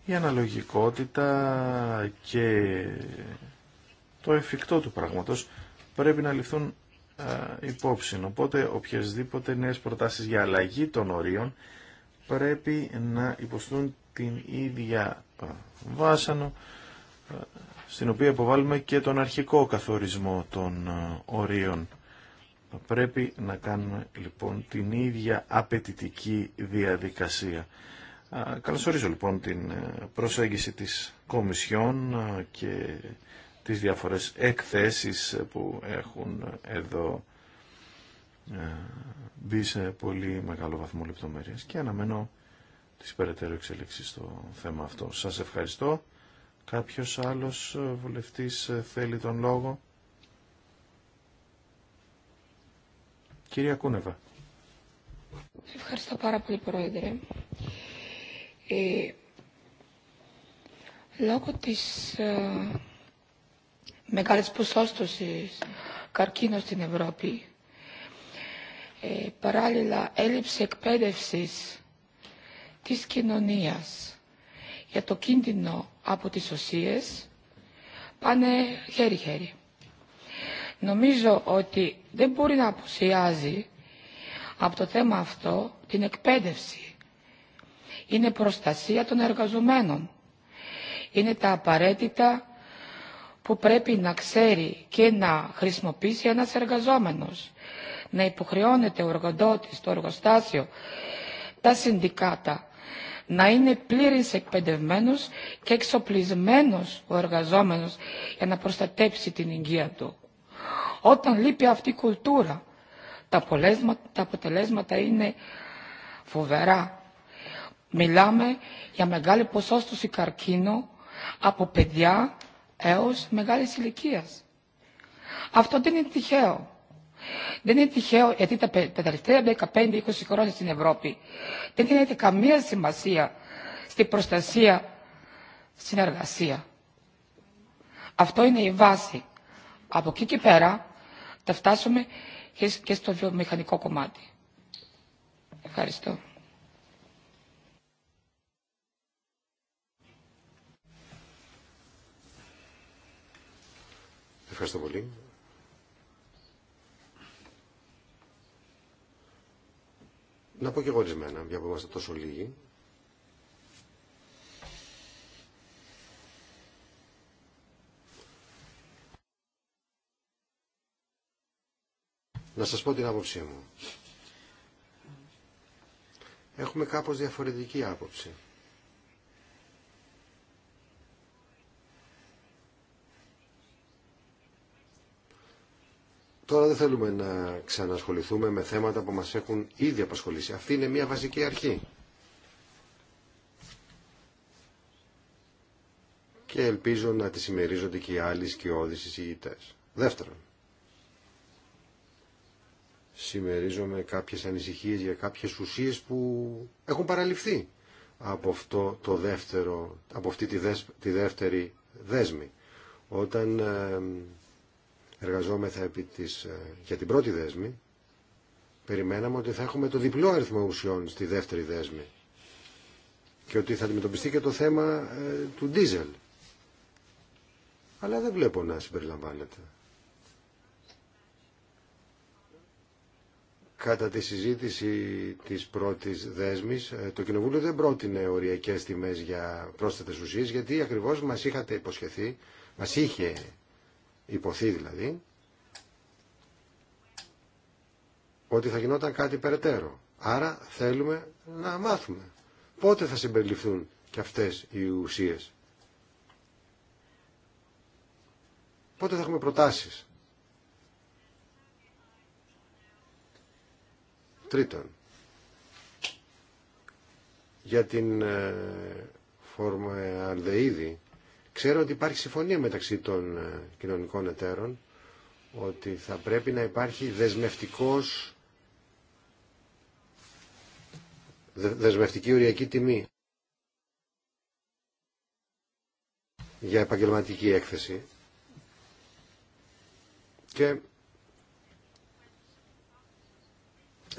η αναλογικότητα και το εφικτό του πράγματος πρέπει να ληφθούν υπόψη. Οπότε οποιασδήποτε νέες προτάσεις για αλλαγή των ορίων πρέπει να υποστούν την ίδια βάσανο στην οποία υποβάλλουμε και τον αρχικό καθορισμό των ορίων πρέπει να κάνουμε λοιπόν την ίδια απαιτητική διαδικασία. Καλωσορίζω λοιπόν την ε, προσέγγιση της Κομισιόν και τις διάφορες εκθέσεις που έχουν εδώ ε, μπει σε πολύ μεγάλο βαθμό λεπτομέρειας και αναμένω τις περαιτέρω εξελίξεις στο θέμα αυτό. Σας ευχαριστώ. Κάποιος άλλος ε, βουλευτής θέλει τον λόγο. Κυρία Κούνεβα. Ευχαριστώ πάρα πολύ, Πρόεδρε. Ε, λόγω της ε, μεγάλης ποσόστοσης καρκίνου στην Ευρώπη, ε, παράλληλα έλλειψη εκπαίδευσης της κοινωνίας για το κίνδυνο από τις οσίες, πάνε χέρι-χέρι. Νομίζω ότι δεν μπορεί να απουσιάζει από το θέμα αυτό την εκπαίδευση. Είναι προστασία των εργαζομένων. Είναι τα απαραίτητα που πρέπει να ξέρει και να χρησιμοποιήσει ένας εργαζόμενος. Να υποχρεώνεται ο εργοδότης, το εργοστάσιο, τα συνδικάτα να είναι πλήρης εκπαιδευμένος και εξοπλισμένος ο εργαζόμενος για να προστατέψει την υγεία του. Όταν λείπει αυτή η κουλτούρα, τα, αποτελέσματα είναι φοβερά. Μιλάμε για μεγάλη ποσόστοση καρκίνο από παιδιά έως μεγάλης ηλικία. Αυτό δεν είναι τυχαίο. Δεν είναι τυχαίο γιατί τα, τα τελευταία 15-20 χρόνια στην Ευρώπη δεν δίνεται καμία σημασία στην προστασία, στην εργασία. Αυτό είναι η βάση. Από εκεί και πέρα θα φτάσουμε και στο βιομηχανικό κομμάτι. Ευχαριστώ. Ευχαριστώ πολύ. Να πω και εγώ ορισμένα, μια που είμαστε τόσο λίγοι. να σας πω την άποψή μου. Έχουμε κάπως διαφορετική άποψη. Τώρα δεν θέλουμε να ξανασχοληθούμε με θέματα που μας έχουν ήδη απασχολήσει. Αυτή είναι μια βασική αρχή. Και ελπίζω να τη συμμερίζονται και οι άλλοι σκιώδεις εισηγητές. Δεύτερον, συμμερίζομαι κάποιες ανησυχίες για κάποιες ουσίες που έχουν παραλυφθεί από, αυτό το δεύτερο, από αυτή τη, τη δεύτερη δέσμη. Όταν εργαζόμεθα επί της, ε, για την πρώτη δέσμη, περιμέναμε ότι θα έχουμε το διπλό αριθμό ουσιών στη δεύτερη δέσμη και ότι θα αντιμετωπιστεί και το θέμα ε, του ντίζελ. Αλλά δεν βλέπω να συμπεριλαμβάνεται. Κατά τη συζήτηση της πρώτης δέσμης, ε, το Κοινοβούλιο δεν πρότεινε οριακές τιμές για πρόσθετες ουσίες, γιατί ακριβώς μας είχατε υποσχεθεί, μας είχε υποθεί δηλαδή, ότι θα γινόταν κάτι περαιτέρω. Άρα θέλουμε να μάθουμε πότε θα συμπεριληφθούν και αυτές οι ουσίες. Πότε θα έχουμε προτάσεις. Τρίτον, για την ε, Φόρμα Αλδείδη ξέρω ότι υπάρχει συμφωνία μεταξύ των ε, κοινωνικών εταίρων ότι θα πρέπει να υπάρχει δεσμευτικός δεσμευτική οριακή τιμή για επαγγελματική έκθεση και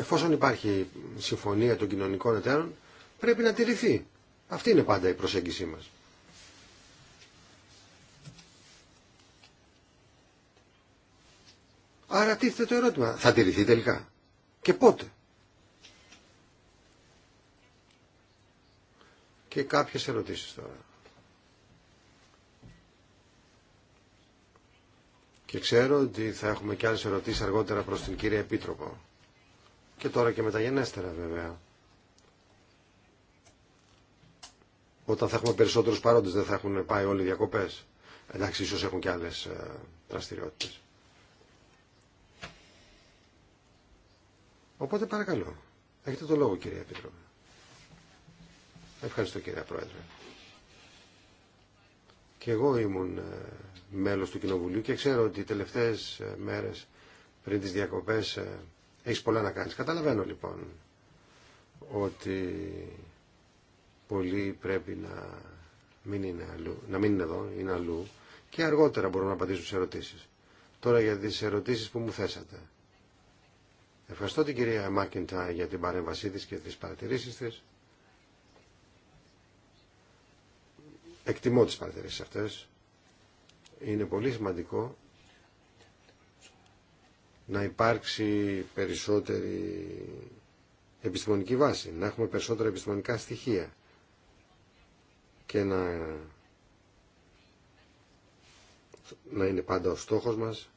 εφόσον υπάρχει συμφωνία των κοινωνικών εταίρων, πρέπει να τηρηθεί. Αυτή είναι πάντα η προσέγγιση μας. Άρα τίθεται το ερώτημα. Θα τηρηθεί τελικά. Και πότε. Και κάποιες ερωτήσεις τώρα. Και ξέρω ότι θα έχουμε και άλλες ερωτήσεις αργότερα προς την κυρία Επίτροπο και τώρα και μεταγενέστερα βέβαια. Όταν θα έχουμε περισσότερους παρόντες δεν θα έχουν πάει όλοι οι διακοπές. Εντάξει, ίσως έχουν και άλλες ε, δραστηριότητες. Οπότε παρακαλώ. Έχετε το λόγο κυρία Επίτροπε. Ευχαριστώ κυρία Πρόεδρε. Και εγώ ήμουν ε, μέλος του Κοινοβουλίου και ξέρω ότι οι τελευταίες ε, μέρες πριν τις διακοπές Έχεις πολλά να κάνεις. Καταλαβαίνω λοιπόν ότι πολλοί πρέπει να μην είναι, αλλού, να μην είναι εδώ, είναι αλλού και αργότερα μπορούν να απαντήσουν σε ερωτήσεις. Τώρα για τις ερωτήσεις που μου θέσατε. Ευχαριστώ την κυρία Μάκιντα για την παρέμβασή της και τις παρατηρήσεις της. Εκτιμώ τις παρατηρήσεις αυτές. Είναι πολύ σημαντικό να υπάρξει περισσότερη επιστημονική βάση, να έχουμε περισσότερα επιστημονικά στοιχεία και να, να είναι πάντα ο στόχος μας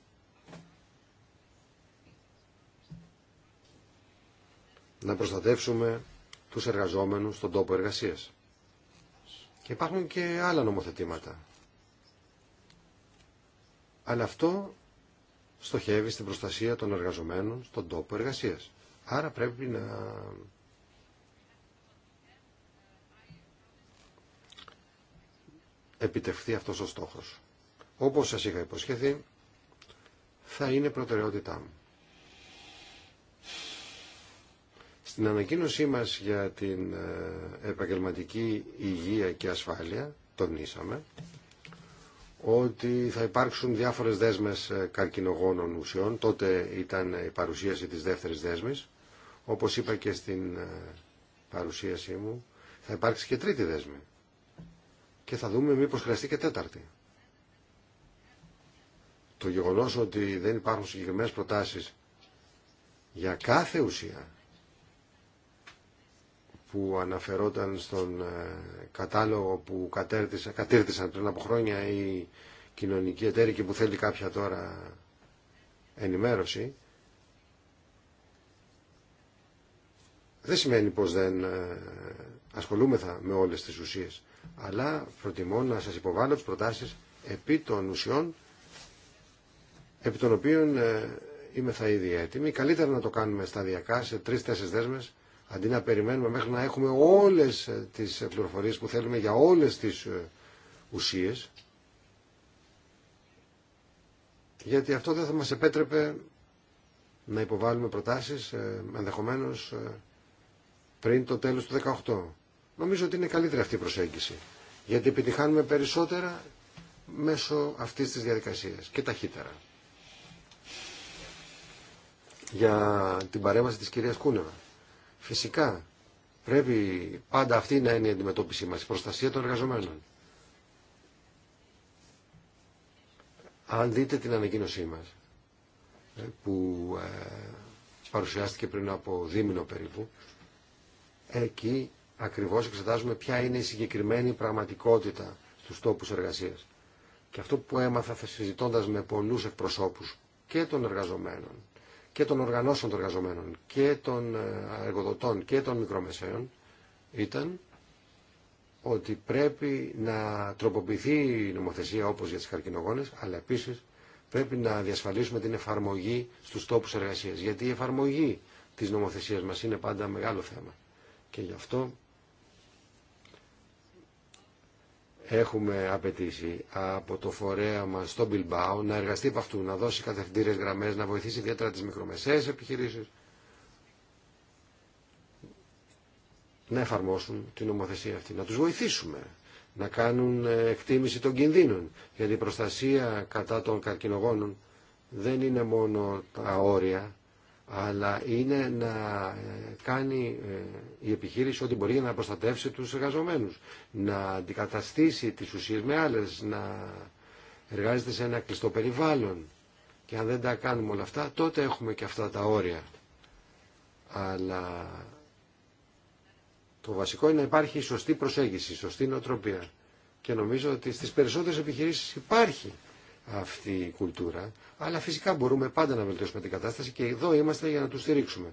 να προστατεύσουμε τους εργαζόμενους στον τόπο εργασίας. Και υπάρχουν και άλλα νομοθετήματα. Αλλά αυτό στοχεύει στην προστασία των εργαζομένων στον τόπο εργασίας. Άρα πρέπει να επιτευχθεί αυτός ο στόχος. Όπως σας είχα υποσχεθεί, θα είναι προτεραιότητά μου. Στην ανακοίνωσή μας για την ε, επαγγελματική υγεία και ασφάλεια τονίσαμε ότι θα υπάρξουν διάφορες δέσμες ε, καρκινογόνων ουσιών. Τότε ήταν η παρουσίαση της δεύτερης δέσμης. Όπως είπα και στην ε, παρουσίασή μου, θα υπάρξει και τρίτη δέσμη. Και θα δούμε μήπως χρειαστεί και τέταρτη. Το γεγονός ότι δεν υπάρχουν συγκεκριμένες προτάσεις για κάθε ουσία που αναφερόταν στον ε, κατάλογο που κατέρτισαν πριν από χρόνια η κοινωνική εταίροι και που θέλει κάποια τώρα ενημέρωση δεν σημαίνει πως δεν ε, ασχολούμεθα με όλες τις ουσίες αλλά προτιμώ να σας υποβάλω τις προτάσεις επί των ουσιών επί των οποίων ε, είμαι θα ήδη έτοιμοι καλύτερα να το κάνουμε σταδιακά σε τρεις-τέσσερις δέσμες Αντί να περιμένουμε μέχρι να έχουμε όλες ε, τις ε, πληροφορίες που θέλουμε για όλες τις ε, ουσίες, γιατί αυτό δεν θα μας επέτρεπε να υποβάλουμε προτάσεις ενδεχομένως πριν το τέλος του 18. Νομίζω ότι είναι καλύτερη αυτή η προσέγγιση, γιατί επιτυχάνουμε περισσότερα μέσω αυτής της διαδικασίας και ταχύτερα. Για την παρέμβαση της κυρίας Κούνεβα. Φυσικά, πρέπει πάντα αυτή να είναι η αντιμετώπιση μας, η προστασία των εργαζομένων. Αν δείτε την ανακοίνωσή μας, ε, που ε, παρουσιάστηκε πριν από δίμηνο περίπου, εκεί ακριβώς εξετάζουμε ποια είναι η συγκεκριμένη πραγματικότητα στους τόπους εργασίας. Και αυτό που έμαθα συζητώντας με πολλούς εκπροσώπους και των εργαζομένων και των οργανώσεων των εργαζομένων και των ε, εργοδοτών και των μικρομεσαίων ήταν ότι πρέπει να τροποποιηθεί η νομοθεσία όπως για τις καρκινογόνες, αλλά επίσης πρέπει να διασφαλίσουμε την εφαρμογή στους τόπους εργασίας, γιατί η εφαρμογή της νομοθεσίας μας είναι πάντα μεγάλο θέμα. Και γι' αυτό έχουμε απαιτήσει από το φορέα μας στο Μπιλμπάου να εργαστεί από αυτού, να δώσει κατευθυντήρε γραμμές, να βοηθήσει ιδιαίτερα τι μικρομεσαίε επιχειρήσει να εφαρμόσουν την νομοθεσία αυτή, να τους βοηθήσουμε να κάνουν ε, εκτίμηση των κινδύνων γιατί η προστασία κατά των καρκινογόνων δεν είναι μόνο τα όρια αλλά είναι να ε, κάνει ε, η επιχείρηση ό,τι μπορεί να προστατεύσει τους εργαζομένους, να αντικαταστήσει τις ουσίες με άλλες, να εργάζεται σε ένα κλειστό περιβάλλον. Και αν δεν τα κάνουμε όλα αυτά, τότε έχουμε και αυτά τα όρια. Αλλά το βασικό είναι να υπάρχει σωστή προσέγγιση, η σωστή νοοτροπία. Και νομίζω ότι στις περισσότερες επιχειρήσεις υπάρχει αυτή η κουλτούρα, αλλά φυσικά μπορούμε πάντα να βελτιώσουμε την κατάσταση και εδώ είμαστε για να τους στηρίξουμε.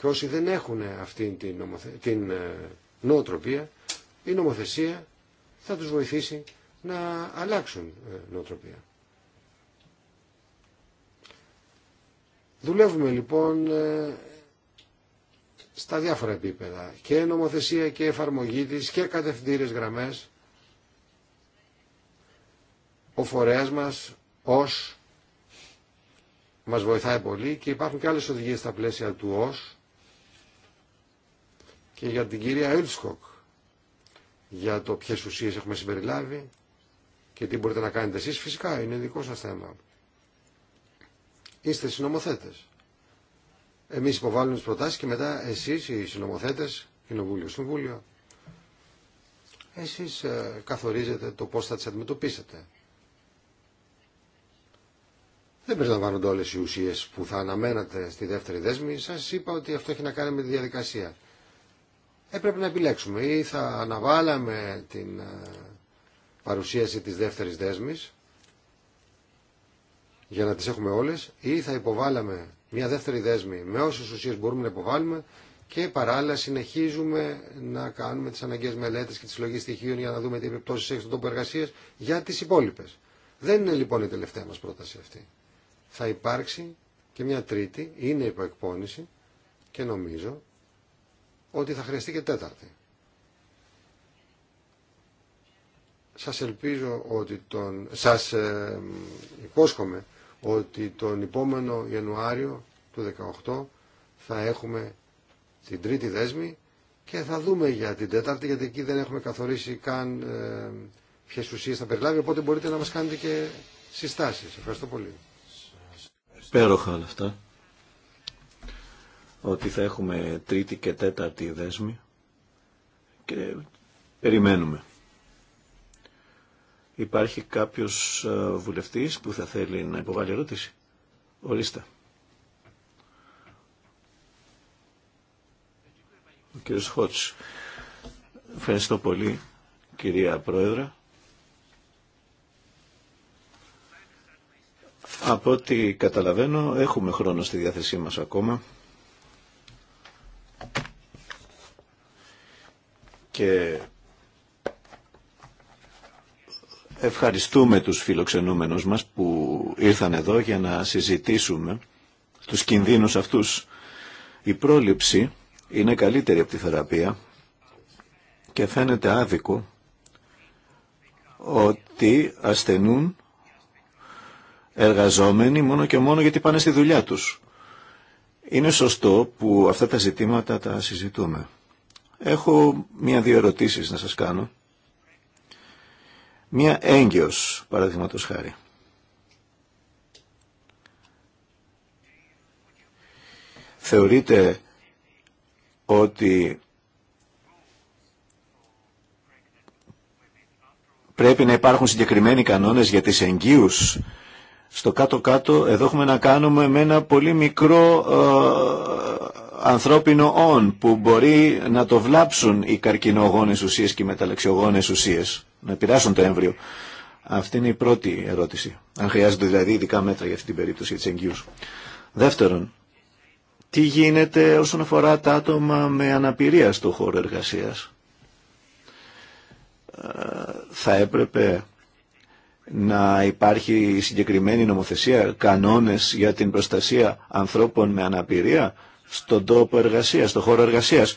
Και όσοι δεν έχουν αυτή την, νομοθε... Ε, νοοτροπία, η νομοθεσία θα τους βοηθήσει να αλλάξουν ε, νοοτροπία. Δουλεύουμε λοιπόν ε, στα διάφορα επίπεδα και νομοθεσία και εφαρμογή της και κατευθυντήρες γραμμές ο φορέας μας ως μας βοηθάει πολύ και υπάρχουν και άλλες οδηγίες στα πλαίσια του ως και για την κυρία Έλσκοκ για το ποιες ουσίες έχουμε συμπεριλάβει και τι μπορείτε να κάνετε εσείς φυσικά είναι δικό σας θέμα. Είστε συνομοθέτες. Εμείς υποβάλλουμε τις προτάσεις και μετά εσείς οι συνομοθέτες, κοινοβούλιο, συμβούλιο, εσείς ε, καθορίζετε το πώς θα τις αντιμετωπίσετε δεν περιλαμβάνονται όλε οι ουσίε που θα αναμένατε στη δεύτερη δέσμη. Σα είπα ότι αυτό έχει να κάνει με τη διαδικασία. Ε, Έπρεπε να επιλέξουμε ή θα αναβάλαμε την ε, παρουσίαση τη δεύτερη δέσμη για να τι έχουμε όλε, ή θα υποβάλαμε μια δεύτερη δέσμη με όσε ουσίε μπορούμε να υποβάλουμε και παράλληλα συνεχίζουμε να κάνουμε τι αναγκαίε μελέτες και τι συλλογή στοιχείων για να δούμε τι επιπτώσει έχει στον τόπο εργασία για τι υπόλοιπε. Δεν είναι λοιπόν η τελευταία μα πρόταση αυτή θα υπάρξει και μια τρίτη, είναι υποεκπώνηση και νομίζω ότι θα χρειαστεί και τέταρτη. Σας ελπίζω ότι τον... Σας ε, υπόσχομαι ότι τον επόμενο Ιανουάριο του 2018 θα έχουμε την τρίτη δέσμη και θα δούμε για την τέταρτη γιατί εκεί δεν έχουμε καθορίσει καν ε, ποιες ουσίες θα περιλάβει οπότε μπορείτε να μας κάνετε και συστάσεις. Ευχαριστώ πολύ υπέροχα όλα αυτά ότι θα έχουμε τρίτη και τέταρτη δέσμη και περιμένουμε. Υπάρχει κάποιος ε, βουλευτής που θα θέλει να υποβάλει ερώτηση. Ορίστε. Ο κύριος Χότς. Ευχαριστώ πολύ κυρία Πρόεδρα. Από ό,τι καταλαβαίνω έχουμε χρόνο στη διάθεσή μας ακόμα και ευχαριστούμε τους φιλοξενούμενους μας που ήρθαν εδώ για να συζητήσουμε τους κινδύνους αυτούς. Η πρόληψη είναι καλύτερη από τη θεραπεία και φαίνεται άδικο ότι ασθενούν εργαζόμενοι μόνο και μόνο γιατί πάνε στη δουλειά τους. Είναι σωστό που αυτά τα ζητήματα τα συζητούμε. Έχω μία-δύο ερωτήσεις να σας κάνω. Μία έγκυος, παραδείγματος χάρη. Θεωρείτε ότι πρέπει να υπάρχουν συγκεκριμένοι κανόνες για τις εγγύους στο κάτω-κάτω εδώ έχουμε να κάνουμε με ένα πολύ μικρό ε, ανθρώπινο όν που μπορεί να το βλάψουν οι καρκινογόνες ουσίες και οι μεταλλαξιογόνες ουσίες, να επηρεάσουν το έμβριο. Αυτή είναι η πρώτη ερώτηση. Αν χρειάζονται δηλαδή ειδικά μέτρα για αυτή την περίπτωση της εγγύους. Δεύτερον, τι γίνεται όσον αφορά τα άτομα με αναπηρία στο χώρο εργασίας. Ε, θα έπρεπε να υπάρχει συγκεκριμένη νομοθεσία, κανόνες για την προστασία ανθρώπων με αναπηρία στον τόπο εργασίας, στον χώρο εργασίας.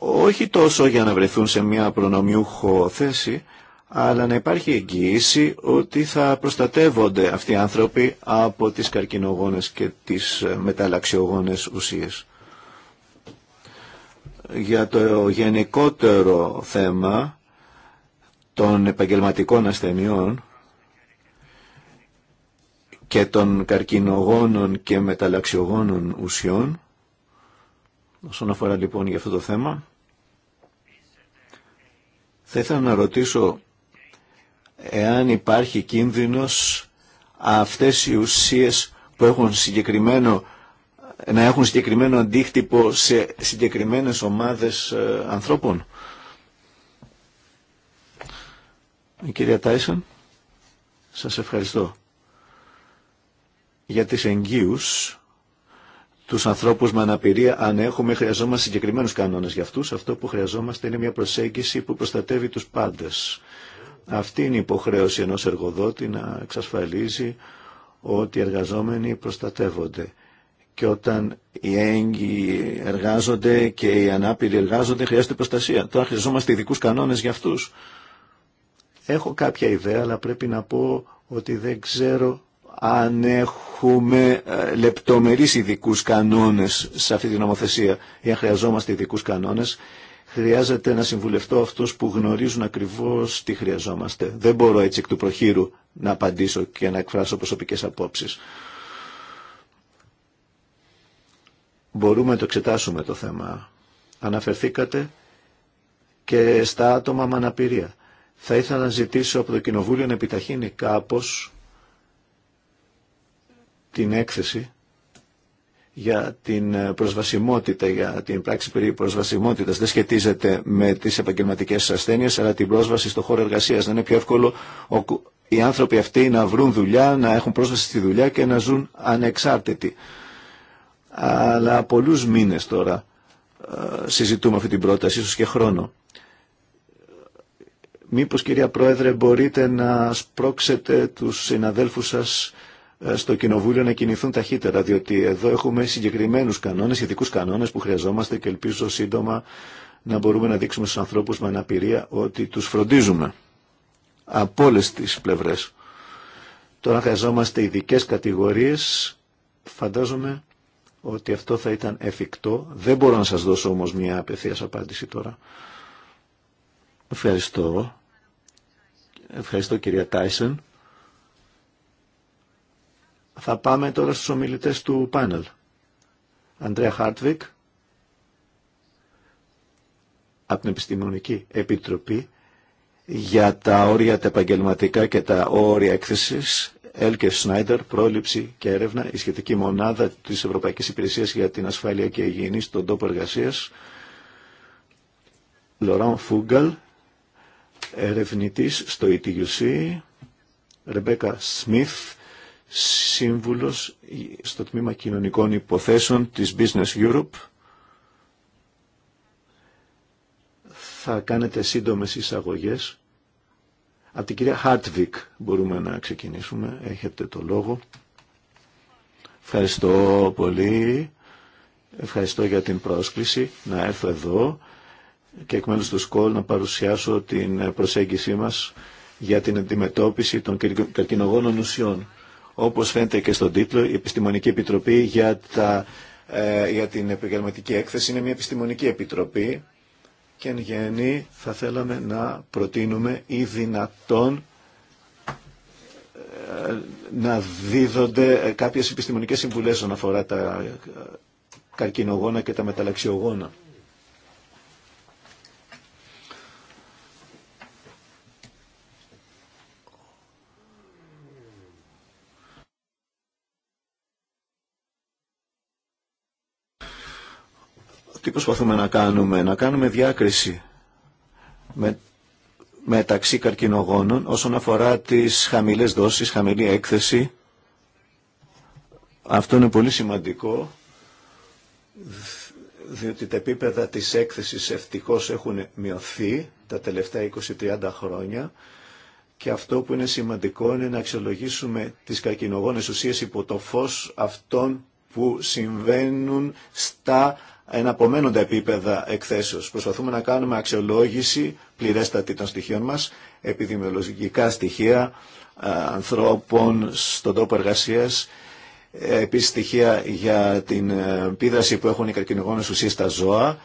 Όχι τόσο για να βρεθούν σε μια προνομιούχο θέση, αλλά να υπάρχει εγγύηση ότι θα προστατεύονται αυτοί οι άνθρωποι από τις καρκινογόνες και τις μεταλλαξιογόνες ουσίες. Για το γενικότερο θέμα των επαγγελματικών ασθενειών και των καρκινογόνων και μεταλλαξιογόνων ουσιών. Όσον αφορά λοιπόν για αυτό το θέμα, θα ήθελα να ρωτήσω εάν υπάρχει κίνδυνος αυτές οι ουσίες που έχουν συγκεκριμένο να έχουν συγκεκριμένο αντίκτυπο σε συγκεκριμένες ομάδες ε, ανθρώπων. Η κυρία Τάισον, σας ευχαριστώ για τις εγγύους τους ανθρώπους με αναπηρία αν έχουμε χρειαζόμαστε συγκεκριμένους κανόνες για αυτούς. Αυτό που χρειαζόμαστε είναι μια προσέγγιση που προστατεύει τους πάντες. Αυτή είναι η υποχρέωση ενός εργοδότη να εξασφαλίζει ότι οι εργαζόμενοι προστατεύονται. Και όταν οι έγκυοι εργάζονται και οι ανάπηροι εργάζονται χρειάζεται προστασία. Τώρα χρειαζόμαστε ειδικού κανόνες για αυτούς. Έχω κάποια ιδέα, αλλά πρέπει να πω ότι δεν ξέρω αν έχουμε ε, λεπτομερείς ειδικού κανόνες σε αυτή την νομοθεσία ή αν χρειαζόμαστε ειδικού κανόνες. Χρειάζεται να συμβουλευτώ αυτούς που γνωρίζουν ακριβώς τι χρειαζόμαστε. Δεν μπορώ έτσι εκ του προχείρου να απαντήσω και να εκφράσω προσωπικές απόψεις. Μπορούμε να το εξετάσουμε το θέμα. Αναφερθήκατε και στα άτομα με αναπηρία. Θα ήθελα να ζητήσω από το Κοινοβούλιο να επιταχύνει κάπως την έκθεση για την προσβασιμότητα, για την πράξη περί προσβασιμότητας. Δεν σχετίζεται με τις επαγγελματικές ασθένειες, αλλά την πρόσβαση στο χώρο εργασίας. Να είναι πιο εύκολο οι άνθρωποι αυτοί να βρουν δουλειά, να έχουν πρόσβαση στη δουλειά και να ζουν ανεξάρτητοι. Αλλά πολλούς μήνες τώρα ε, συζητούμε αυτή την πρόταση, ίσως και χρόνο. Μήπως κυρία Πρόεδρε μπορείτε να σπρώξετε τους συναδέλφους σας ε, στο Κοινοβούλιο να κινηθούν ταχύτερα, διότι εδώ έχουμε συγκεκριμένους κανόνες, ειδικού κανόνες που χρειαζόμαστε και ελπίζω σύντομα να μπορούμε να δείξουμε στους ανθρώπους με αναπηρία ότι τους φροντίζουμε από όλε τις πλευρές. Τώρα χρειαζόμαστε ειδικέ κατηγορίες, φαντάζομαι ότι αυτό θα ήταν εφικτό. Δεν μπορώ να σας δώσω όμως μια απευθείας απάντηση τώρα. Ευχαριστώ. Ευχαριστώ κυρία Τάισον. Θα πάμε τώρα στους ομιλητές του πάνελ. Αντρέα Χάρτβικ, από την Επιστημονική Επιτροπή για τα όρια τα επαγγελματικά και τα όρια έκθεσης, Έλκε Σνάιντερ, πρόληψη και έρευνα, η σχετική μονάδα της Ευρωπαϊκής Υπηρεσίας για την Ασφάλεια και Υγιεινή στον τόπο εργασίας, Λοράν Φούγκαλ, ερευνητής στο ETUC, Ρεμπέκα Σμιθ, σύμβουλος στο τμήμα κοινωνικών υποθέσεων της Business Europe. Θα κάνετε σύντομες εισαγωγές. Από την κυρία Χάρτβικ μπορούμε να ξεκινήσουμε. Έχετε το λόγο. Ευχαριστώ πολύ. Ευχαριστώ για την πρόσκληση να έρθω εδώ και εκ μέρου του ΣΚΟΛ να παρουσιάσω την προσέγγιση μας για την αντιμετώπιση των καρκινογόνων ουσιών. Όπως φαίνεται και στον τίτλο, η Επιστημονική Επιτροπή για, τα, ε, την επαγγελματική έκθεση είναι μια επιστημονική επιτροπή και εν γέννη θα θέλαμε να προτείνουμε ή δυνατόν ε, να δίδονται ε, κάποιες επιστημονικές συμβουλές όσον αφορά τα καρκινογόνα και τα μεταλλαξιογόνα. Τι προσπαθούμε να κάνουμε, να κάνουμε διάκριση με, μεταξύ καρκινογόνων όσον αφορά τις χαμηλές δόσεις, χαμηλή έκθεση. Αυτό είναι πολύ σημαντικό, διότι τα επίπεδα της έκθεσης ευτυχώς έχουν μειωθεί τα τελευταία 20-30 χρόνια και αυτό που είναι σημαντικό είναι να αξιολογήσουμε τις καρκινογόνες ουσίες υπό το φως αυτών που συμβαίνουν στα εναπομένοντα επίπεδα εκθέσεως. Προσπαθούμε να κάνουμε αξιολόγηση πληρέστατη των στοιχείων μας, επιδημιολογικά στοιχεία ανθρώπων στον τόπο εργασίας, ε, επίσης στοιχεία για την ε, επίδραση που έχουν οι καρκινογόνες ουσίες στα ζώα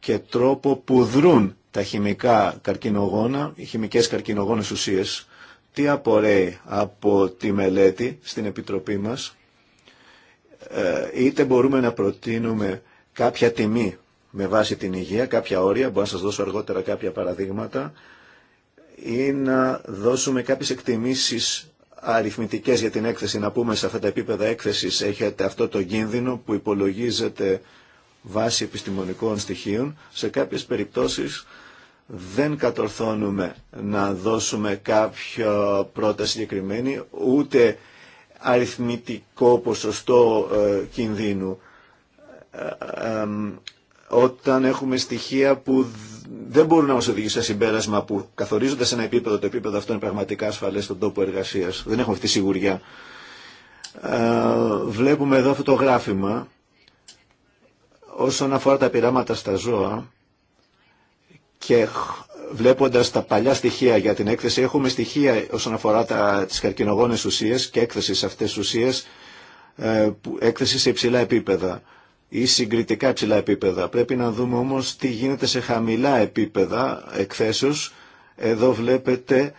και τρόπο που δρούν τα χημικά καρκινογόνα, οι χημικές καρκινογόνες ουσίες. Τι απορρέει από τη μελέτη στην Επιτροπή μας, ε, είτε μπορούμε να προτείνουμε κάποια τιμή με βάση την υγεία, κάποια όρια, μπορώ να σας δώσω αργότερα κάποια παραδείγματα, ή να δώσουμε κάποιες εκτιμήσεις αριθμητικές για την έκθεση, να πούμε σε αυτά τα επίπεδα έκθεσης έχετε αυτό το κίνδυνο που υπολογίζεται βάσει επιστημονικών στοιχείων. Σε κάποιες περιπτώσεις δεν κατορθώνουμε να δώσουμε κάποια πρόταση συγκεκριμένη, ούτε αριθμητικό ποσοστό ε, κινδύνου όταν έχουμε στοιχεία που δεν μπορούν να μα οδηγήσουν σε συμπέρασμα που καθορίζονται σε ένα επίπεδο, το επίπεδο αυτό είναι πραγματικά ασφαλέ στον τόπο εργασία. Δεν έχουμε αυτή τη σιγουριά. Ε, βλέπουμε εδώ αυτό το γράφημα όσον αφορά τα πειράματα στα ζώα και βλέποντας τα παλιά στοιχεία για την έκθεση έχουμε στοιχεία όσον αφορά τα, τις καρκινογόνες ουσίες και έκθεση σε αυτές τις ουσίες, ε, έκθεση σε υψηλά επίπεδα ή συγκριτικά ψηλά επίπεδα. Πρέπει να δούμε όμως τι γίνεται σε χαμηλά επίπεδα εκθέσεως. Εδώ βλέπετε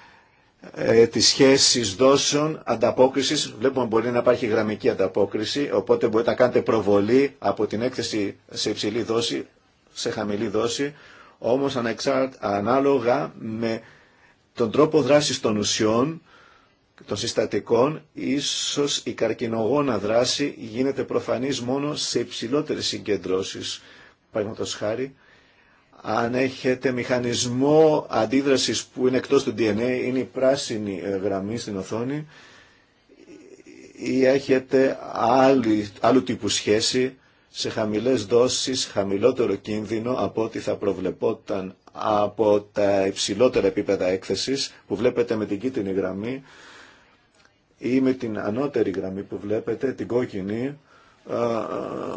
ε, τις σχέσεις δόσεων ανταπόκρισης. Βλέπουμε μπορεί να υπάρχει γραμμική ανταπόκριση, οπότε μπορείτε να κάνετε προβολή από την έκθεση σε υψηλή δόση, σε χαμηλή δόση, όμως ανάλογα με τον τρόπο δράσης των ουσιών των συστατικών, ίσως η καρκινογόνα δράση γίνεται προφανής μόνο σε υψηλότερες συγκεντρώσεις. Παραδείγματος χάρη, αν έχετε μηχανισμό αντίδρασης που είναι εκτός του DNA, είναι η πράσινη ε, γραμμή στην οθόνη, ή έχετε άλλη, άλλου τύπου σχέση σε χαμηλές δόσεις, χαμηλότερο κίνδυνο από ό,τι θα προβλεπόταν από τα υψηλότερα επίπεδα έκθεσης που βλέπετε με την κίτρινη γραμμή ή με την ανώτερη γραμμή που βλέπετε, την κόκκινη,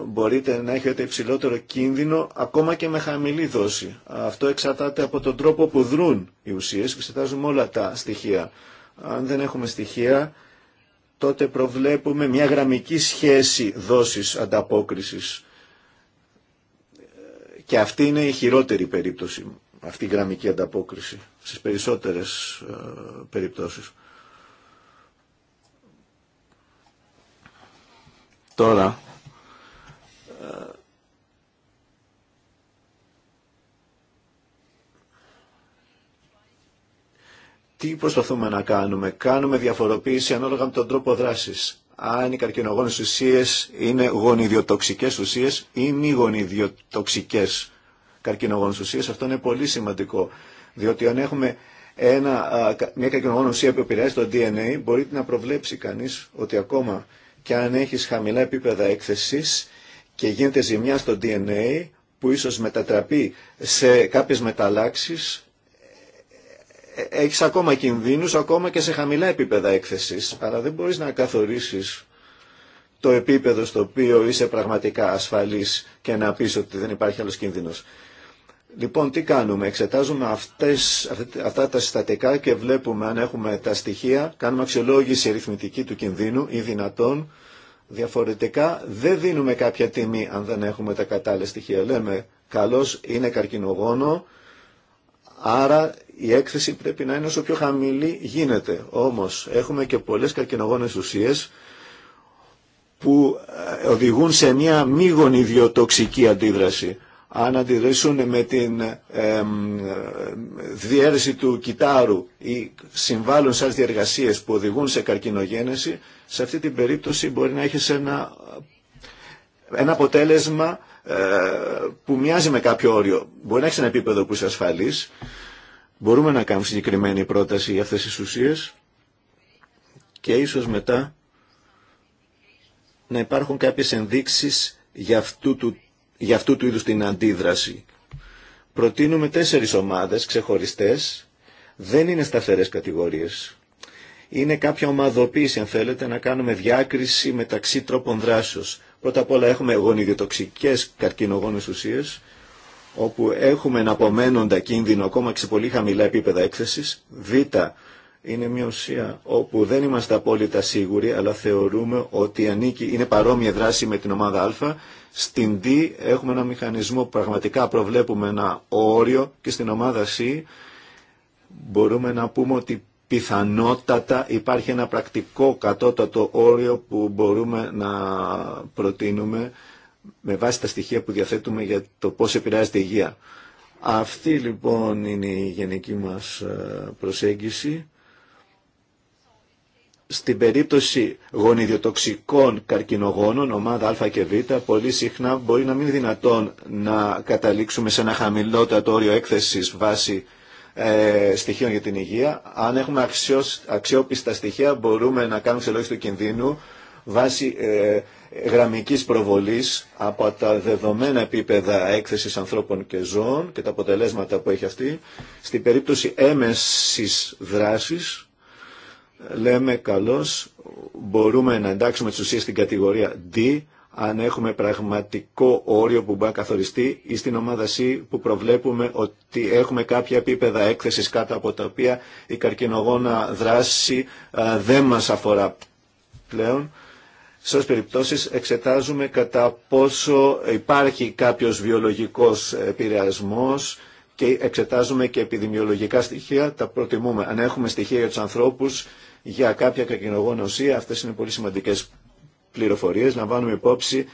μπορείτε να έχετε υψηλότερο κίνδυνο ακόμα και με χαμηλή δόση. Αυτό εξαρτάται από τον τρόπο που δρούν οι ουσίες και εξετάζουμε όλα τα στοιχεία. Αν δεν έχουμε στοιχεία, τότε προβλέπουμε μια γραμμική σχέση δόσης ανταπόκρισης. Και αυτή είναι η χειρότερη περίπτωση, αυτή η γραμμική ανταπόκριση, στις περισσότερες ε, περιπτώσεις. Τώρα, ε, τι προσπαθούμε να κάνουμε. Κάνουμε διαφοροποίηση ανάλογα με τον τρόπο δράσης. Αν οι καρκινογόνες ουσίες είναι γονιδιοτοξικές ουσίες ή μη γονιδιοτοξικές καρκινογόνες ουσίες. Αυτό είναι πολύ σημαντικό. Διότι αν έχουμε ένα, μια καρκινογόνη ουσία που επηρεάζει το DNA, μπορεί να προβλέψει κανείς ότι ακόμα και αν έχεις χαμηλά επίπεδα έκθεσης και γίνεται ζημιά στο DNA που ίσως μετατραπεί σε κάποιες μεταλλάξεις, έχεις ακόμα κινδύνους ακόμα και σε χαμηλά επίπεδα έκθεσης, αλλά δεν μπορείς να καθορίσεις το επίπεδο στο οποίο είσαι πραγματικά ασφαλής και να πεις ότι δεν υπάρχει άλλος κίνδυνος. Λοιπόν, τι κάνουμε, εξετάζουμε αυτές, αυτά τα συστατικά και βλέπουμε αν έχουμε τα στοιχεία, κάνουμε αξιολόγηση αριθμητική του κινδύνου ή δυνατόν, διαφορετικά δεν δίνουμε κάποια τιμή αν δεν έχουμε τα κατάλληλα στοιχεία. Λέμε, καλώς είναι καρκινογόνο, άρα η έκθεση πρέπει να είναι όσο πιο χαμηλή γίνεται. Όμως, έχουμε και πολλές καρκινογόνες ουσίες, που ε, οδηγούν σε μια μη γονιδιοτοξική αντίδραση αν αντιρρήσουν με την ε, διέρεση του κιτάρου ή συμβάλλουν σε άλλες διεργασίες που οδηγούν σε καρκινογένεση, σε αυτή την περίπτωση μπορεί να έχεις ένα, ένα αποτέλεσμα ε, που μοιάζει με κάποιο όριο. Μπορεί να έχεις ένα επίπεδο που είσαι ασφαλής. Μπορούμε να κάνουμε συγκεκριμένη πρόταση για αυτές τις ουσίες και ίσως μετά να υπάρχουν κάποιες ενδείξεις για αυτού του για αυτού του είδους την αντίδραση. Προτείνουμε τέσσερις ομάδες ξεχωριστές, δεν είναι σταθερές κατηγορίες. Είναι κάποια ομαδοποίηση, αν θέλετε, να κάνουμε διάκριση μεταξύ τρόπων δράσεως. Πρώτα απ' όλα έχουμε γονιδιοτοξικές καρκινογόνες ουσίες, όπου έχουμε εναπομένοντα κίνδυνο ακόμα και σε πολύ χαμηλά επίπεδα έκθεσης. Β, είναι μια ουσία όπου δεν είμαστε απόλυτα σίγουροι, αλλά θεωρούμε ότι ανήκει, είναι παρόμοια δράση με την ομάδα Α στην D έχουμε ένα μηχανισμό που πραγματικά προβλέπουμε ένα όριο και στην ομάδα C μπορούμε να πούμε ότι πιθανότατα υπάρχει ένα πρακτικό κατώτατο όριο που μπορούμε να προτείνουμε με βάση τα στοιχεία που διαθέτουμε για το πώς επηρεάζεται η υγεία. Αυτή λοιπόν είναι η γενική μας ε, προσέγγιση στην περίπτωση γονιδιοτοξικών καρκινογόνων, ομάδα Α και Β, πολύ συχνά μπορεί να μην είναι δυνατόν να καταλήξουμε σε ένα χαμηλότερο όριο έκθεσης βάση ε, στοιχείων για την υγεία. Αν έχουμε αξιόπιστα στοιχεία μπορούμε να κάνουμε ξελόγηση του κινδύνου βάσει ε, γραμμικής προβολής από τα δεδομένα επίπεδα έκθεσης ανθρώπων και ζώων και τα αποτελέσματα που έχει αυτή. Στην περίπτωση έμεσης δράσης, λέμε καλώς μπορούμε να εντάξουμε τις ουσίες στην κατηγορία D αν έχουμε πραγματικό όριο που μπορεί να καθοριστεί ή στην ομάδα C που προβλέπουμε ότι έχουμε κάποια επίπεδα έκθεσης κάτω από τα οποία η καρκινογόνα δράση δεν μας αφορά πλέον. Σε όσες περιπτώσεις εξετάζουμε κατά πόσο υπάρχει κάποιος βιολογικός επηρεασμό και εξετάζουμε και επιδημιολογικά στοιχεία, τα προτιμούμε. Αν έχουμε στοιχεία για τους ανθρώπους για κάποια κακινογόνα ουσία. Αυτές είναι πολύ σημαντικές πληροφορίες. βάλουμε υπόψη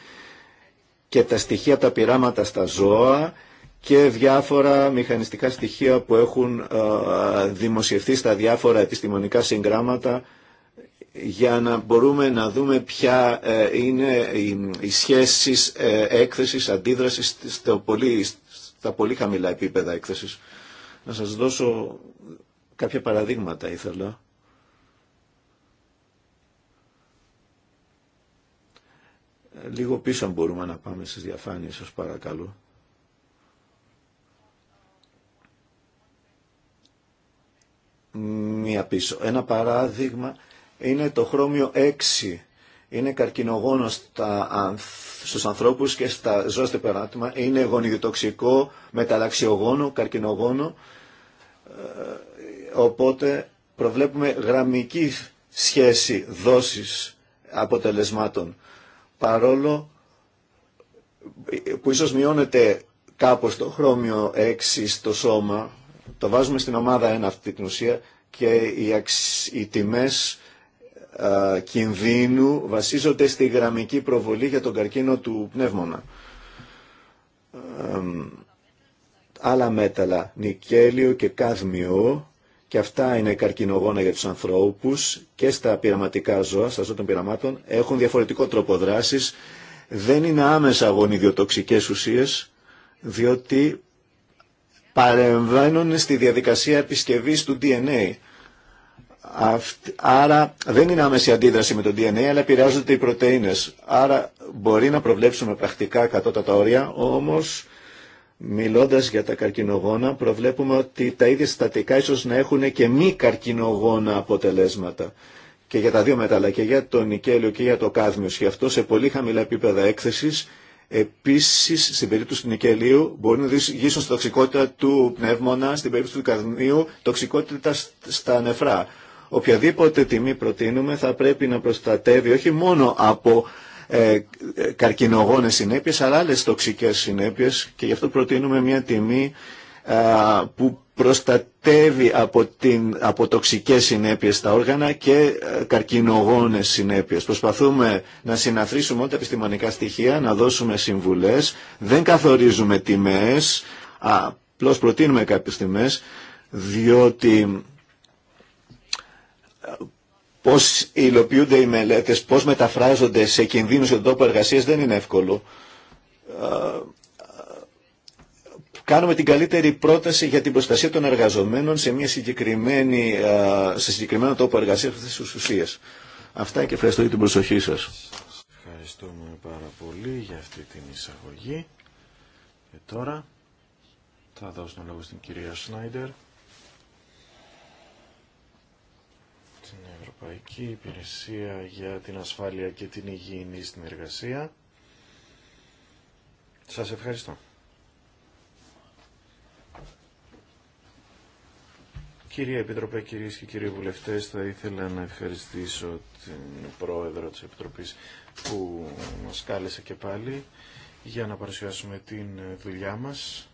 και τα στοιχεία τα πειράματα στα ζώα και διάφορα μηχανιστικά στοιχεία που έχουν ε, δημοσιευθεί στα διάφορα επιστημονικά συγγράμματα για να μπορούμε να δούμε ποια ε, είναι οι σχέσεις ε, έκθεσης, αντίδρασης στα πολύ, στα πολύ χαμηλά επίπεδα έκθεσης. Να σας δώσω κάποια παραδείγματα ήθελα. Λίγο πίσω μπορούμε να πάμε στις διαφάνειες σας παρακαλώ. Μία πίσω. Ένα παράδειγμα είναι το χρώμιο 6. Είναι καρκινογόνο στα, στους ανθρώπους και στα ζώα στο περάτημα. Είναι γονιδιοτοξικό, μεταλλαξιογόνο, καρκινογόνο. Ε, οπότε προβλέπουμε γραμμική σχέση δόσης αποτελεσμάτων παρόλο που ίσως μειώνεται κάπως το χρώμιο 6 στο σώμα, το βάζουμε στην ομάδα 1 αυτή την ουσία και οι, αξ... τιμές κινδύνου βασίζονται στη γραμμική προβολή για τον καρκίνο του πνεύμονα. άλλα μέταλλα, νικέλιο και κάδμιο, και αυτά είναι καρκινογόνα για τους ανθρώπους και στα πειραματικά ζώα, στα ζώα των πειραμάτων, έχουν διαφορετικό τρόπο δράσης, δεν είναι άμεσα αγωνιδιοτοξικές ουσίες, διότι παρεμβαίνουν στη διαδικασία επισκευής του DNA. Άρα δεν είναι άμεση αντίδραση με το DNA, αλλά επηρεάζονται οι πρωτεΐνες. Άρα μπορεί να προβλέψουμε πρακτικά κατώτατα όρια, όμως Μιλώντας για τα καρκινογόνα, προβλέπουμε ότι τα ίδια συστατικά ίσως να έχουν και μη καρκινογόνα αποτελέσματα. Και για τα δύο μετάλλα, και για το νικέλιο και για το κάδμιο. Και αυτό σε πολύ χαμηλά επίπεδα έκθεσης. Επίσης, στην περίπτωση του νικελίου μπορεί να οδηγήσουν στην τοξικότητα του πνεύμονα, στην περίπτωση του καδμίου, τοξικότητα στα νεφρά. Οποιαδήποτε τιμή προτείνουμε θα πρέπει να προστατεύει όχι μόνο από ε, καρκινογόνες συνέπειες αλλά άλλες τοξικές συνέπειες και γι' αυτό προτείνουμε μια τιμή που προστατεύει από, την, από τοξικές συνέπειες τα όργανα και ε, καρκινογόνες συνέπειες. Προσπαθούμε να συναθρήσουμε όλα τα επιστημονικά στοιχεία, να δώσουμε συμβουλές, δεν καθορίζουμε τιμές, απλώς προτείνουμε κάποιες τιμές, διότι Πώ υλοποιούνται οι μελέτε, πώς μεταφράζονται σε κινδύνους στον τόπο εργασία δεν είναι εύκολο. Ε, κάνουμε την καλύτερη πρόταση για την προστασία των εργαζομένων σε, μια συγκεκριμένη, ε, σε συγκεκριμένο τόπο εργασία αυτή τη ουσία. Αυτά και ευχαριστώ για την προσοχή σας. Ευχαριστούμε πάρα πολύ για αυτή την εισαγωγή. Και τώρα θα δώσω τον λόγο στην κυρία Σνάιντερ. Ευρωπαϊκή Υπηρεσία για την Ασφάλεια και την Υγιεινή στην Εργασία. Σας ευχαριστώ. Κύριε Επίτροπε, κυρίες και κύριοι βουλευτές, θα ήθελα να ευχαριστήσω την Πρόεδρο της Επιτροπής που μας κάλεσε και πάλι για να παρουσιάσουμε την δουλειά μας.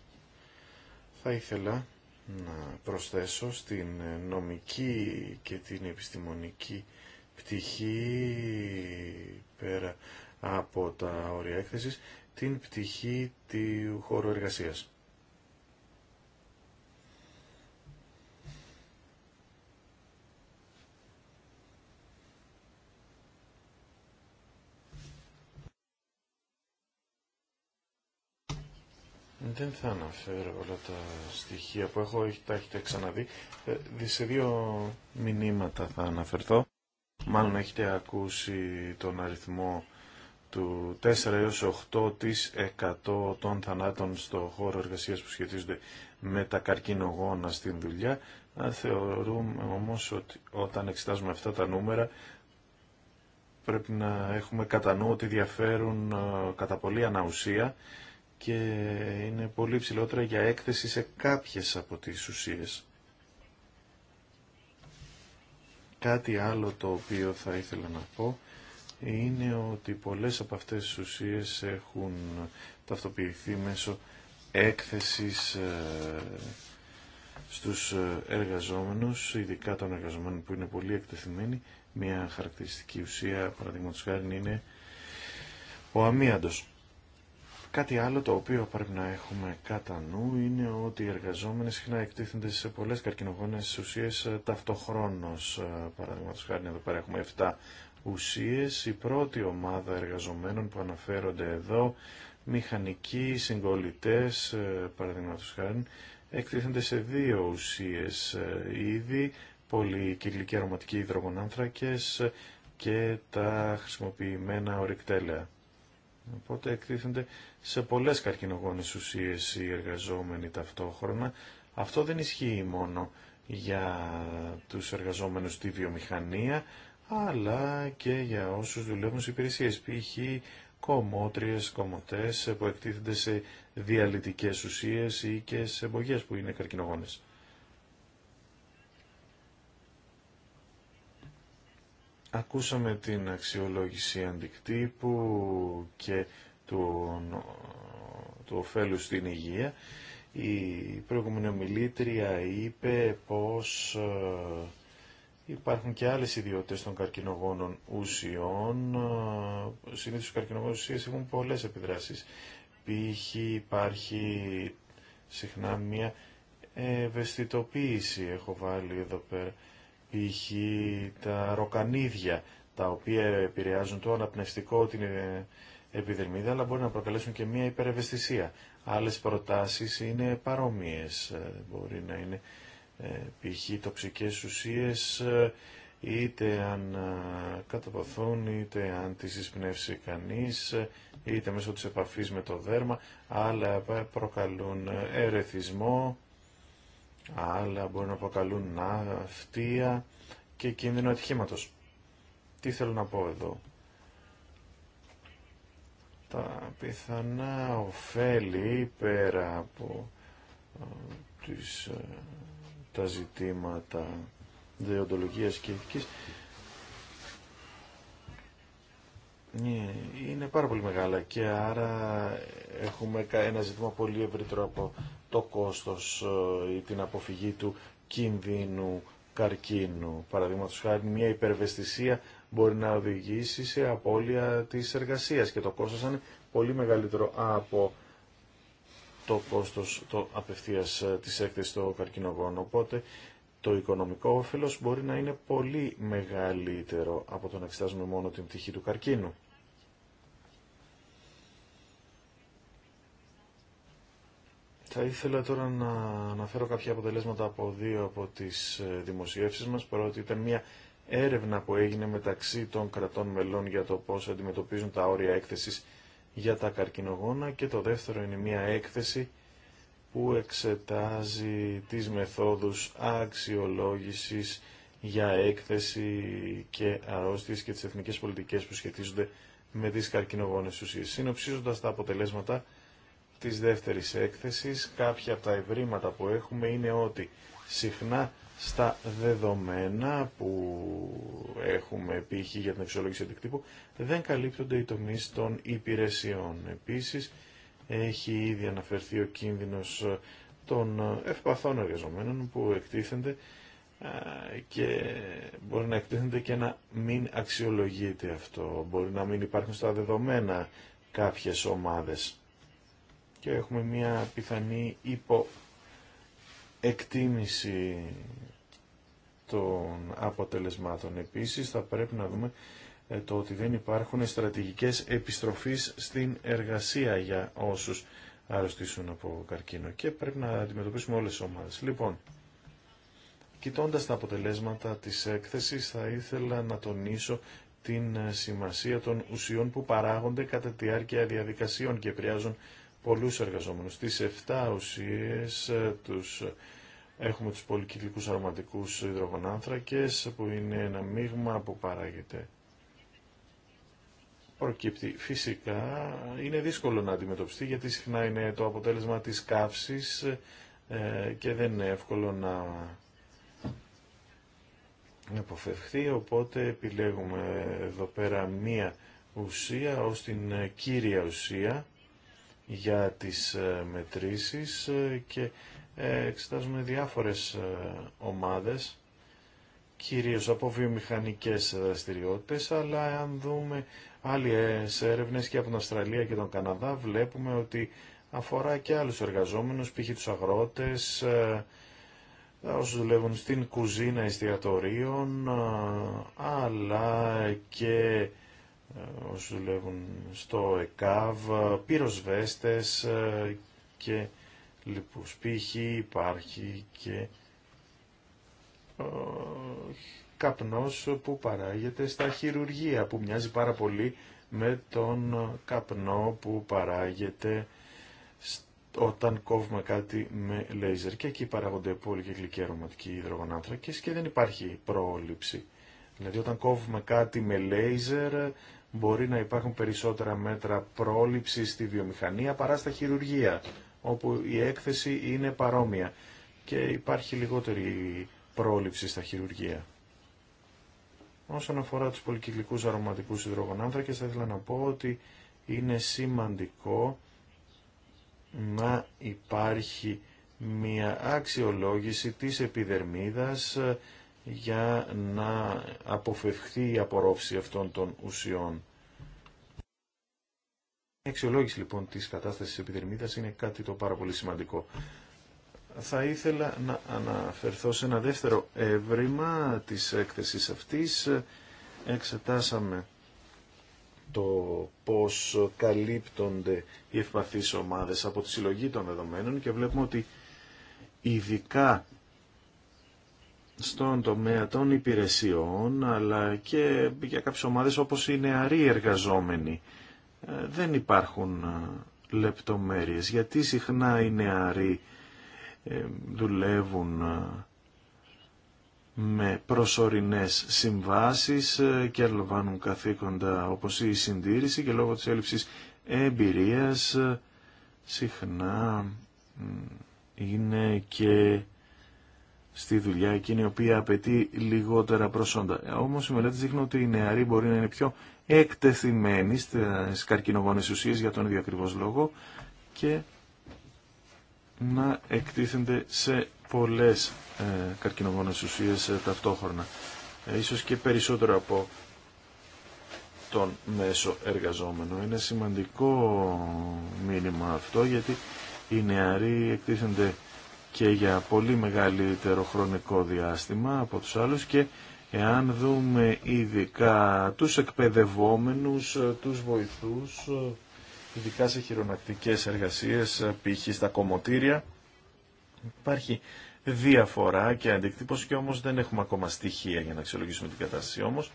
Θα ήθελα να προσθέσω στην νομική και την επιστημονική πτυχή πέρα από τα όρια έκθεσης την πτυχή του χώρου εργασίας. Δεν θα αναφέρω όλα τα στοιχεία που έχω, τα έχετε ξαναδεί. Ε, σε δύο μηνύματα θα αναφερθώ. Μάλλον έχετε ακούσει τον αριθμό του 4 έως 8% των θανάτων στο χώρο εργασίας που σχετίζονται με τα καρκινογόνα στην δουλειά. Θεωρούμε όμως ότι όταν εξετάζουμε αυτά τα νούμερα πρέπει να έχουμε κατά νου ότι διαφέρουν ε, κατά πολύ αναουσία και είναι πολύ ψηλότερα για έκθεση σε κάποιες από τις ουσίες. Κάτι άλλο το οποίο θα ήθελα να πω είναι ότι πολλές από αυτές τις ουσίες έχουν ταυτοποιηθεί μέσω έκθεσης ε, στους ε, εργαζόμενους, ειδικά των εργαζομένων που είναι πολύ εκτεθειμένοι. Μια χαρακτηριστική ουσία, παραδείγματος χάρη, είναι ο αμύαντος. Κάτι άλλο το οποίο πρέπει να έχουμε κατά νου είναι ότι οι εργαζόμενοι συχνά εκτίθενται σε πολλές καρκινογόνες ουσίες ε, ταυτοχρόνως. Ε, παραδείγματο χάρη εδώ πέρα έχουμε 7 ουσίες. Η πρώτη ομάδα εργαζομένων που αναφέρονται εδώ, μηχανικοί, συγκολητέ, ε, παραδείγματο χάρη, εκτίθενται σε δύο ουσίες ήδη, πολυκυκλικοί αρωματικοί υδρογονάνθρακες και τα χρησιμοποιημένα ορυκτέλεα. Οπότε εκτίθενται σε πολλές καρκινογόνες ουσίες οι εργαζόμενοι ταυτόχρονα. Αυτό δεν ισχύει μόνο για τους εργαζόμενους στη βιομηχανία, αλλά και για όσους δουλεύουν σε υπηρεσίες, π.χ. κομμότριες, κομμωτές που εκτίθενται σε διαλυτικές ουσίες ή και σε εμπογές που είναι καρκινογόνες. Ακούσαμε την αξιολόγηση αντικτύπου και του, του ωφέλου στην υγεία. Η προηγούμενη ομιλήτρια είπε πως ε, υπάρχουν και άλλες ιδιότητες των καρκινογόνων ουσιών. Ε, συνήθως οι καρκινογόνες ουσίες έχουν πολλές επιδράσεις. Π.χ. υπάρχει συχνά μια ευαισθητοποίηση, έχω βάλει εδώ πέρα π.χ. τα ροκανίδια, τα οποία επηρεάζουν το αναπνευστικό, την ε, επιδερμίδα, αλλά μπορεί να προκαλέσουν και μία υπερευαισθησία. Άλλες προτάσεις είναι παρόμοιες, ε, μπορεί να είναι ε, π.χ. τοξικές ουσίες, είτε αν καταποθούν, είτε αν τις εισπνεύσει κανείς, είτε μέσω της επαφής με το δέρμα, αλλά προκαλούν ερεθισμό, άλλα μπορεί να αποκαλούν ναυτία και κίνδυνο ατυχήματος. Τι θέλω να πω εδώ. Τα πιθανά ωφέλη πέρα από τις, τα ζητήματα διοντολογίας και ηθικής ναι, είναι πάρα πολύ μεγάλα και άρα έχουμε ένα ζήτημα πολύ ευρύτερο από το κόστος ε, ή την αποφυγή του κίνδυνου καρκίνου. Παραδείγματος χάρη μια υπερβεστησία μπορεί να οδηγήσει σε απώλεια της εργασίας και το κόστος είναι πολύ μεγαλύτερο από το κόστος το απευθείας ε, της έκθεσης στο καρκινογόνο. Οπότε το οικονομικό όφελος μπορεί να είναι πολύ μεγαλύτερο από το να εξετάζουμε μόνο την πτυχή του καρκίνου. Θα ήθελα τώρα να αναφέρω κάποια αποτελέσματα από δύο από τις ε, δημοσιεύσεις μας, παρότι ήταν μια έρευνα που έγινε μεταξύ των κρατών μελών για το πώς αντιμετωπίζουν τα όρια έκθεσης για τα καρκινογόνα και το δεύτερο είναι μια έκθεση που εξετάζει τις μεθόδους αξιολόγησης για έκθεση και αρρώστιες και τις εθνικές πολιτικές που σχετίζονται με τις καρκινογόνες ουσίες. Συνοψίζοντας τα αποτελέσματα, της δεύτερης έκθεσης, κάποια από τα ευρήματα που έχουμε είναι ότι συχνά στα δεδομένα που έχουμε π.χ. για την αξιολόγηση αντικτύπου δεν καλύπτονται οι τομείς των υπηρεσιών. Επίσης, έχει ήδη αναφερθεί ο κίνδυνος των ευπαθών εργαζομένων που εκτίθενται και μπορεί να εκτίθενται και να μην αξιολογείται αυτό. Μπορεί να μην υπάρχουν στα δεδομένα κάποιες ομάδες και έχουμε μια πιθανή υποεκτίμηση των αποτελεσμάτων. Επίσης θα πρέπει να δούμε ε, το ότι δεν υπάρχουν στρατηγικές επιστροφής στην εργασία για όσους αρρωστήσουν από καρκίνο και πρέπει να αντιμετωπίσουμε όλες τις ομάδες. Λοιπόν, κοιτώντας τα αποτελέσματα της έκθεσης θα ήθελα να τονίσω την σημασία των ουσιών που παράγονται κατά τη διάρκεια διαδικασιών και επηρεάζουν πολλούς εργαζόμενους. Τις 7 ουσίες ε, τους ε, έχουμε τους πολυκυκλικούς αρωματικούς υδρογονάνθρακες που είναι ένα μείγμα που παράγεται προκύπτει. Φυσικά είναι δύσκολο να αντιμετωπιστεί γιατί συχνά είναι το αποτέλεσμα της καύσης ε, και δεν είναι εύκολο να αποφευχθεί, οπότε επιλέγουμε εδώ πέρα μία ουσία ως την κύρια ουσία για τις ε, μετρήσεις ε, και ε, εξετάζουμε διάφορες ομάδες κυρίως από βιομηχανικές δραστηριότητε, αλλά αν δούμε άλλες έρευνες και από την Αυστραλία και τον Καναδά βλέπουμε ότι αφορά και άλλους εργαζόμενους, π.χ. τους αγρότες, όσους δουλεύουν στην κουζίνα εστιατορίων, αλλά και ε, όσους δουλεύουν στο ΕΚΑΒ, πυροσβέστες ε, και λοιπούς. Π.χ. υπάρχει και ε, καπνός που παράγεται στα χειρουργεία, που μοιάζει πάρα πολύ με τον καπνό που παράγεται όταν κόβουμε κάτι με λέιζερ. Και εκεί παράγονται και αρωματικοί υδρογονάνθρακες και δεν υπάρχει πρόληψη. Δηλαδή όταν κόβουμε κάτι με λέιζερ μπορεί να υπάρχουν περισσότερα μέτρα πρόληψης στη βιομηχανία παρά στα χειρουργεία, όπου η έκθεση είναι παρόμοια και υπάρχει λιγότερη πρόληψη στα χειρουργεία. Όσον αφορά τους πολυκυκλικούς αρωματικούς υδρογονάνθρακες, θα ήθελα να πω ότι είναι σημαντικό να υπάρχει μια αξιολόγηση της επιδερμίδας για να αποφευχθεί η απορρόφηση αυτών των ουσιών. Η αξιολόγηση λοιπόν της κατάστασης επιδερμίδας είναι κάτι το πάρα πολύ σημαντικό. Θα ήθελα να αναφερθώ σε ένα δεύτερο έβριμα της έκθεσης αυτής. Εξετάσαμε το πώς καλύπτονται οι ευπαθείς ομάδες από τη συλλογή των δεδομένων και βλέπουμε ότι ειδικά στον τομέα των υπηρεσιών αλλά και για κάποιες ομάδες όπως οι νεαροί εργαζόμενοι. Ε, δεν υπάρχουν ε, λεπτομέρειες γιατί συχνά οι νεαροί ε, δουλεύουν με προσωρινές συμβάσεις και λαμβάνουν καθήκοντα όπως η συντήρηση και λόγω της έλλειψης εμπειρίας συχνά είναι και στη δουλειά εκείνη η οποία απαιτεί λιγότερα προσόντα. Όμω οι μελέτε δείχνουν ότι οι νεαροί μπορεί να είναι πιο εκτεθειμένοι στι καρκινογόνε ουσίε για τον ίδιο ακριβώ λόγο και να εκτίθενται σε πολλές ε, καρκινογόνες ουσίες ε, ταυτόχρονα. Ε, ίσως και περισσότερο από τον μέσο εργαζόμενο. Είναι σημαντικό μήνυμα αυτό γιατί οι νεαροί εκτίθενται και για πολύ μεγαλύτερο χρονικό διάστημα από τους άλλους και εάν δούμε ειδικά τους εκπαιδευόμενους, τους βοηθούς, ειδικά σε χειρονακτικές εργασίες, π.χ. στα κομμωτήρια, υπάρχει διαφορά και αντικτύπωση και όμως δεν έχουμε ακόμα στοιχεία για να αξιολογήσουμε την κατάσταση όμως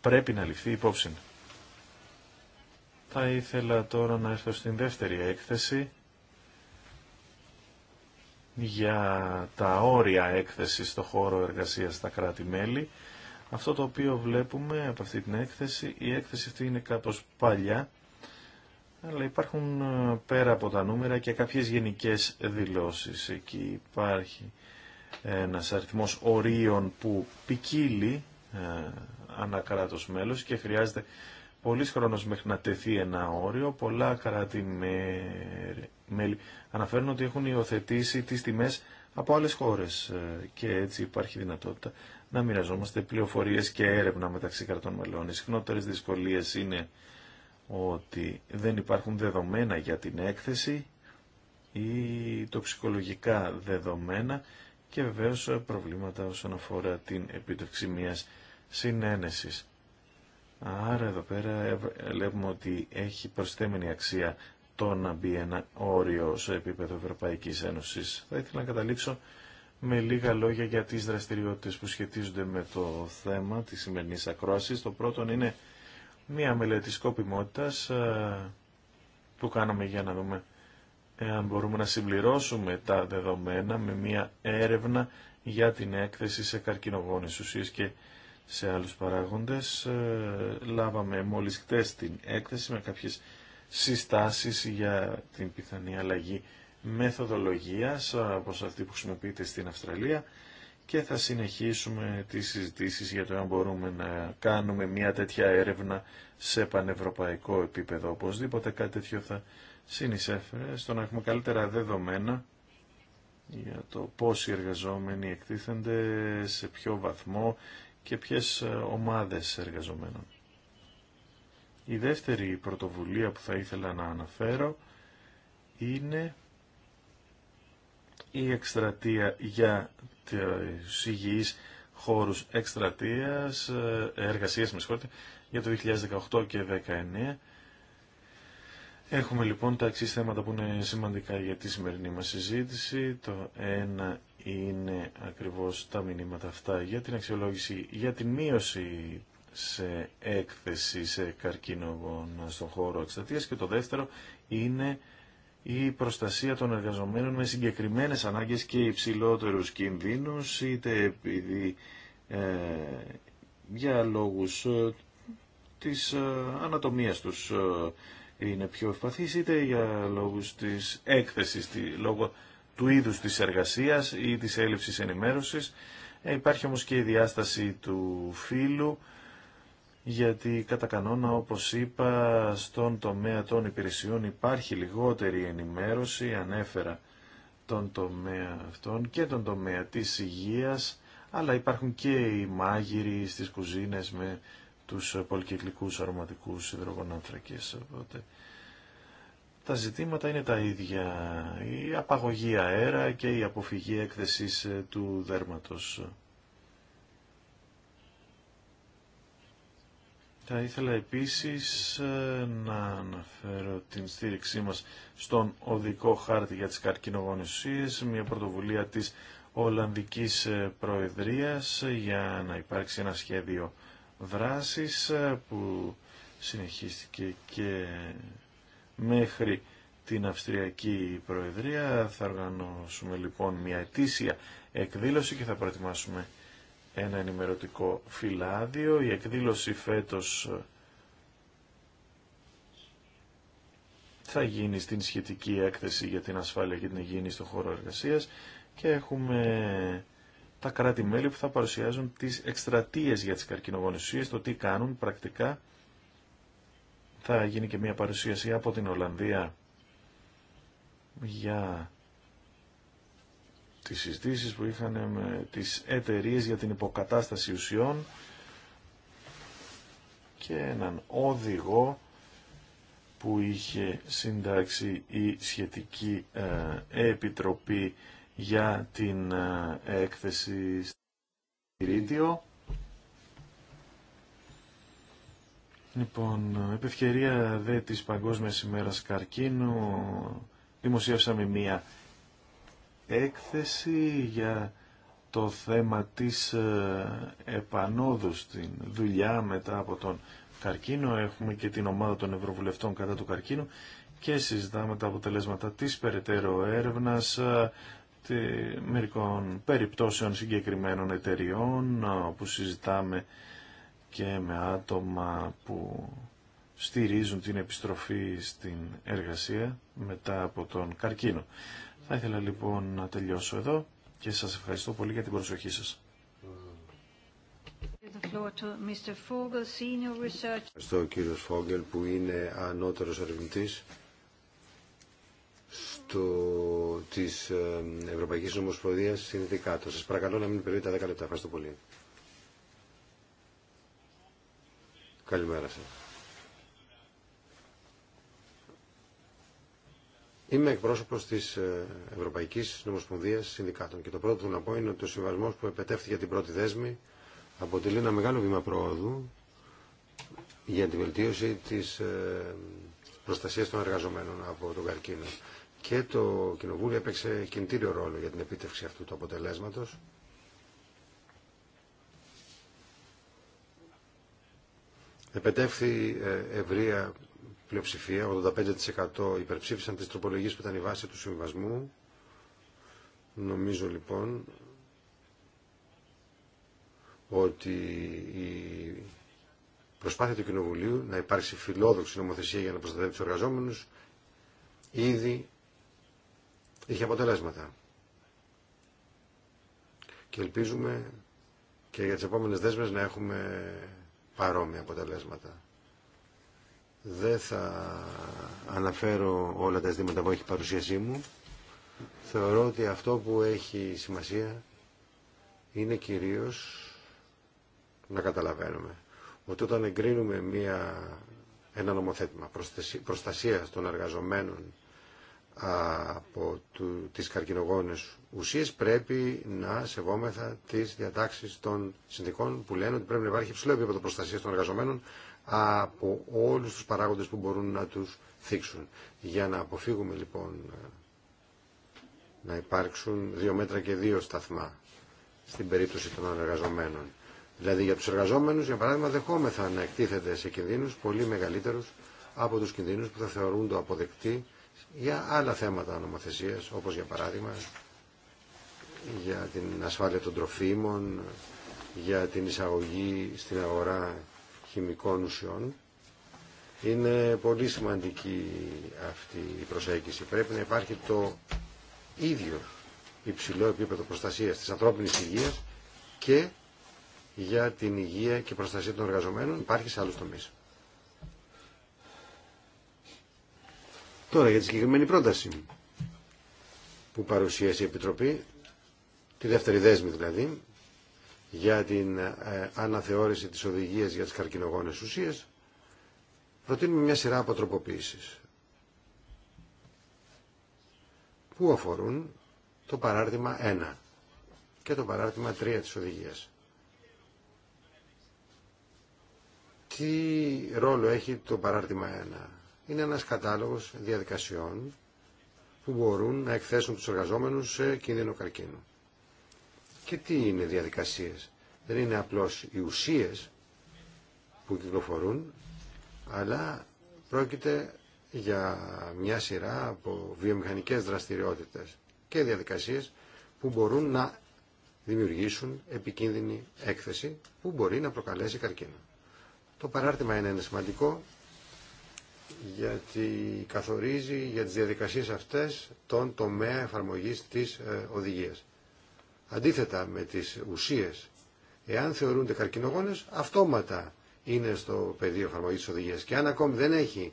πρέπει να ληφθεί υπόψη. Θα ήθελα τώρα να έρθω στην δεύτερη έκθεση για τα όρια έκθεση στο χώρο εργασίας στα κράτη-μέλη. Αυτό το οποίο βλέπουμε από αυτή την έκθεση, η έκθεση αυτή είναι κάπως παλιά, αλλά υπάρχουν ε, πέρα από τα νούμερα και κάποιες γενικές δηλώσεις. Εκεί υπάρχει ένας αριθμός ορίων που ποικίλει ε, ανά μέλος και χρειάζεται πολλής χρόνος μέχρι να τεθεί ένα όριο. Πολλά κράτη-μέλη αναφέρουν ότι έχουν υιοθετήσει τις τιμές από άλλες χώρες ε, και έτσι υπάρχει δυνατότητα να μοιραζόμαστε πληροφορίες και έρευνα μεταξύ κρατών μελών. Οι συχνότερες δυσκολίες είναι ότι δεν υπάρχουν δεδομένα για την έκθεση ή τοξικολογικά δεδομένα και βεβαίως προβλήματα όσον αφορά την επίτευξη μιας συνένεσης. Άρα εδώ πέρα βλέπουμε ότι έχει προσθέμενη αξία το να μπει ένα όριο σε επίπεδο Ευρωπαϊκής Ένωσης. Θα ήθελα να καταλήξω με λίγα λόγια για τις δραστηριότητες που σχετίζονται με το θέμα της σημερινής ακρόασης. Το πρώτο είναι μία μελέτη σκοπιμότητας ε, που κάναμε για να δούμε αν μπορούμε να συμπληρώσουμε τα δεδομένα με μία έρευνα για την έκθεση σε καρκινογόνες ουσίες και σε άλλους παράγοντες. Ε, λάβαμε μόλις χτες την έκθεση με κάποιες συστάσεις για την πιθανή αλλαγή μεθοδολογίας όπως αυτή που χρησιμοποιείται στην Αυστραλία και θα συνεχίσουμε τις συζητήσεις για το αν μπορούμε να κάνουμε μια τέτοια έρευνα σε πανευρωπαϊκό επίπεδο. Οπωσδήποτε κάτι τέτοιο θα συνεισέφερε στο να έχουμε καλύτερα δεδομένα για το πώς εργαζόμενοι εκτίθενται, σε ποιο βαθμό και ποιες ε, ομάδες εργαζομένων. Η δεύτερη πρωτοβουλία που θα ήθελα να αναφέρω είναι η εκστρατεία για τους υγιείς χώρους εκστρατείας, ε, εργασίας με συγχωρείτε, για το 2018 και 2019. Έχουμε λοιπόν τα εξή θέματα που είναι σημαντικά για τη σημερινή μας συζήτηση. Το ένα είναι ακριβώς τα μηνύματα αυτά για την αξιολόγηση, για την μείωση σε έκθεση σε καρκίνογον στον χώρο εξτατείας και το δεύτερο είναι η προστασία των εργαζομένων με συγκεκριμένες ανάγκες και υψηλότερους κινδύνους είτε επειδή ε, για λόγους ε, της ε, ανατομίας τους ε, είναι πιο ευπαθής είτε για λόγους της έκθεσης, τη, λόγω του είδους της εργασίας ή της έλλειψης ενημέρωσης. Ε, υπάρχει όμως και η διάσταση του φύλου, γιατί κατά κανόνα, όπως είπα, στον τομέα των υπηρεσιών υπάρχει λιγότερη ενημέρωση, ανέφερα τον τομέα αυτών και τον τομέα της υγείας, αλλά υπάρχουν και οι μάγειροι στις κουζίνες με τους πολυκυκλικούς αρωματικούς υδρογονάνθρακες τα ζητήματα είναι τα ίδια. Η απαγωγή αέρα και η αποφυγή έκθεσης ε, του δέρματος. Θα ήθελα επίσης ε, να αναφέρω την στήριξή μας στον οδικό χάρτη για τις καρκινογονωσίες, μια πρωτοβουλία της Ολλανδικής ε, Προεδρίας για να υπάρξει ένα σχέδιο δράσης που συνεχίστηκε και μέχρι την Αυστριακή Προεδρία. Θα οργανώσουμε λοιπόν μια ετήσια εκδήλωση και θα προετοιμάσουμε ένα ενημερωτικό φυλάδιο. Η εκδήλωση φέτος θα γίνει στην σχετική έκθεση για την ασφάλεια και την υγιεινή στον χώρο εργασίας και έχουμε τα κράτη-μέλη που θα παρουσιάζουν τις εκστρατείες για τις καρκινογονησίες, το τι κάνουν πρακτικά θα γίνει και μια παρουσίαση από την Ολλανδία για τις συζητήσει που είχαν με τις εταιρείε για την υποκατάσταση ουσιών και έναν οδηγό που είχε συντάξει η σχετική ε, επιτροπή για την ε, έκθεση στην Λοιπόν, επ' ευκαιρία δε της Παγκόσμιας ημέρας καρκίνου δημοσίευσαμε μία έκθεση για το θέμα της ε, επανόδου στην δουλειά μετά από τον καρκίνο. Έχουμε και την ομάδα των Ευρωβουλευτών κατά του καρκίνου και συζητάμε τα αποτελέσματα της περαιτέρω έρευνας ε, μερικών περιπτώσεων συγκεκριμένων εταιριών που συζητάμε και με άτομα που στηρίζουν την επιστροφή στην εργασία μετά από τον καρκίνο. Θα ήθελα λοιπόν να τελειώσω εδώ και σας ευχαριστώ πολύ για την προσοχή σας. Ευχαριστώ ο κύριος Φόγγελ που είναι ανώτερος ερευνητής στο, της ε, Ευρωπαϊκής Ομοσπονδίας Συνδικάτων. Σας παρακαλώ να μην περιμένετε 10 λεπτά. Ευχαριστώ πολύ. Καλημέρα σας. Είμαι εκπρόσωπο τη ε, Ευρωπαϊκή Νομοσπονδία Συνδικάτων και το πρώτο που να πω είναι ότι ο συμβασμό που επετεύχθηκε την πρώτη δέσμη αποτελεί ένα μεγάλο βήμα προόδου για τη βελτίωση τη ε, προστασία των εργαζομένων από τον καρκίνο. Και το Κοινοβούλιο έπαιξε κινητήριο ρόλο για την επίτευξη αυτού του αποτελέσματο Επετεύχθη ε, ευρεία πλειοψηφία, 85% υπερψήφισαν τις τροπολογίες που ήταν η βάση του συμβασμού. Νομίζω λοιπόν ότι η προσπάθεια του Κοινοβουλίου να υπάρξει φιλόδοξη νομοθεσία για να προστατεύει τους εργαζόμενους ήδη είχε αποτελέσματα. Και ελπίζουμε και για τις επόμενες δέσμες να έχουμε παρόμοια αποτελέσματα. Δεν θα αναφέρω όλα τα ζητήματα που έχει παρουσίασή μου. Θεωρώ ότι αυτό που έχει σημασία είναι κυρίως να καταλαβαίνουμε ότι όταν εγκρίνουμε μία, ένα νομοθέτημα προστασίας των εργαζομένων από τις καρκινογόνες ουσίες πρέπει να σεβόμεθα τις διατάξεις των συνδικών που λένε ότι πρέπει να υπάρχει υψηλό επίπεδο προστασία των εργαζομένων από όλους τους παράγοντες που μπορούν να τους θίξουν. Για να αποφύγουμε λοιπόν να υπάρξουν δύο μέτρα και δύο σταθμά στην περίπτωση των εργαζομένων. Δηλαδή για τους εργαζόμενους, για παράδειγμα, δεχόμεθα να εκτίθεται σε κινδύνους πολύ μεγαλύτερους από τους κινδύνους που θα θεωρούν το αποδεκτή για άλλα θέματα νομοθεσίας, όπως για παράδειγμα για την ασφάλεια των τροφίμων, για την εισαγωγή στην αγορά χημικών ουσιών. Είναι πολύ σημαντική αυτή η προσέγγιση. Πρέπει να υπάρχει το ίδιο υψηλό επίπεδο προστασίας της ανθρώπινης υγείας και για την υγεία και προστασία των εργαζομένων υπάρχει σε άλλους τομείς. Τώρα για τη συγκεκριμένη πρόταση που παρουσίασε η Επιτροπή, τη δεύτερη δέσμη δηλαδή, για την ε, αναθεώρηση της οδηγίας για τις καρκινογόνες ουσίες, προτείνουμε μια σειρά από που αφορούν το παράρτημα 1 και το παράρτημα 3 της οδηγίας. Τι ρόλο έχει το παράρτημα 1 είναι ένας κατάλογος διαδικασιών που μπορούν να εκθέσουν τους εργαζόμενους σε κίνδυνο καρκίνου. Και τι είναι διαδικασίες. Δεν είναι απλώς οι ουσίες που κυκλοφορούν, αλλά πρόκειται για μια σειρά από βιομηχανικές δραστηριότητες και διαδικασίες που μπορούν να δημιουργήσουν επικίνδυνη έκθεση που μπορεί να προκαλέσει καρκίνο. Το παράρτημα είναι σημαντικό γιατί καθορίζει για τις διαδικασίες αυτές τον τομέα εφαρμογής της ε, οδηγίας. Αντίθετα με τις ουσίες, εάν θεωρούνται καρκινογόνες, αυτόματα είναι στο πεδίο εφαρμογής της οδηγίας και αν ακόμη δεν έχει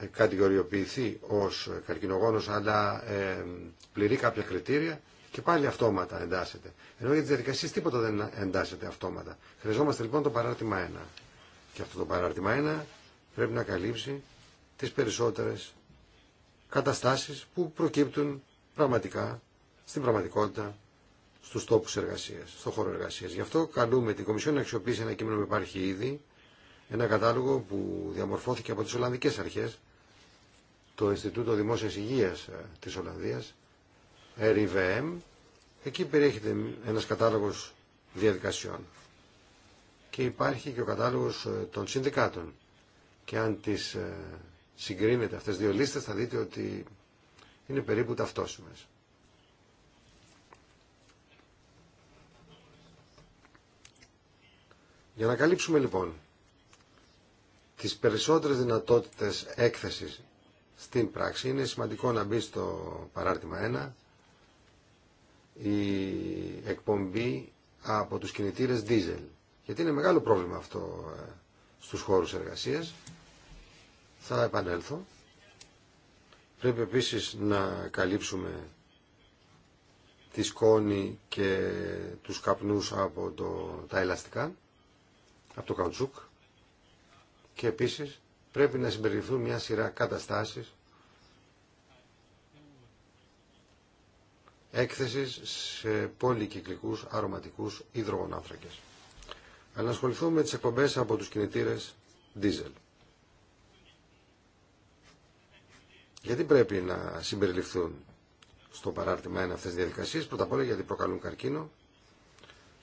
ε, κατηγοριοποιηθεί ως καρκινογόνος αλλά ε, πληρεί κάποια κριτήρια και πάλι αυτόματα εντάσσεται. Ενώ για τις διαδικασίες τίποτα δεν εντάσσεται αυτόματα. Χρειαζόμαστε λοιπόν το παράρτημα 1. Και αυτό το παράρτημα 1 πρέπει να καλύψει τις περισσότερες καταστάσεις που προκύπτουν πραγματικά στην πραγματικότητα στους τόπους εργασίας, στο χώρο εργασίας. Γι' αυτό καλούμε την Κομισιόν να αξιοποιήσει ένα κείμενο που υπάρχει ήδη, ένα κατάλογο που διαμορφώθηκε από τις Ολλανδικές Αρχές, το Ινστιτούτο Δημόσιας Υγείας ε, της Ολλανδίας, RIVM, ε, εκεί περιέχεται ένας κατάλογος διαδικασιών και υπάρχει και ο κατάλογος ε, των συνδικάτων. Και αν τις ε, συγκρίνετε αυτές δύο λίστες θα δείτε ότι είναι περίπου ταυτόσιμες. Για να καλύψουμε λοιπόν τις περισσότερες δυνατότητες έκθεσης στην πράξη είναι σημαντικό να μπει στο παράρτημα 1 η εκπομπή από τους κινητήρες diesel γιατί είναι μεγάλο πρόβλημα αυτό ε, στους χώρους εργασίας. Θα επανέλθω. Πρέπει επίσης να καλύψουμε τη σκόνη και τους καπνούς από το, τα ελαστικά, από το καουτσούκ και επίσης πρέπει να συμπεριληφθούν μια σειρά καταστάσεις έκθεσης σε πολυκυκλικούς αρωματικούς υδρογονάνθρακες. Ανασχοληθούμε με τις εκπομπές από τους κινητήρες diesel. Γιατί πρέπει να συμπεριληφθούν στο παράρτημα ένα αυτές τις διαδικασίες, πρώτα απ' όλα γιατί προκαλούν καρκίνο,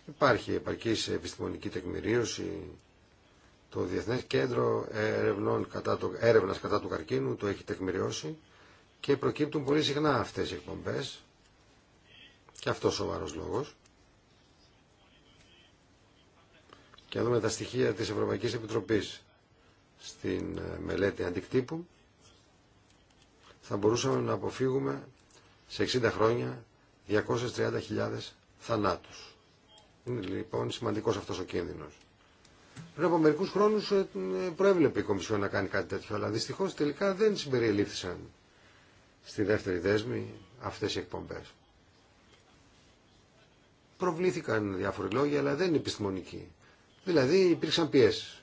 υπάρχει επαρκής επιστημονική τεκμηρίωση, το Διεθνές Κέντρο Ερευνών κατά το, Έρευνας κατά του καρκίνου το έχει τεκμηριώσει και προκύπτουν πολύ συχνά αυτές οι εκπομπές και αυτό σοβαρός λόγος και να δούμε τα στοιχεία της Ευρωπαϊκής Επιτροπής στην ε, μελέτη αντικτύπου, θα μπορούσαμε να αποφύγουμε σε 60 χρόνια 230.000 θανάτους. Είναι λοιπόν σημαντικός αυτός ο κίνδυνος. Πριν από μερικού χρόνου ε, ε, προέβλεπε η Κομισιόν να κάνει κάτι τέτοιο, αλλά δυστυχώ τελικά δεν συμπεριελήφθησαν στη δεύτερη δέσμη αυτέ οι εκπομπέ. Προβλήθηκαν διάφοροι λόγοι, αλλά δεν είναι επιστημονικοί. Δηλαδή υπήρξαν πιέσεις.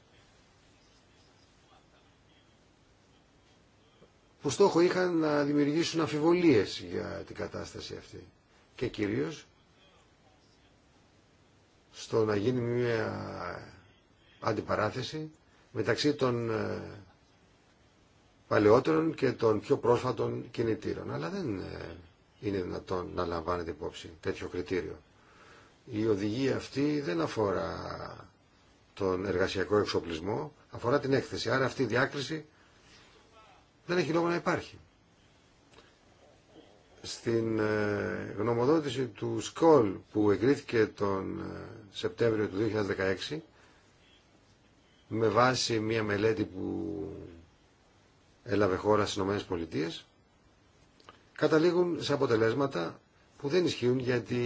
Που στόχο είχαν να δημιουργήσουν αμφιβολίες για την κατάσταση αυτή. Και κυρίως στο να γίνει μια αντιπαράθεση μεταξύ των ε, παλαιότερων και των πιο πρόσφατων κινητήρων. Αλλά δεν ε, είναι δυνατόν να λαμβάνεται υπόψη τέτοιο κριτήριο. Η οδηγία αυτή δεν αφορά τον εργασιακό εξοπλισμό, αφορά την έκθεση. Άρα αυτή η διάκριση δεν έχει λόγο να υπάρχει. Στην ε, γνωμοδότηση του ΣΚΟΛ που εγκρίθηκε τον ε, Σεπτέμβριο του 2016 με βάση μια μελέτη που έλαβε χώρα στις ΗΠΑ καταλήγουν σε αποτελέσματα που δεν ισχύουν γιατί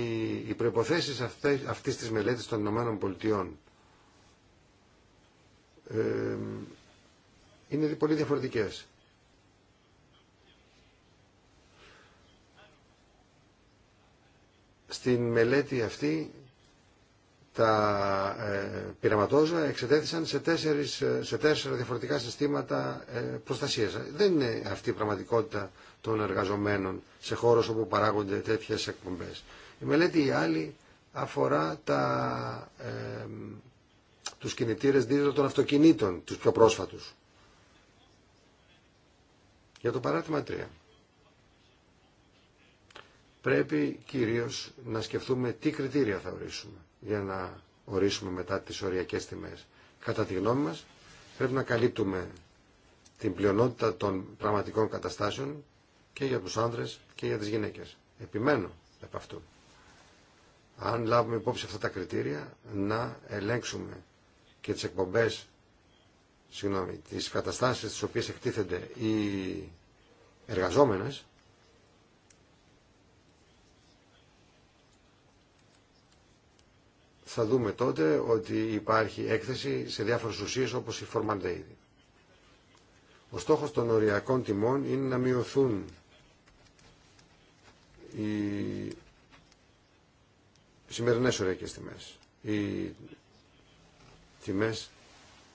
οι προϋποθέσεις αυτές, αυτής της μελέτης των ΗΠΑ είναι πολύ διαφορετικές. Στην μελέτη αυτή τα ε, πειραματόζα εξετέθησαν σε, τέσσερις, ε, σε τέσσερα διαφορετικά συστήματα ε, προστασίας. Δεν είναι αυτή η πραγματικότητα των εργαζομένων σε χώρους όπου παράγονται τέτοιες εκπομπές. Η μελέτη η άλλη αφορά τα τους κινητήρες δίζελ των αυτοκινήτων, τους πιο πρόσφατους. Για το παράδειγμα 3. Πρέπει κυρίως να σκεφτούμε τι κριτήρια θα ορίσουμε για να ορίσουμε μετά τις οριακές τιμές. Κατά τη γνώμη μας πρέπει να καλύπτουμε την πλειονότητα των πραγματικών καταστάσεων και για τους άνδρες και για τις γυναίκες. Επιμένω επ' αυτού. Αν λάβουμε υπόψη αυτά τα κριτήρια, να ελέγξουμε και τις εκπομπές, συγγνώμη, τις καταστάσεις στις οποίες εκτίθενται οι εργαζόμενες, θα δούμε τότε ότι υπάρχει έκθεση σε διάφορες ουσίες όπως η φορμαντέιδη. Ο στόχος των οριακών τιμών είναι να μειωθούν οι σημερινές οριακές τιμές. Οι τιμές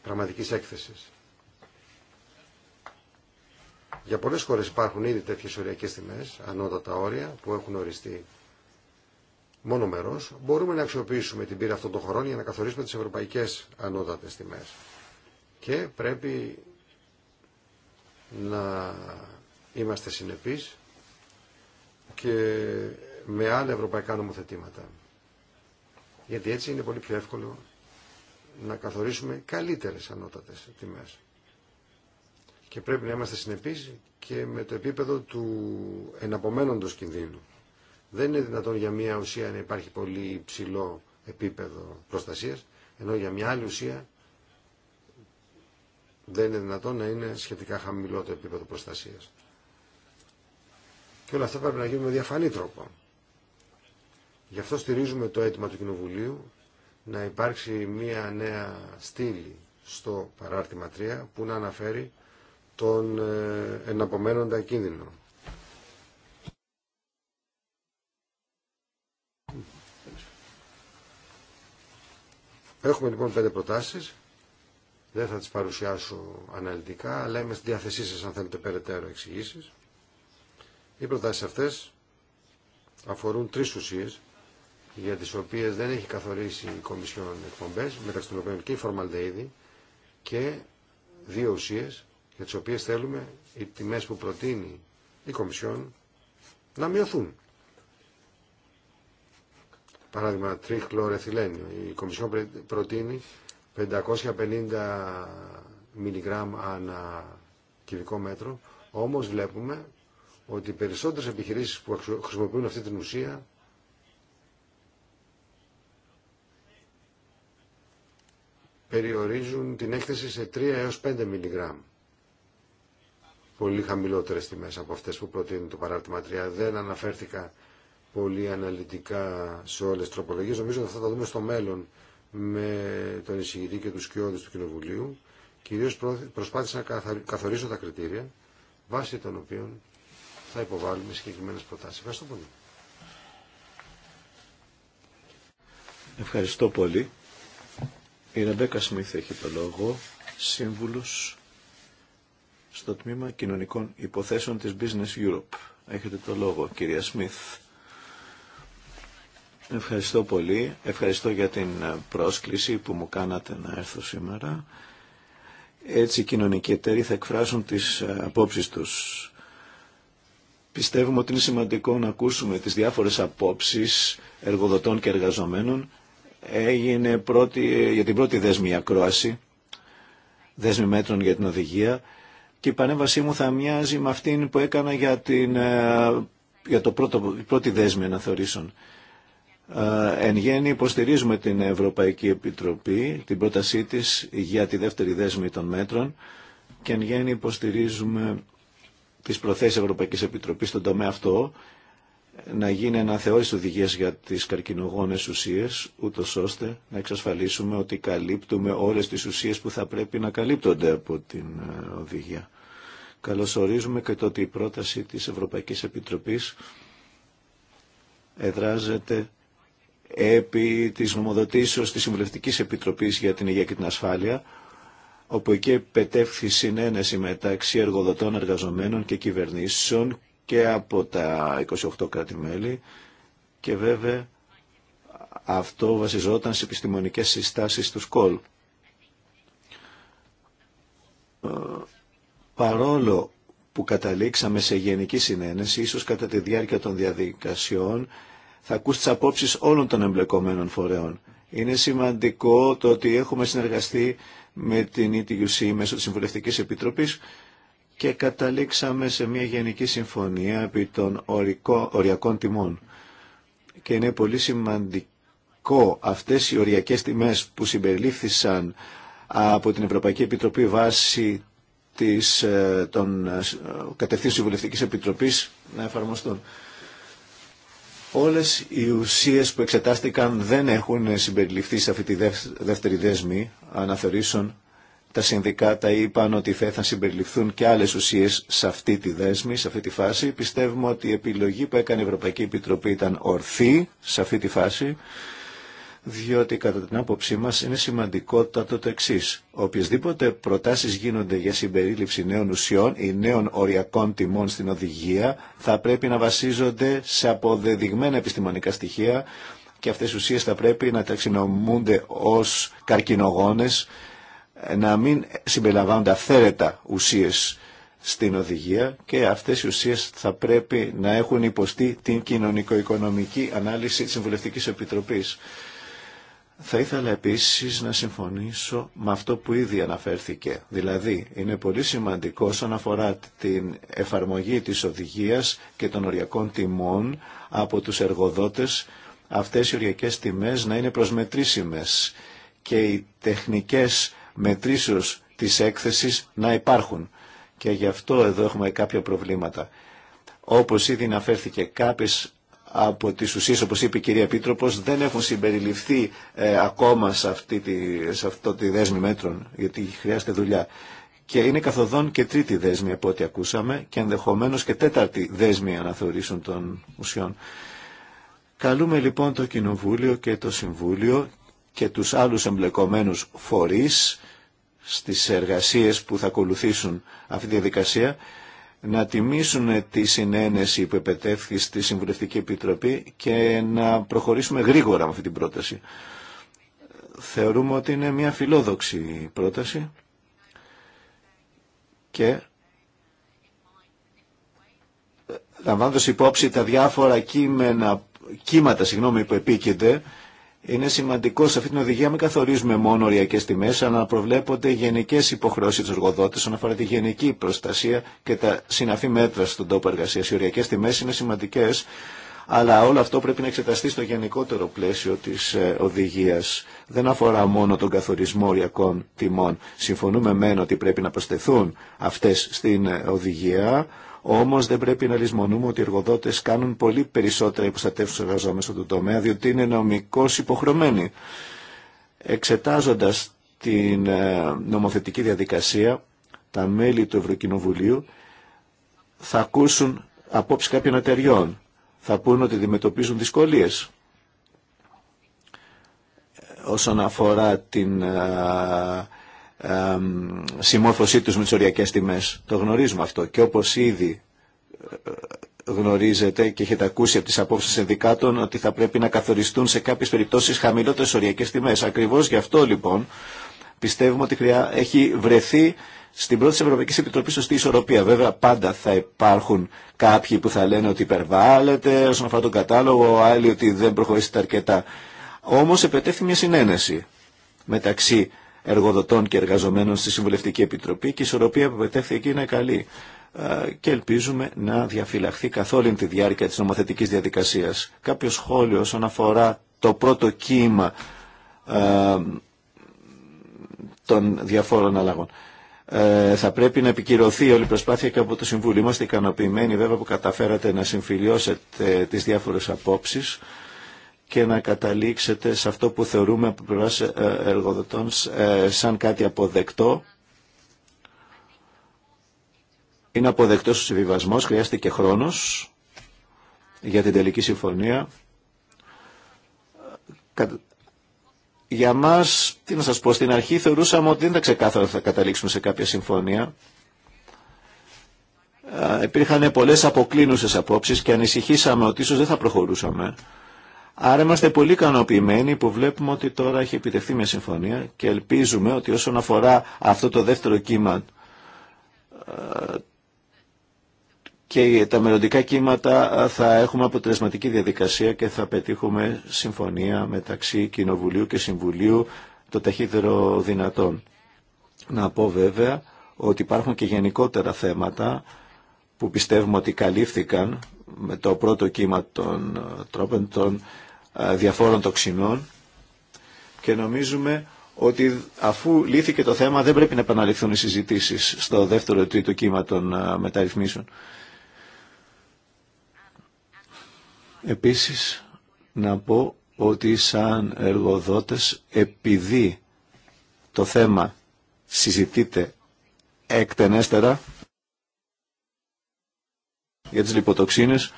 πραγματικής έκθεσης. Για πολλές χώρες υπάρχουν ήδη τέτοιες οριακές τιμές, ανώτατα όρια που έχουν οριστεί μόνο μερός. Μπορούμε να αξιοποιήσουμε την πύρα αυτών των χωρών για να καθορίσουμε τις ευρωπαϊκές ανώτατες τιμές. Και πρέπει να είμαστε συνεπείς και με άλλα ευρωπαϊκά νομοθετήματα. Γιατί έτσι είναι πολύ πιο εύκολο να καθορίσουμε καλύτερες ανώτατες τιμές. Και πρέπει να είμαστε συνεπείς και με το επίπεδο του εναπομένοντος κινδύνου. Δεν είναι δυνατόν για μια ουσία να υπάρχει πολύ ψηλό επίπεδο προστασίας, ενώ για μια άλλη ουσία δεν είναι δυνατόν να είναι σχετικά χαμηλό το επίπεδο προστασίας. Και όλα αυτά πρέπει να γίνουν με διαφανή τρόπο. Γι' αυτό στηρίζουμε το αίτημα του Κοινοβουλίου να υπάρξει μία νέα στήλη στο παράρτημα 3 που να αναφέρει τον ε, εναπομένοντα κίνδυνο. Έχουμε λοιπόν πέντε προτάσεις. Δεν θα τις παρουσιάσω αναλυτικά, αλλά είμαι στη διάθεσή σας αν θέλετε περαιτέρω εξηγήσεις. Οι προτάσεις αυτές αφορούν τρεις ουσίες για τις οποίες δεν έχει καθορίσει η Κομισιόν εκπομπές, μεταξύ των οποίων και η Φορμαλδεΐδη και δύο ουσίες για τις οποίες θέλουμε οι τιμές που προτείνει η Κομισιόν να μειωθούν. Παράδειγμα, τριχλωρεθυλένιο. Η Κομισιόν προτείνει 550 μιλιγράμμ ανά κυβικό μέτρο, όμως βλέπουμε ότι οι περισσότερες επιχειρήσεις που χρησιμοποιούν αυτή την ουσία περιορίζουν την έκθεση σε 3 έως 5 mg. Πολύ χαμηλότερε τιμέ από αυτέ που προτείνει το παράρτημα 3. Δεν αναφέρθηκα πολύ αναλυτικά σε όλε τι τροπολογίες. Νομίζω ότι θα τα δούμε στο μέλλον με τον εισηγητή και του σκιώδες του Κοινοβουλίου. Κυρίω προσπάθησα να καθορίσω τα κριτήρια βάσει των οποίων θα υποβάλουμε συγκεκριμένε προτάσει. Ευχαριστώ πολύ. Ευχαριστώ πολύ. Η Ρεμπέκα Σμιθ έχει το λόγο, σύμβουλος στο τμήμα κοινωνικών υποθέσεων της Business Europe. Έχετε το λόγο, κυρία Σμιθ. Ευχαριστώ πολύ. Ευχαριστώ για την ε, πρόσκληση που μου κάνατε να έρθω σήμερα. Έτσι οι κοινωνικοί εταίροι θα εκφράσουν τις ε, απόψεις τους. Πιστεύουμε ότι είναι σημαντικό να ακούσουμε τις διάφορες απόψεις εργοδοτών και εργαζομένων έγινε πρώτη, για την πρώτη δέσμη ακρόαση, δέσμη μέτρων για την οδηγία και η πανέμβασή μου θα μοιάζει με αυτήν που έκανα για, την, ε, το πρώτο, πρώτη δέσμη αναθεωρήσεων. Ε, εν γέννη υποστηρίζουμε την Ευρωπαϊκή Επιτροπή, την πρότασή της για τη δεύτερη δέσμη των μέτρων και εν γέννη υποστηρίζουμε τις προθέσεις Ευρωπαϊκής Επιτροπής στον τομέα αυτό να γίνει ένα θεώρηση οδηγίας για τις καρκινογόνες ουσίες, ούτω ώστε να εξασφαλίσουμε ότι καλύπτουμε όλες τις ουσίες που θα πρέπει να καλύπτονται από την ε, οδηγία. Καλωσορίζουμε και το ότι η πρόταση της Ευρωπαϊκής Επιτροπής εδράζεται επί της νομοδοτήσεως της Συμβουλευτικής Επιτροπής για την Υγεία και την Ασφάλεια, όπου εκεί πετεύχθη συνένεση μεταξύ εργοδοτών εργαζομένων και κυβερνήσεων και από τα 28 κράτη-μέλη και βέβαια αυτό βασιζόταν σε επιστημονικές συστάσεις του ΣΚΟΛ. Ε, παρόλο που καταλήξαμε σε γενική συνένεση, ίσως κατά τη διάρκεια των διαδικασιών, θα ακούσει τις απόψεις όλων των εμπλεκομένων φορέων. Είναι σημαντικό το ότι έχουμε συνεργαστεί με την ETUC μέσω της Συμβουλευτικής Επιτροπής και καταλήξαμε σε μια γενική συμφωνία επί των ορικό, οριακών τιμών. Και είναι πολύ σημαντικό αυτές οι οριακές τιμές που συμπεριλήφθησαν από την Ευρωπαϊκή Επιτροπή βάσει της, ε, των ε, κατευθύνσεων Βουλευτικής Επιτροπής να εφαρμοστούν. Όλες οι ουσίες που εξετάστηκαν δεν έχουν συμπεριληφθεί σε αυτή τη δεύτερη δέσμη αναθεωρήσεων τα συνδικάτα είπαν ότι θα συμπεριληφθούν και άλλες ουσίες σε αυτή τη δέσμη, σε αυτή τη φάση. Πιστεύουμε ότι η επιλογή που έκανε η Ευρωπαϊκή Επιτροπή ήταν ορθή σε αυτή τη φάση, διότι κατά την άποψή μας είναι σημαντικότατο το εξή. Οποιεδήποτε προτάσεις γίνονται για συμπερίληψη νέων ουσιών ή νέων οριακών τιμών στην οδηγία θα πρέπει να βασίζονται σε αποδεδειγμένα επιστημονικά στοιχεία και αυτές οι ουσίες θα πρέπει να ταξινομούνται ως καρκινογόνες να μην συμπεριλαμβάνονται αυθαίρετα ουσίες στην οδηγία και αυτές οι ουσίες θα πρέπει να έχουν υποστεί την κοινωνικο-οικονομική ανάλυση της Συμβουλευτικής Επιτροπής. Θα ήθελα επίσης να συμφωνήσω με αυτό που ήδη αναφέρθηκε. Δηλαδή, είναι πολύ σημαντικό όσον αφορά την εφαρμογή της οδηγίας και των οριακών τιμών από τους εργοδότες, αυτές οι οριακές τιμές να είναι προσμετρήσιμες και οι τεχνικές μετρήσεως της έκθεσης να υπάρχουν. Και γι' αυτό εδώ έχουμε κάποια προβλήματα. Όπως ήδη αναφέρθηκε κάποιες από τις ουσίες, όπως είπε η κυρία Επίτροπος, δεν έχουν συμπεριληφθεί ε, ακόμα σε, αυτή τη, αυτό τη δέσμη μέτρων, γιατί χρειάζεται δουλειά. Και είναι καθοδόν και τρίτη δέσμη από ό,τι ακούσαμε και ενδεχομένως και τέταρτη δέσμη αναθεωρήσεων των ουσιών. Καλούμε λοιπόν το Κοινοβούλιο και το Συμβούλιο και τους άλλους εμπλεκομένους φορείς στις εργασίες που θα ακολουθήσουν αυτή τη διαδικασία να τιμήσουν τη συνένεση που επετεύχθη στη Συμβουλευτική Επιτροπή και να προχωρήσουμε γρήγορα με αυτή την πρόταση. Θεωρούμε ότι είναι μια φιλόδοξη πρόταση και λαμβάνοντας υπόψη τα διάφορα κείμενα, κύματα συγγνώμη, που επίκενται είναι σημαντικό σε αυτή την οδηγία μην καθορίζουμε μόνο οριακέ τιμέ, αλλά να προβλέπονται γενικέ υποχρεώσει του εργοδότε όσον αφορά τη γενική προστασία και τα συναφή μέτρα στον τόπο εργασία. Οι οριακέ τιμέ είναι σημαντικέ, αλλά όλο αυτό πρέπει να εξεταστεί στο γενικότερο πλαίσιο τη ε, οδηγία. Δεν αφορά μόνο τον καθορισμό οριακών τιμών. Συμφωνούμε μεν ότι πρέπει να προσθεθούν αυτέ στην ε, οδηγία, Όμω δεν πρέπει να λησμονούμε ότι οι εργοδότε κάνουν πολύ περισσότερα υποστατεύσει του εργαζόμενου του τομέα, διότι είναι νομικώ υποχρεωμένοι. Εξετάζοντα την ε, νομοθετική διαδικασία, τα μέλη του Ευρωκοινοβουλίου θα ακούσουν απόψει κάποιων εταιριών. Θα πούν ότι αντιμετωπίζουν δυσκολίε ε, όσον αφορά την ε, συμμόρφωσή τους με τις οριακές τιμές. Το γνωρίζουμε αυτό και όπως ήδη ε, γνωρίζετε και έχετε ακούσει από τις απόψεις συνδικάτων ότι θα πρέπει να καθοριστούν σε κάποιες περιπτώσεις χαμηλότερες οριακές τιμές. Ακριβώς γι' αυτό λοιπόν πιστεύουμε ότι έχει βρεθεί στην πρώτη Ευρωπαϊκή Επιτροπή σωστή ισορροπία. Βέβαια πάντα θα υπάρχουν κάποιοι που θα λένε ότι υπερβάλλεται όσον αφορά τον κατάλογο, άλλοι ότι δεν προχωρήσετε αρκετά. Όμως επετέφθη μια συνένεση μεταξύ εργοδοτών και εργαζομένων στη Συμβουλευτική Επιτροπή και η ισορροπία που πετέχθη εκεί είναι καλή και ελπίζουμε να διαφυλαχθεί καθ' όλη τη διάρκεια της νομοθετικής διαδικασίας. Κάποιο σχόλιο όσον αφορά το πρώτο κύμα των διαφόρων αλλαγών. Ε, θα πρέπει να επικυρωθεί όλη η προσπάθεια και από το Συμβούλιο. Είμαστε ικανοποιημένοι βέβαια που καταφέρατε να συμφιλιώσετε τις διάφορες απόψεις και να καταλήξετε σε αυτό που θεωρούμε από πλευράς ε, εργοδοτών ε, σαν κάτι αποδεκτό. Είναι αποδεκτός ο συμβιβασμός, χρειάστηκε χρόνος για την τελική συμφωνία. Για μας, τι να σα πω, στην αρχή θεωρούσαμε ότι δεν ήταν ξεκάθαρο θα καταλήξουμε σε κάποια συμφωνία. Υπήρχαν πολλές αποκλίνουσες απόψεις και ανησυχήσαμε ότι ίσως δεν θα προχωρούσαμε. Άρα είμαστε πολύ ικανοποιημένοι που βλέπουμε ότι τώρα έχει επιτευχθεί μια συμφωνία και ελπίζουμε ότι όσον αφορά αυτό το δεύτερο κύμα ε, και τα μελλοντικά κύματα ε, θα έχουμε αποτελεσματική διαδικασία και θα πετύχουμε συμφωνία μεταξύ Κοινοβουλίου και Συμβουλίου το ταχύτερο δυνατόν. Να πω βέβαια ότι υπάρχουν και γενικότερα θέματα που πιστεύουμε ότι καλύφθηκαν με το πρώτο κύμα των ε, τρόπων διαφόρων τοξινών και νομίζουμε ότι αφού λύθηκε το θέμα δεν πρέπει να επαναληφθούν οι συζητήσεις στο δεύτερο τρίτο κύμα των μεταρρυθμίσεων. Επίσης, να πω ότι σαν εργοδότες, επειδή το θέμα συζητείται εκτενέστερα για τις λιποτοξίνες,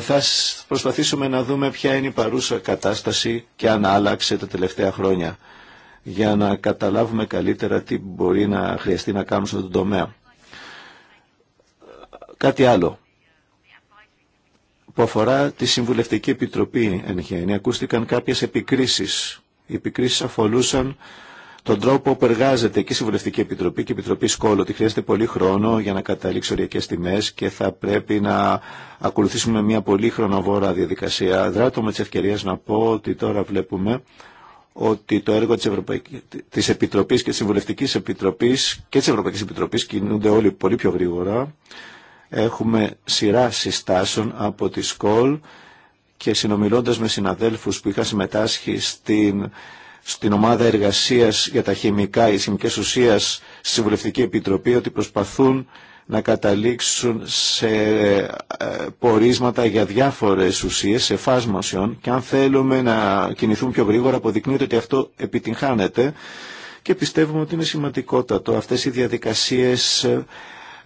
θα προσπαθήσουμε να δούμε ποια είναι η παρούσα κατάσταση και αν άλλαξε τα τελευταία χρόνια για να καταλάβουμε καλύτερα τι μπορεί να χρειαστεί να κάνουμε στον τομέα. Κάτι άλλο που αφορά τη Συμβουλευτική Επιτροπή εν γέννη. Ακούστηκαν κάποιες επικρίσεις. Οι επικρίσεις αφορούσαν τον τρόπο που εργάζεται και η Συμβουλευτική Επιτροπή και η Επιτροπή Σκόλο, ότι χρειάζεται πολύ χρόνο για να καταλήξει οριακέ τιμέ και θα πρέπει να ακολουθήσουμε μια πολύ χρονοβόρα διαδικασία. Δράτω με τι ευκαιρίε να πω ότι τώρα βλέπουμε ότι το έργο της, Ευρωπαϊκής, της Επιτροπής και της Συμβουλευτικής Επιτροπής και της Ευρωπαϊκής Επιτροπής κινούνται όλοι πολύ πιο γρήγορα. Έχουμε σειρά συστάσεων από τη ΣΚΟΛ και συνομιλώντας με συναδέλφους που είχαν συμμετάσχει στην στην ομάδα εργασίας για τα χημικά, ή χημικές ουσίες στη Συμβουλευτική Επιτροπή ότι προσπαθούν να καταλήξουν σε ε, πορίσματα για διάφορες ουσίες, σε φάσμα και αν θέλουμε να κινηθούν πιο γρήγορα αποδεικνύεται ότι αυτό επιτυγχάνεται και πιστεύουμε ότι είναι σημαντικότατο αυτές οι διαδικασίες ε,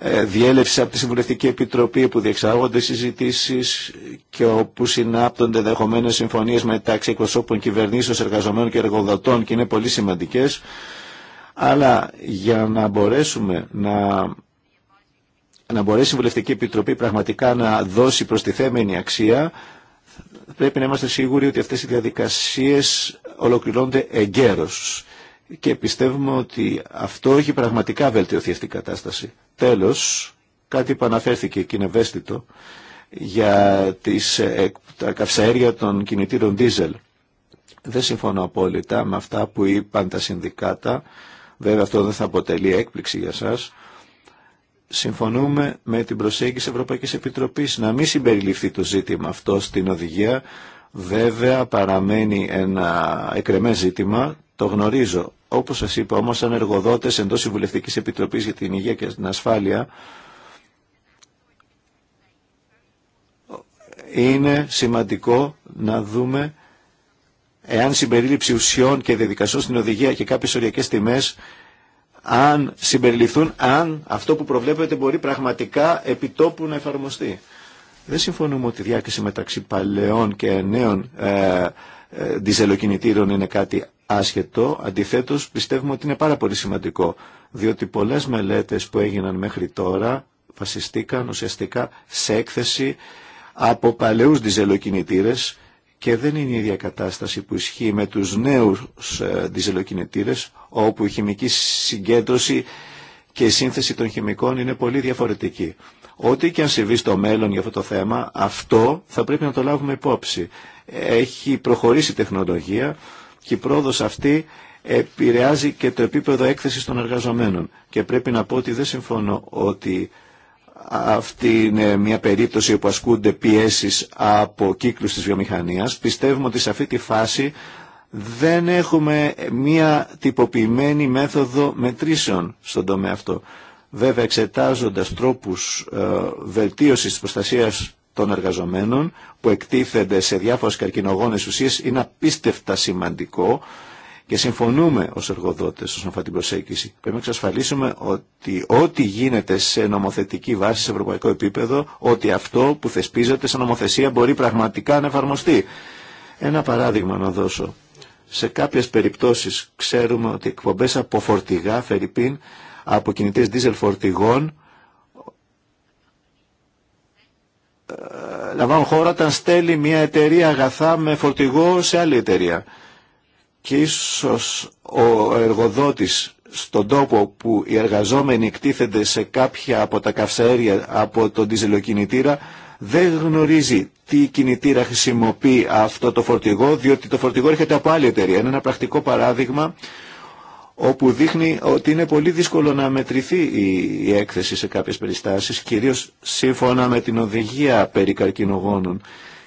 ε, διέλευση από τη Συμβουλευτική Επιτροπή που διεξάγονται συζητήσει και όπου συνάπτονται δεχομένε συμφωνίε μεταξύ εκπροσώπων κυβερνήσεων, εργαζομένων και εργοδοτών και είναι πολύ σημαντικέ. Αλλά για να μπορέσουμε να να μπορέσει η Συμβουλευτική Επιτροπή πραγματικά να δώσει προστιθέμενη αξία, πρέπει να είμαστε σίγουροι ότι αυτές οι διαδικασίες ολοκληρώνονται εγκαίρως και πιστεύουμε ότι αυτό έχει πραγματικά βελτιωθεί αυτή η κατάσταση. Τέλος, κάτι που αναφέρθηκε και είναι ευαίσθητο για τις, ε, τα καυσαέρια των κινητήρων δίζελ. Δεν συμφωνώ απόλυτα με αυτά που είπαν τα συνδικάτα. Βέβαια αυτό δεν θα αποτελεί έκπληξη για σας. Συμφωνούμε με την προσέγγιση Ευρωπαϊκής Επιτροπής να μην συμπεριληφθεί το ζήτημα αυτό στην οδηγία. Βέβαια παραμένει ένα εκρεμές ζήτημα, το γνωρίζω. Όπως σας είπα όμως, σαν εργοδότες εντός Συμβουλευτικής Επιτροπής για την Υγεία και την Ασφάλεια, είναι σημαντικό να δούμε εάν συμπερίληψη ουσιών και διαδικασιών στην οδηγία και κάποιες οριακές τιμές αν συμπεριληφθούν, αν αυτό που προβλέπεται μπορεί πραγματικά επιτόπου να εφαρμοστεί. Δεν συμφωνούμε ότι η διάκριση μεταξύ παλαιών και νέων ε, διζελοκινητήρων είναι κάτι άσχετο, αντιθέτως πιστεύουμε ότι είναι πάρα πολύ σημαντικό, διότι πολλές μελέτες που έγιναν μέχρι τώρα βασιστήκαν ουσιαστικά σε έκθεση από παλαιούς διζελοκινητήρες και δεν είναι η ίδια κατάσταση που ισχύει με τους νέους ε, διζελοκινητήρες όπου η χημική συγκέντρωση και η σύνθεση των χημικών είναι πολύ διαφορετική. Ό,τι και αν συμβεί στο μέλλον για αυτό το θέμα, αυτό θα πρέπει να το λάβουμε υπόψη. Έχει προχωρήσει η τεχνολογία, και η πρόοδος αυτή επηρεάζει και το επίπεδο έκθεσης των εργαζομένων. Και πρέπει να πω ότι δεν συμφωνώ ότι αυτή είναι μια περίπτωση όπου ασκούνται πιέσεις από κύκλους της βιομηχανίας. Πιστεύουμε ότι σε αυτή τη φάση δεν έχουμε μια τυποποιημένη μέθοδο μετρήσεων στον τομέα αυτό. Βέβαια εξετάζοντας τρόπους ε, βελτίωσης της προστασίας των εργαζομένων που εκτίθενται σε διάφορες καρκινογόνες ουσίες είναι απίστευτα σημαντικό και συμφωνούμε ως εργοδότες όσον αφορά την προσέγγιση. Πρέπει να εξασφαλίσουμε ότι ό,τι γίνεται σε νομοθετική βάση, σε ευρωπαϊκό επίπεδο, ότι αυτό που θεσπίζεται σε νομοθεσία μπορεί πραγματικά να εφαρμοστεί. Ένα παράδειγμα να δώσω. Σε κάποιες περιπτώσεις ξέρουμε ότι εκπομπές από φορτηγά, φερρυπίν, από κινητές δίζελ φορτηγών Ε, λαμβάνουν χώρα όταν στέλνει μια εταιρεία αγαθά με φορτηγό σε άλλη εταιρεία. Και ίσως ο εργοδότης στον τόπο που οι εργαζόμενοι εκτίθενται σε κάποια από τα καυσαέρια από τον διζελοκινητήρα δεν γνωρίζει τι κινητήρα χρησιμοποιεί αυτό το φορτηγό διότι το φορτηγό έρχεται από άλλη εταιρεία. Είναι ένα πρακτικό παράδειγμα όπου δείχνει ότι είναι πολύ δύσκολο να μετρηθεί η έκθεση σε κάποιες περιστάσεις, κυρίως σύμφωνα με την οδηγία περί καρκινογόνων.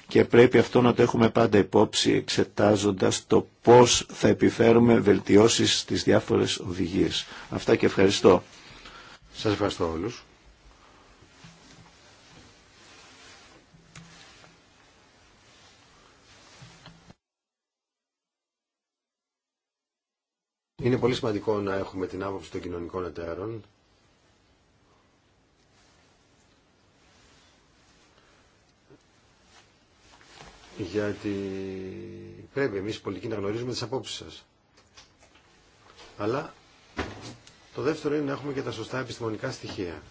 Και πρέπει αυτό να το έχουμε πάντα υπόψη, εξετάζοντας το πώς θα επιφέρουμε βελτιώσεις στις διάφορες οδηγίες. Αυτά και ευχαριστώ. Σας ευχαριστώ όλους. Είναι πολύ σημαντικό να έχουμε την άποψη των κοινωνικών εταίρων γιατί πρέπει εμείς οι πολιτικοί να γνωρίζουμε τις απόψεις σας. Αλλά το δεύτερο είναι να έχουμε και τα σωστά επιστημονικά στοιχεία.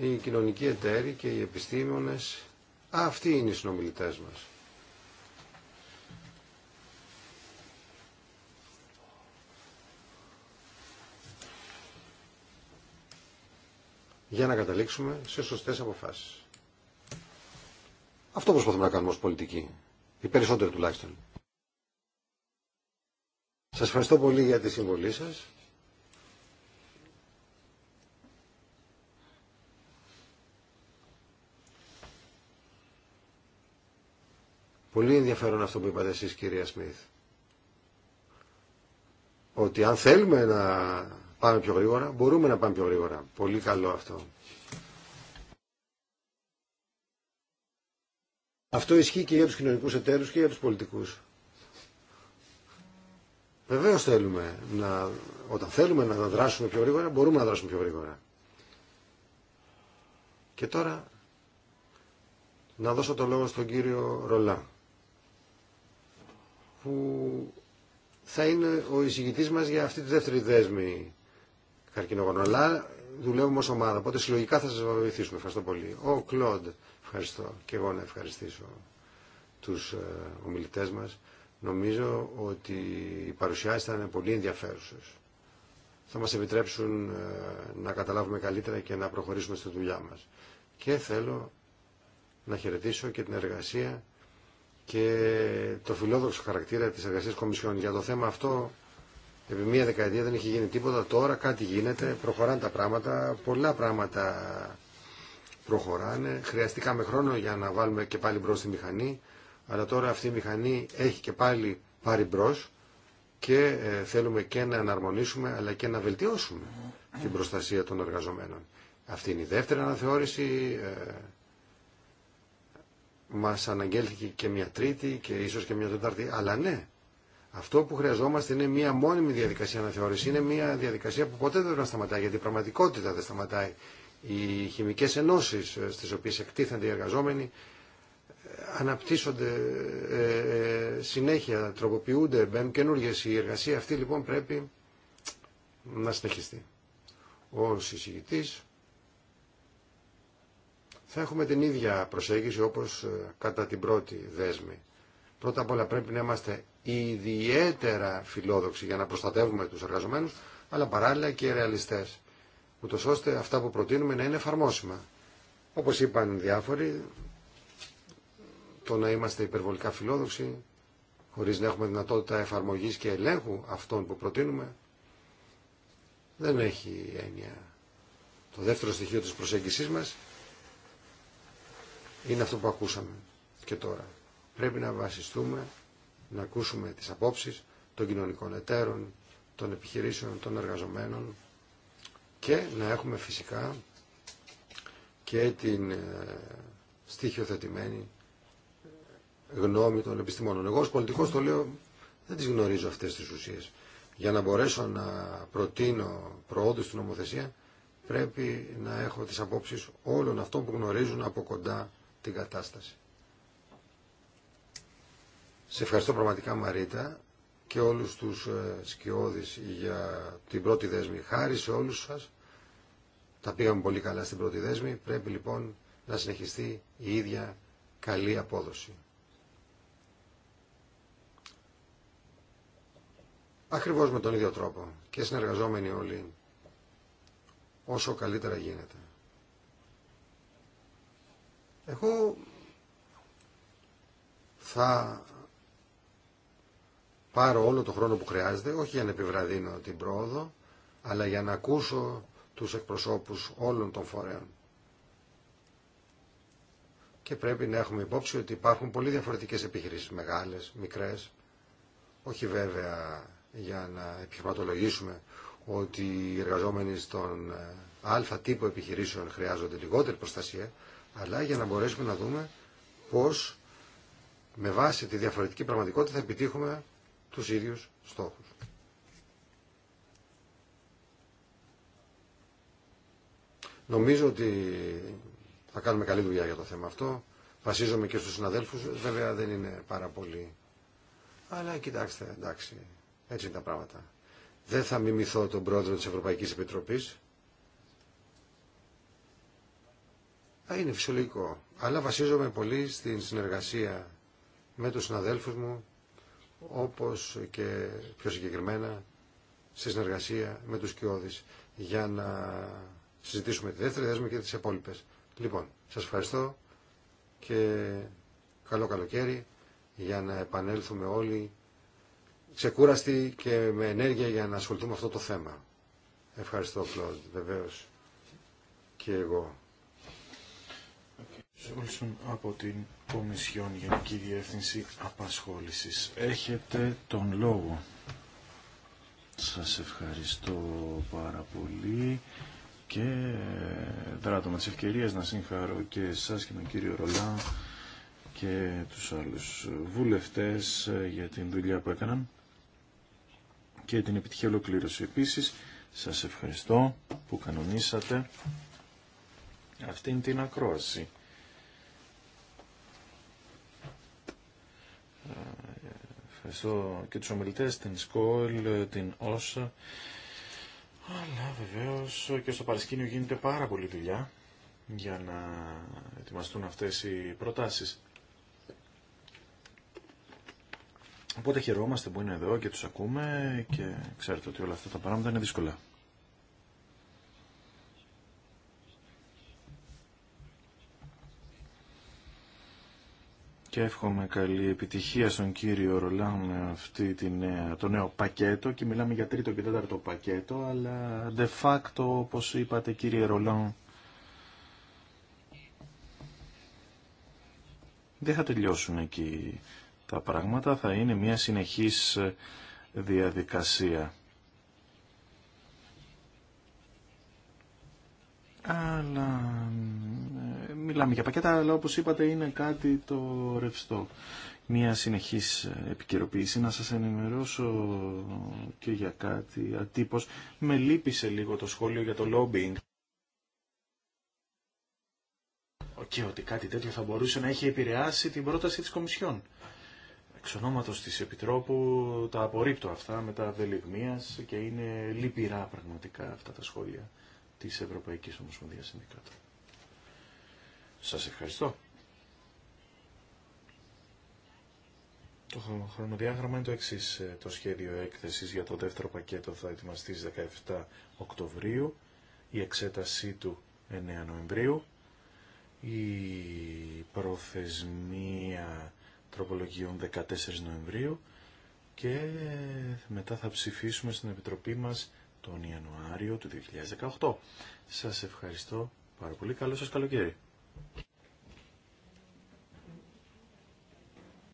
Οι κοινωνικοί εταίροι και οι επιστήμονες, αυτοί είναι οι συνομιλητές μας. για να καταλήξουμε σε σωστές αποφάσεις. Αυτό προσπαθούμε να κάνουμε ως πολιτικοί. Οι περισσότεροι τουλάχιστον. Σας ευχαριστώ πολύ για τη συμβολή σας. Πολύ ενδιαφέρον αυτό που είπατε εσείς κυρία Σμιθ. Ότι αν θέλουμε να Πάμε πιο γρήγορα. Μπορούμε να πάμε πιο γρήγορα. Πολύ καλό αυτό. Αυτό ισχύει και για τους κοινωνικούς εταίρους και για τους πολιτικούς. Βεβαίω θέλουμε να, όταν θέλουμε να δράσουμε πιο γρήγορα, μπορούμε να δράσουμε πιο γρήγορα. Και τώρα να δώσω το λόγο στον κύριο Ρολά, που θα είναι ο εισηγητής μας για αυτή τη δεύτερη δέσμη καρκινογόνο. Αλλά δουλεύουμε ως ομάδα, οπότε συλλογικά θα σας βοηθήσουμε. Ευχαριστώ πολύ. Ο Κλοντ, ευχαριστώ. Και εγώ να ευχαριστήσω τους ε, ομιλητές μας. Νομίζω ότι οι παρουσιάσεις ήταν πολύ ενδιαφέρουσες. Θα μας επιτρέψουν ε, να καταλάβουμε καλύτερα και να προχωρήσουμε στη δουλειά μας. Και θέλω να χαιρετήσω και την εργασία και το φιλόδοξο χαρακτήρα της εργασίας Κομισιόν. Για το θέμα αυτό Επί μία δεκαετία δεν είχε γίνει τίποτα, τώρα κάτι γίνεται, προχωράνε τα πράγματα, πολλά πράγματα προχωράνε. Χρειαστήκαμε χρόνο για να βάλουμε και πάλι μπρος τη μηχανή, αλλά τώρα αυτή η μηχανή έχει και πάλι πάρει μπρος και ε, θέλουμε και να αναρμονίσουμε αλλά και να βελτιώσουμε την προστασία των εργαζομένων. Αυτή είναι η δεύτερη αναθεώρηση. Ε, μας αναγγέλθηκε και μια τρίτη και ίσως και μια τετάρτη. Αλλά ναι, αυτό που χρειαζόμαστε είναι μια μόνιμη διαδικασία αναθεώρηση. Είναι μια διαδικασία που ποτέ δεν θα να σταματάει, γιατί η πραγματικότητα δεν σταματάει. Οι χημικές ενώσει ε, στις οποίες εκτίθενται οι εργαζόμενοι ε, αναπτύσσονται ε, συνέχεια, τροποποιούνται, μπαίνουν καινούργιες. Η εργασία αυτή λοιπόν πρέπει να συνεχιστεί. Ο συζητήτη θα έχουμε την ίδια προσέγγιση όπως κατά την πρώτη δέσμη. Πρώτα απ' όλα πρέπει να είμαστε ιδιαίτερα φιλόδοξοι για να προστατεύουμε τους εργαζομένους, αλλά παράλληλα και ρεαλιστές, ούτως ώστε αυτά που προτείνουμε να είναι εφαρμόσιμα. Όπως είπαν διάφοροι, το να είμαστε υπερβολικά φιλόδοξοι, χωρίς να έχουμε δυνατότητα εφαρμογής και ελέγχου αυτών που προτείνουμε, δεν έχει έννοια. Το δεύτερο στοιχείο της προσέγγισής μας είναι αυτό που ακούσαμε και τώρα. Πρέπει να βασιστούμε, να ακούσουμε τις απόψεις των κοινωνικών εταίρων, των επιχειρήσεων, των εργαζομένων και να έχουμε φυσικά και την ε, στοιχειοθετημένη ε, γνώμη των επιστημόνων. Εγώ ως πολιτικός το λέω δεν τις γνωρίζω αυτές τις ουσίες. Για να μπορέσω να προτείνω προόδους στην νομοθεσία πρέπει να έχω τις απόψεις όλων αυτών που γνωρίζουν από κοντά την κατάσταση. Σε ευχαριστώ πραγματικά Μαρίτα και όλους τους ε, σκιώδεις για την πρώτη δέσμη. Χάρη σε όλους σας. Τα πήγαμε πολύ καλά στην πρώτη δέσμη. Πρέπει λοιπόν να συνεχιστεί η ίδια καλή απόδοση. Ακριβώς με τον ίδιο τρόπο και συνεργαζόμενοι όλοι όσο καλύτερα γίνεται. Εγώ θα πάρω όλο το χρόνο που χρειάζεται, όχι για να επιβραδύνω την πρόοδο, αλλά για να ακούσω τους εκπροσώπους όλων των φορέων. Και πρέπει να έχουμε υπόψη ότι υπάρχουν πολύ διαφορετικές επιχειρήσεις, μεγάλες, μικρές, όχι βέβαια για να επιχειρηματολογήσουμε ότι οι εργαζόμενοι στον ε, α τύπο επιχειρήσεων χρειάζονται λιγότερη προστασία, αλλά για να μπορέσουμε να δούμε πώς με βάση τη διαφορετική πραγματικότητα θα επιτύχουμε τους ίδιους στόχους. Νομίζω ότι θα κάνουμε καλή δουλειά για το θέμα αυτό. Βασίζομαι και στους συναδέλφους, βέβαια δεν είναι πάρα πολύ. Αλλά κοιτάξτε, εντάξει, έτσι είναι τα πράγματα. Δεν θα μιμηθώ τον πρόεδρο της Ευρωπαϊκής Επιτροπής. Α, είναι φυσιολογικό. Αλλά βασίζομαι πολύ στην συνεργασία με τους συναδέλφους μου όπως και πιο συγκεκριμένα στη συνεργασία με τους Κιώδης για να συζητήσουμε τη δεύτερη δέσμη και τις υπόλοιπε. Λοιπόν, σας ευχαριστώ και καλό καλοκαίρι για να επανέλθουμε όλοι ξεκούραστοι και με ενέργεια για να ασχοληθούμε αυτό το θέμα. Ευχαριστώ, Κλοντ, βεβαίως και εγώ. Okay. από την Κομισιόν Γενική Διεύθυνση Απασχόλησης. Έχετε τον λόγο. Σας ευχαριστώ πάρα πολύ και δράτω με τις να συγχαρώ και εσάς και τον κύριο Ρολά και τους άλλους βουλευτές για την δουλειά που έκαναν και την επιτυχία ολοκλήρωση. Επίσης, σας ευχαριστώ που κανονίσατε αυτήν την ακρόαση Ευχαριστώ και τους ομιλητές, την ΣΚΟΛ, την Όσα, Αλλά βεβαίως και στο παρασκήνιο γίνεται πάρα πολύ δουλειά για να ετοιμαστούν αυτές οι προτάσεις. Οπότε χαιρόμαστε που είναι εδώ και τους ακούμε και ξέρετε ότι όλα αυτά τα πράγματα είναι δύσκολα. και εύχομαι καλή επιτυχία στον κύριο Ρολάν με αυτή τη το νέο πακέτο και μιλάμε για τρίτο και τέταρτο πακέτο αλλά de facto όπως είπατε κύριε Ρολάν δεν θα τελειώσουν εκεί τα πράγματα θα είναι μια συνεχής διαδικασία. Αλλά μιλάμε για πακέτα, αλλά όπως είπατε είναι κάτι το ρευστό. Μια συνεχής επικαιροποίηση. Να σας ενημερώσω και για κάτι ατύπως. Με λύπησε λίγο το σχόλιο για το lobbying. Και ότι κάτι τέτοιο θα μπορούσε να έχει επηρεάσει την πρόταση της Κομισιόν. Εξ ονόματος της Επιτρόπου τα απορρίπτω αυτά με τα και είναι λυπηρά πραγματικά αυτά τα σχόλια της Ευρωπαϊκής Ομοσπονδίας Συνδικάτων. Σας ευχαριστώ. Το χρονοδιάγραμμα είναι το εξή. Ε, το σχέδιο έκθεση για το δεύτερο πακέτο θα ετοιμαστεί στις 17 Οκτωβρίου, η εξέτασή του 9 Νοεμβρίου, η προθεσμία τροπολογιών 14 Νοεμβρίου και μετά θα ψηφίσουμε στην Επιτροπή μας τον Ιανουάριο του 2018. Σας ευχαριστώ πάρα πολύ. Καλό σας καλοκαίρι. Υπότιτλοι AUTHORWAVE